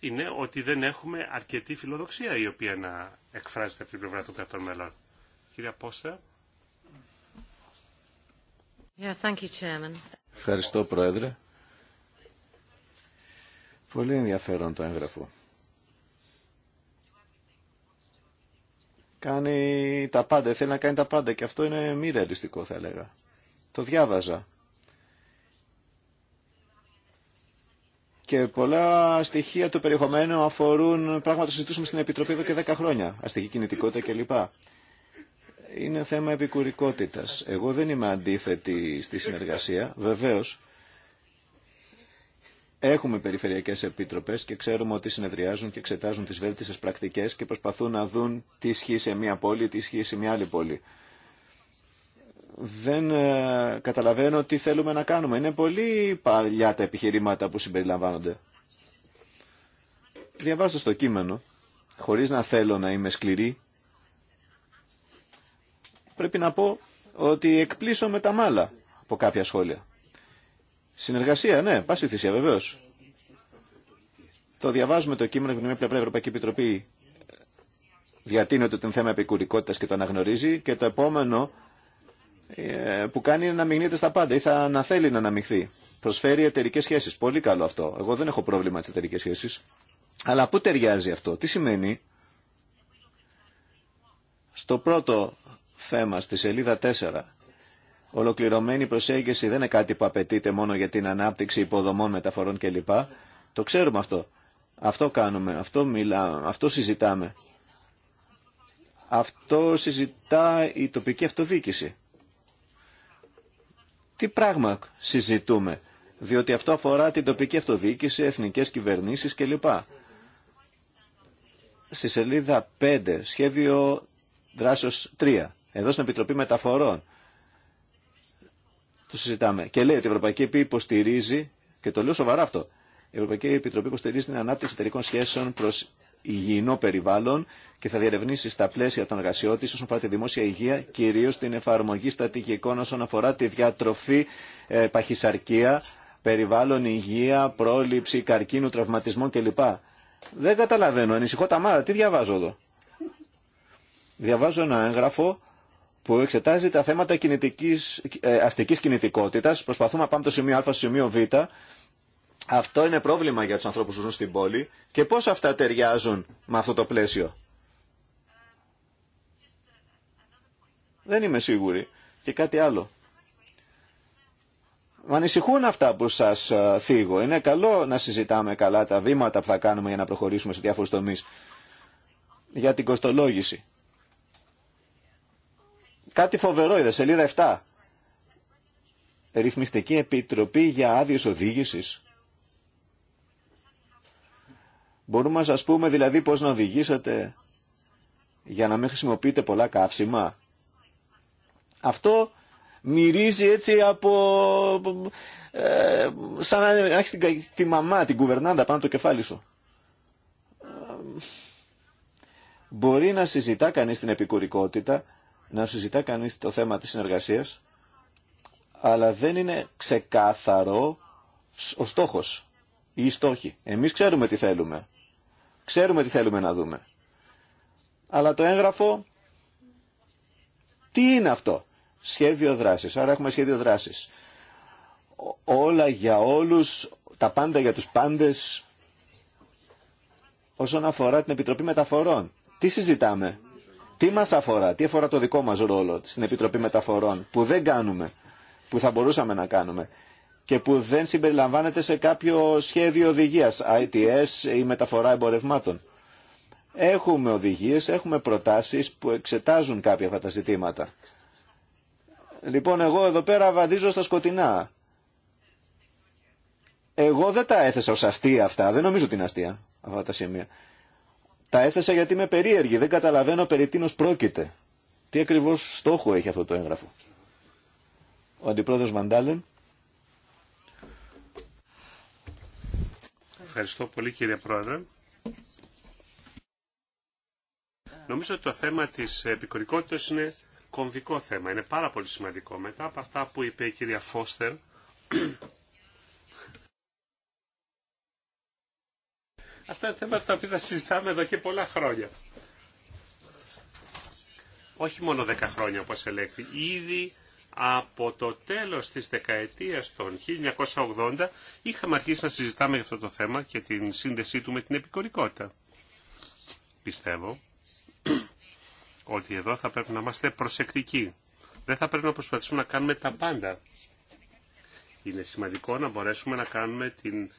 είναι ότι δεν έχουμε αρκετή φιλοδοξία η οποία να εκφράζεται από την πλευρά των κρατών μελών. Κύριε Απόστα. Yeah, Ευχαριστώ, Πρόεδρε. Πολύ ενδιαφέρον το έγγραφο. κάνει τα πάντα, θέλει να κάνει τα πάντα και αυτό είναι μη ρεαλιστικό θα έλεγα. Το διάβαζα. Και πολλά στοιχεία του περιεχομένου αφορούν πράγματα που συζητούσαμε στην Επιτροπή εδώ και δέκα χρόνια. Αστική κινητικότητα κλπ. Είναι θέμα επικουρικότητας. Εγώ δεν είμαι αντίθετη στη συνεργασία, βεβαίως. Έχουμε περιφερειακές επίτροπες και ξέρουμε ότι συνεδριάζουν και εξετάζουν τις βέλτιστες πρακτικές και προσπαθούν να δουν τι ισχύει σε μία πόλη, τι ισχύει σε μία άλλη πόλη. Δεν ε, καταλαβαίνω τι θέλουμε να κάνουμε. Είναι πολύ παλιά τα επιχειρήματα που συμπεριλαμβάνονται. Διαβάζω στο κείμενο, χωρίς να θέλω να είμαι σκληρή, πρέπει να πω ότι εκπλήσω με τα μάλα από κάποια σχόλια. Συνεργασία, ναι, πάση θυσία βεβαίω. Το διαβάζουμε το κείμενο και την μια πλευρά Ευρωπαϊκή Επιτροπή ε, διατείνεται τον θέμα επικουρικότητας και το αναγνωρίζει και το επόμενο ε, που κάνει είναι να μειγνύεται στα πάντα ή θα να θέλει να αναμειχθεί. Προσφέρει εταιρικέ σχέσει. Πολύ καλό αυτό. Εγώ δεν έχω πρόβλημα τι εταιρικέ σχέσει. Αλλά πού ταιριάζει αυτό, τι σημαίνει. Στο πρώτο θέμα, στη σελίδα 4, Ολοκληρωμένη προσέγγιση δεν είναι κάτι που απαιτείται μόνο για την ανάπτυξη υποδομών, μεταφορών κλπ. Το ξέρουμε αυτό. Αυτό κάνουμε, αυτό μιλάμε, αυτό συζητάμε. Αυτό συζητά η τοπική αυτοδίκηση. Τι πράγμα συζητούμε, διότι αυτό αφορά την τοπική αυτοδίκηση, εθνικές κυβερνήσεις κλπ. Στη σελίδα 5, σχέδιο δράσεως 3, εδώ στην Επιτροπή Μεταφορών, το συζητάμε. Και λέει ότι η Ευρωπαϊκή Επιτροπή υποστηρίζει, και το λέω σοβαρά αυτό, η Ευρωπαϊκή Επιτροπή υποστηρίζει την ανάπτυξη εταιρικών σχέσεων προ υγιεινό περιβάλλον και θα διερευνήσει στα πλαίσια των εργασιών τη όσον αφορά τη δημόσια υγεία, κυρίω την εφαρμογή στρατηγικών όσον αφορά τη διατροφή, ε, παχυσαρκία, περιβάλλον, υγεία, πρόληψη καρκίνου, τραυματισμών κλπ. Δεν καταλαβαίνω, ανησυχώ τα μάρα, τι διαβάζω εδώ. Διαβάζω ένα έγγραφο που εξετάζει τα θέματα κινητικής, ε, αστικής κινητικότητας. Προσπαθούμε να πάμε το σημείο α στο σημείο β. Αυτό είναι πρόβλημα για τους ανθρώπους που ζουν στην πόλη και πώς αυτά ταιριάζουν με αυτό το πλαίσιο. Δεν είμαι σίγουρη. Και κάτι άλλο. Μ' ανησυχούν αυτά που σας ε, θίγω. Είναι καλό να συζητάμε καλά τα βήματα που θα κάνουμε για να προχωρήσουμε σε διάφορους τομείς. Για την κοστολόγηση. Κάτι φοβερό είδα, σελίδα 7. Ρυθμιστική Επιτροπή για άδειε οδήγηση. Μπορούμε να σας πούμε δηλαδή πώς να οδηγήσετε για να μην χρησιμοποιείτε πολλά καύσιμα. Αυτό μυρίζει έτσι από... Ε, σαν να έχεις τη μαμά, την κουβερνάντα πάνω το κεφάλι σου. Ε, μπορεί να συζητά κανείς την επικουρικότητα, να συζητά κανείς το θέμα της συνεργασίας, αλλά δεν είναι ξεκάθαρο ο στόχος ή οι στοχη Εμείς ξέρουμε τι θέλουμε. Ξέρουμε τι θέλουμε να δούμε. Αλλά το έγγραφο, τι είναι αυτό. Σχέδιο δράσης. Άρα έχουμε σχέδιο δράσης. Όλα για όλους, τα πάντα για τους πάντες. Όσον αφορά την Επιτροπή Μεταφορών. Τι συζητάμε. Τι μας αφορά, τι αφορά το δικό μας ρόλο στην Επιτροπή Μεταφορών που δεν κάνουμε, που θα μπορούσαμε να κάνουμε και που δεν συμπεριλαμβάνεται σε κάποιο σχέδιο οδηγίας, ITS ή μεταφορά εμπορευμάτων. Έχουμε οδηγίες, έχουμε προτάσεις που εξετάζουν κάποια αυτά τα ζητήματα. Λοιπόν, εγώ εδώ πέρα βαδίζω στα σκοτεινά. Εγώ δεν τα έθεσα ως αστεία αυτά, δεν νομίζω την αστεία αυτά τα σημεία. Τα έθεσα γιατί είμαι περίεργη, δεν καταλαβαίνω περί τίνος πρόκειται. Τι ακριβώς στόχο έχει αυτό το έγγραφο. Ο Αντιπρόεδρος Μαντάλεν. Ευχαριστώ πολύ κύριε Πρόεδρε. Νομίζω ότι το θέμα της επικορικότητας είναι κομβικό θέμα. Είναι πάρα πολύ σημαντικό. Μετά από αυτά που είπε η κυρία Φώστερ Αυτά είναι θέματα τα οποία θα συζητάμε εδώ και πολλά χρόνια. Όχι μόνο δέκα χρόνια όπως ελέγχθη. Ήδη από το τέλος της δεκαετίας των 1980 είχαμε αρχίσει να συζητάμε για αυτό το θέμα και την σύνδεσή του με την επικορικότητα. Πιστεύω ότι εδώ θα πρέπει να είμαστε προσεκτικοί. Δεν θα πρέπει να προσπαθήσουμε να κάνουμε τα πάντα. Είναι σημαντικό να μπορέσουμε να κάνουμε την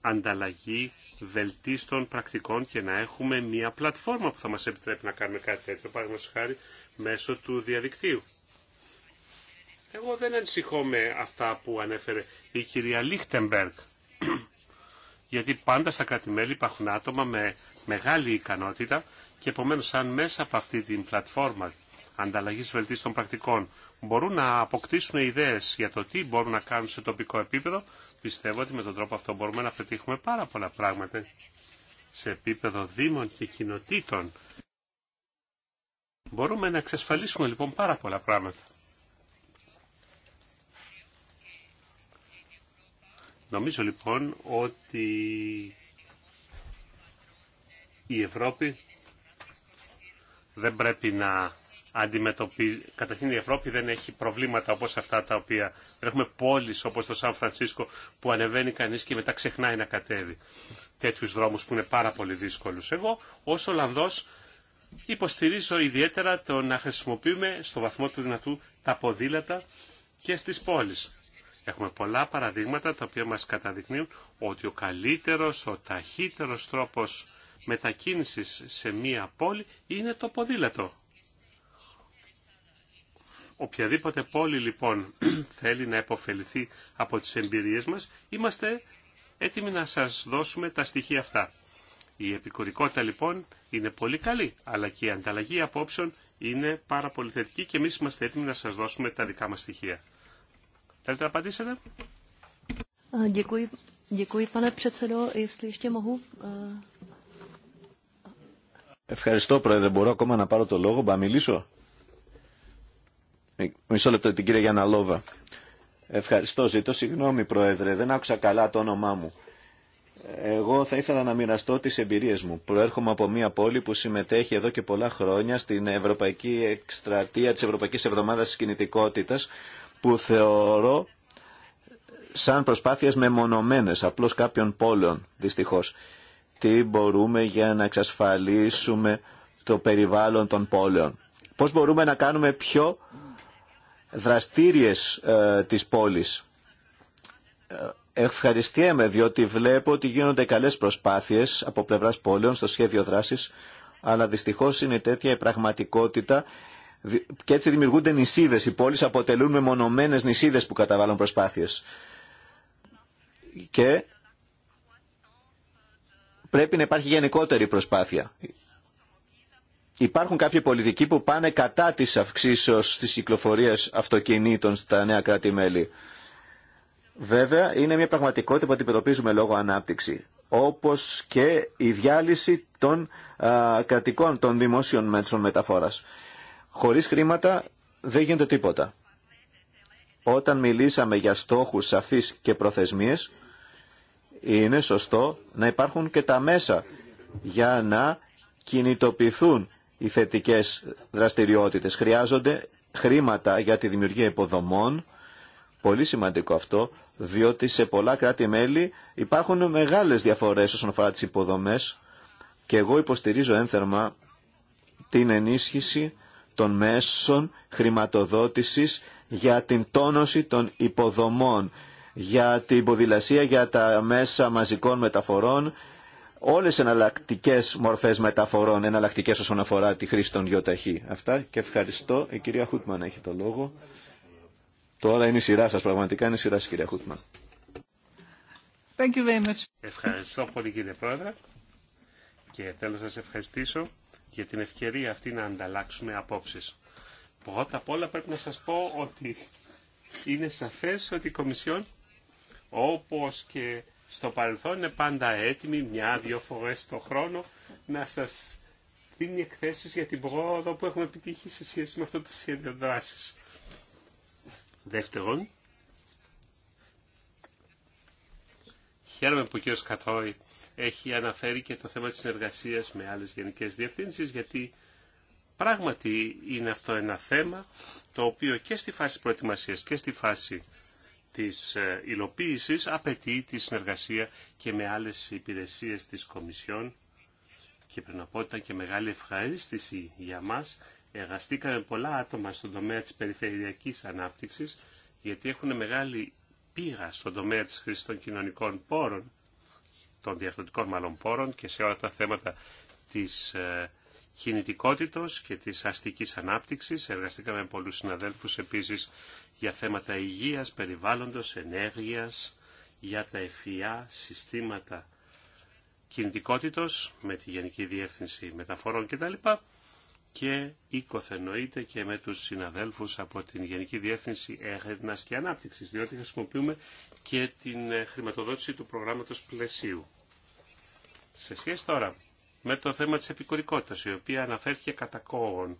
ανταλλαγή βελτίστων πρακτικών και να έχουμε μια πλατφόρμα που θα μας επιτρέπει να κάνουμε κάτι τέτοιο, παραδείγματος χάρη μέσω του διαδικτύου. Εγώ δεν ανησυχώ με αυτά που ανέφερε η κυρία Λίχτεμπεργκ, γιατί πάντα στα κράτη-μέλη υπάρχουν άτομα με μεγάλη ικανότητα και επομένως αν μέσα από αυτή την πλατφόρμα ανταλλαγής βελτίστων πρακτικών μπορούν να αποκτήσουν ιδέες για το τι μπορούν να κάνουν σε τοπικό επίπεδο, πιστεύω ότι με τον τρόπο αυτό μπορούμε να πετύχουμε πάρα πολλά πράγματα σε επίπεδο δήμων και κοινοτήτων. Μπορούμε να εξασφαλίσουμε λοιπόν πάρα πολλά πράγματα. Νομίζω λοιπόν ότι η Ευρώπη δεν πρέπει να αντιμετωπίζει. Καταρχήν η Ευρώπη δεν έχει προβλήματα όπω αυτά τα οποία έχουμε πόλει, όπω το Σαν Φρανσίσκο που ανεβαίνει κανεί και μετά ξεχνάει να κατέβει. Τέτοιου δρόμου που είναι πάρα πολύ δύσκολου Εγώ ω Ολλανδό υποστηρίζω ιδιαίτερα το να χρησιμοποιούμε στο βαθμό του δυνατού τα ποδήλατα και στι πόλει. Έχουμε πολλά παραδείγματα τα οποία μας καταδεικνύουν ότι ο καλύτερος, ο ταχύτερος τρόπος μετακίνησης σε μία πόλη είναι το ποδήλατο. Οποιαδήποτε πόλη λοιπόν θέλει να επωφεληθεί από τις εμπειρίες μας, είμαστε έτοιμοι να σας δώσουμε τα στοιχεία αυτά. Η επικουρικότητα λοιπόν είναι πολύ καλή, αλλά και η ανταλλαγή απόψεων είναι πάρα πολύ θετική και εμείς είμαστε έτοιμοι να σας δώσουμε τα δικά μας στοιχεία. Θέλετε να απαντήσετε. Ε, ε, Ευχαριστώ, Πρόεδρε. Μπορώ ακόμα να πάρω το λόγο. να μιλήσω. Ε, μισό λεπτό την κυρία Γιαναλόβα. Ευχαριστώ. Ζητώ συγγνώμη, Πρόεδρε. Δεν άκουσα καλά το όνομά μου. Εγώ θα ήθελα να μοιραστώ τις εμπειρίες μου. Προέρχομαι από μια πόλη που συμμετέχει εδώ και πολλά χρόνια στην Ευρωπαϊκή Εκστρατεία της Ευρωπαϊκής Εβδομάδας της Κινητικότητας που θεωρώ σαν προσπάθειες μεμονωμένες απλώς κάποιων πόλεων δυστυχώς. Τι μπορούμε για να εξασφαλίσουμε το περιβάλλον των πόλεων. Πώς μπορούμε να κάνουμε πιο δραστήριες ε, της πόλης. Ε, ευχαριστιέμαι διότι βλέπω ότι γίνονται καλές προσπάθειες από πλευράς πόλεων στο σχέδιο δράσης, αλλά δυστυχώς είναι τέτοια η πραγματικότητα και έτσι δημιουργούνται νησίδες. Οι πόλεις αποτελούν μεμονωμένες νησίδες που καταβάλουν προσπάθειες. Και πρέπει να υπάρχει γενικότερη προσπάθεια Υπάρχουν κάποιοι πολιτικοί που πάνε κατά της αυξήσεως της κυκλοφορίας αυτοκινήτων στα νέα κράτη-μέλη. Βέβαια, είναι μια πραγματικότητα που αντιμετωπίζουμε λόγω ανάπτυξη, όπως και η διάλυση των κρατικών, των δημόσιων μέτρων μεταφοράς. Χωρίς χρήματα δεν γίνεται τίποτα. Όταν μιλήσαμε για στόχους σαφείς και προθεσμίες, είναι σωστό να υπάρχουν και τα μέσα για να κινητοποιηθούν οι θετικές δραστηριότητες. Χρειάζονται χρήματα για τη δημιουργία υποδομών, πολύ σημαντικό αυτό, διότι σε πολλά κράτη-μέλη υπάρχουν μεγάλες διαφορές όσον αφορά τις υποδομές και εγώ υποστηρίζω ένθερμα την ενίσχυση των μέσων χρηματοδότησης για την τόνωση των υποδομών, για την ποδηλασία, για τα μέσα μαζικών μεταφορών, όλες τις εναλλακτικές μορφές μεταφορών, εναλλακτικέ όσον αφορά τη χρήση των ΙΟΤΑΧΗ. Αυτά και ευχαριστώ. Η κυρία Χούτμαν έχει το λόγο. Τώρα είναι η σειρά σας, πραγματικά είναι η σειρά σας κυρία Χούτμαν. Thank you very much. Ευχαριστώ πολύ κύριε Πρόεδρε και θέλω να σας ευχαριστήσω για την ευκαιρία αυτή να ανταλλάξουμε απόψεις. Πρώτα απ' όλα πρέπει να σας πω ότι είναι σαφές ότι η Κομισιόν όπως και στο παρελθόν είναι πάντα έτοιμη μια-δυο φορές το χρόνο να σας δίνει εκθέσεις για την πρόοδο που έχουμε επιτύχει σε σχέση με αυτό το σχέδιο δράσης. Δεύτερον, χαίρομαι που ο κ. Κατρόη έχει αναφέρει και το θέμα της συνεργασίας με άλλες γενικές διευθύνσεις, γιατί πράγματι είναι αυτό ένα θέμα το οποίο και στη φάση προετοιμασίας και στη φάση της ε, υλοποίησης απαιτεί τη συνεργασία και με άλλες υπηρεσίες της Κομισιόν και πριν να ήταν και μεγάλη ευχαρίστηση για μας. Εργαστήκαμε πολλά άτομα στον τομέα της περιφερειακής ανάπτυξης γιατί έχουν μεγάλη πήρα στον τομέα της χρήσης των κοινωνικών πόρων, των διαρθρωτικών μάλλον πόρων και σε όλα τα θέματα της ε, κινητικότητος και της αστικής ανάπτυξης. Εργαστήκαμε με πολλούς συναδέλφους επίσης για θέματα υγείας, περιβάλλοντος, ενέργειας, για τα εφία συστήματα κινητικότητος με τη Γενική Διεύθυνση Μεταφορών κτλ. Και οικοθενοείται και με τους συναδέλφους από την Γενική Διεύθυνση Έρευνα και Ανάπτυξης, διότι χρησιμοποιούμε και την χρηματοδότηση του προγράμματος πλαισίου. Σε σχέση τώρα με το θέμα της επικουρικότητας, η οποία αναφέρθηκε κατά κόγον.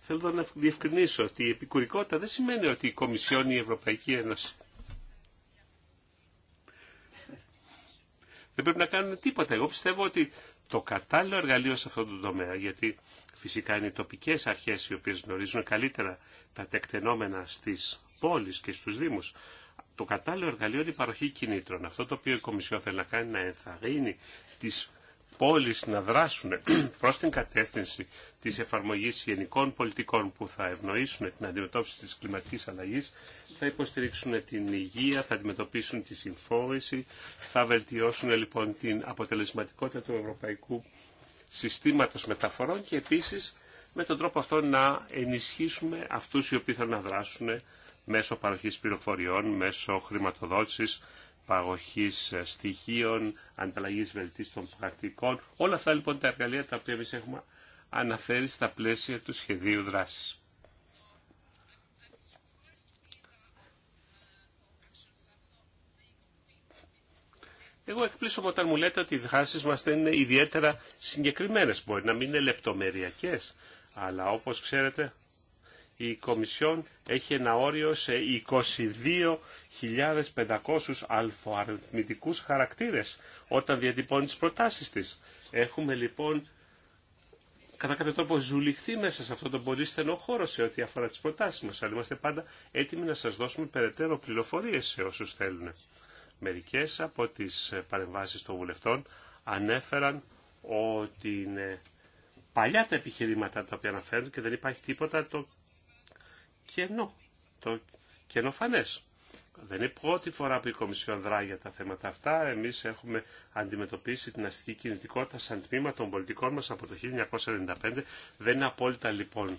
Θέλω να διευκρινίσω ότι η επικουρικότητα δεν σημαίνει ότι η Κομισιόν ή η Ευρωπαϊκή Ένωση δεν πρέπει να κάνουν τίποτα. Εγώ πιστεύω ότι το κατάλληλο εργαλείο σε αυτό το τομέα, γιατί φυσικά είναι οι τοπικές αρχές οι οποίες γνωρίζουν καλύτερα τα τεκτενόμενα στις πόλεις και στους δήμους, το κατάλληλο εργαλείο είναι η παροχή κινήτρων. Αυτό το οποίο η Κομισιό θέλει να κάνει να ενθαρρύνει τις πόλεις να δράσουν προς την κατεύθυνση της εφαρμογής γενικών πολιτικών που θα ευνοήσουν την αντιμετώπιση της κλιματικής αλλαγής, θα υποστηρίξουν την υγεία, θα αντιμετωπίσουν τη συμφόρηση, θα βελτιώσουν λοιπόν την αποτελεσματικότητα του ευρωπαϊκού συστήματος μεταφορών και επίσης με τον τρόπο αυτό να ενισχύσουμε αυτούς οι οποίοι θέλουν να δράσουν μέσω παροχής πληροφοριών, μέσω χρηματοδότησης, παροχής ε, στοιχείων, ανταλλαγής βελτίστων πρακτικών. Όλα αυτά λοιπόν τα εργαλεία τα οποία εμείς έχουμε αναφέρει στα πλαίσια του σχεδίου δράσης. Εγώ εκπλήσω όταν μου λέτε ότι οι δράσει μας δεν είναι ιδιαίτερα συγκεκριμένες. Μπορεί να μην είναι λεπτομεριακέ, αλλά όπω ξέρετε η Κομισιόν έχει ένα όριο σε 22.500 αλφοαριθμητικούς χαρακτήρες όταν διατυπώνει τις προτάσεις της. Έχουμε λοιπόν κατά κάποιο τρόπο ζουληχθεί μέσα σε αυτό το πολύ στενό χώρο σε ό,τι αφορά τις προτάσεις μας, αλλά είμαστε πάντα έτοιμοι να σας δώσουμε περαιτέρω πληροφορίες σε όσους θέλουν. Μερικές από τις παρεμβάσεις των βουλευτών ανέφεραν ότι είναι παλιά τα επιχειρήματα τα οποία αναφέρουν και δεν υπάρχει τίποτα το κενό, το φανές. Δεν είναι πρώτη φορά που η Κομισιόν δράει για τα θέματα αυτά. Εμείς έχουμε αντιμετωπίσει την αστική κινητικότητα σαν τμήμα των πολιτικών μας από το 1995. Δεν είναι απόλυτα λοιπόν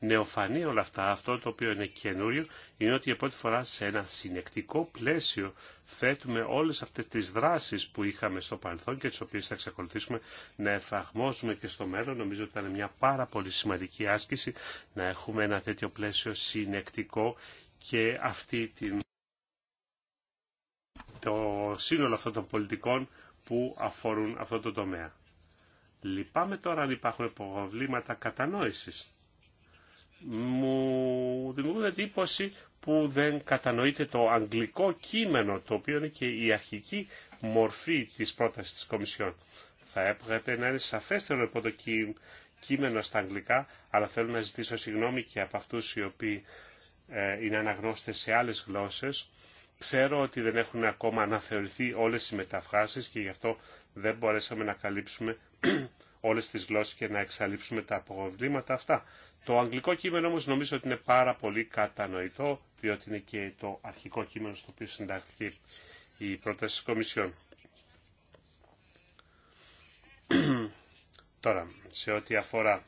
νεοφανή όλα αυτά. Αυτό το οποίο είναι καινούριο είναι ότι για πρώτη φορά σε ένα συνεκτικό πλαίσιο θέτουμε όλες αυτές τις δράσεις που είχαμε στο παρελθόν και τις οποίες θα εξακολουθήσουμε να εφαρμόσουμε και στο μέλλον. Νομίζω ότι ήταν μια πάρα πολύ σημαντική άσκηση να έχουμε ένα τέτοιο πλαίσιο συνεκτικό και αυτή την... το σύνολο αυτών των πολιτικών που αφορούν αυτό το τομέα. Λυπάμαι τώρα αν υπάρχουν προβλήματα κατανόησης μου δημιουργούν εντύπωση που δεν κατανοείται το αγγλικό κείμενο, το οποίο είναι και η αρχική μορφή της πρότασης της Κομισιόν. Θα έπρεπε να είναι σαφέστερο από το κείμενο στα αγγλικά, αλλά θέλω να ζητήσω συγγνώμη και από αυτούς οι οποίοι ε, είναι αναγνώστες σε άλλες γλώσσες. Ξέρω ότι δεν έχουν ακόμα αναθεωρηθεί όλες οι μεταφράσεις και γι' αυτό δεν μπορέσαμε να καλύψουμε όλες τις γλώσσες και να εξαλείψουμε τα προβλήματα αυτά. Το αγγλικό κείμενο όμως νομίζω ότι είναι πάρα πολύ κατανοητό, διότι είναι και το αρχικό κείμενο στο οποίο συντάχθηκε η πρόταση της Κομισιόν. Τώρα, σε ό,τι αφορά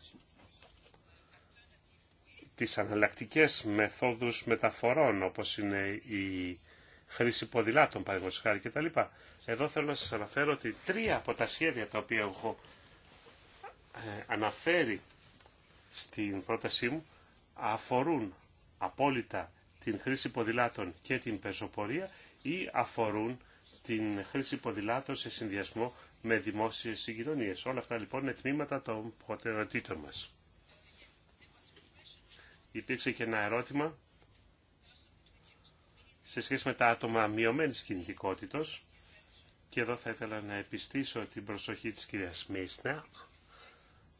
τις αναλλακτικές μεθόδους μεταφορών, όπως είναι η χρήση ποδηλάτων, παραδείγματος χάρη κτλ. Εδώ θέλω να σας αναφέρω ότι τρία από τα σχέδια τα οποία έχω ε, αναφέρει στην πρότασή μου αφορούν απόλυτα την χρήση ποδηλάτων και την πεζοπορία ή αφορούν την χρήση ποδηλάτων σε συνδυασμό με δημόσιες συγκοινωνίες. Όλα αυτά λοιπόν είναι τμήματα των προτεραιοτήτων μας. Υπήρξε και ένα ερώτημα σε σχέση με τα άτομα μειωμένης κινητικότητος και εδώ θα ήθελα να επιστήσω την προσοχή της κυρίας Μίσνα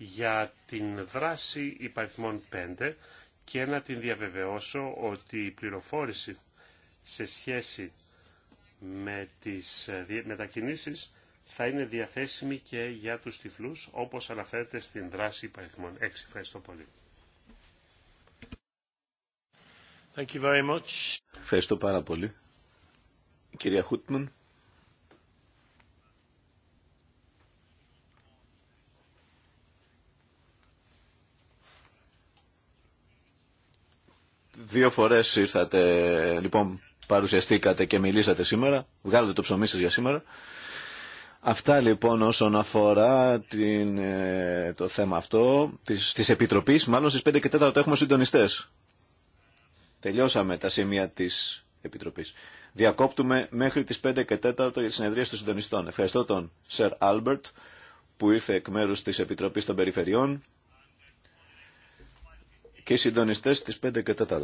για την δράση υπαριθμών 5 και να την διαβεβαιώσω ότι η πληροφόρηση σε σχέση με τις ε, μετακινήσεις θα είναι διαθέσιμη και για τους τυφλούς, όπως αναφέρεται στην δράση υπαριθμών 6. Ευχαριστώ πολύ. Thank you very much. Ευχαριστώ πάρα πολύ. Κυρία Χούτμαν. Δύο φορές ήρθατε, λοιπόν, παρουσιαστήκατε και μιλήσατε σήμερα. Βγάλετε το ψωμί σα για σήμερα. Αυτά λοιπόν όσον αφορά την, ε, το θέμα αυτό της, της Επιτροπής. Μάλλον στις 5 και 4 το έχουμε συντονιστές. Τελειώσαμε τα σημεία της Επιτροπής. Διακόπτουμε μέχρι τις 5 και 4 για τις συνεδρίες των συντονιστών. Ευχαριστώ τον Σερ Άλμπερτ που ήρθε εκ μέρους της Επιτροπής των Περιφερειών και συντονιστές στις 5 και 4.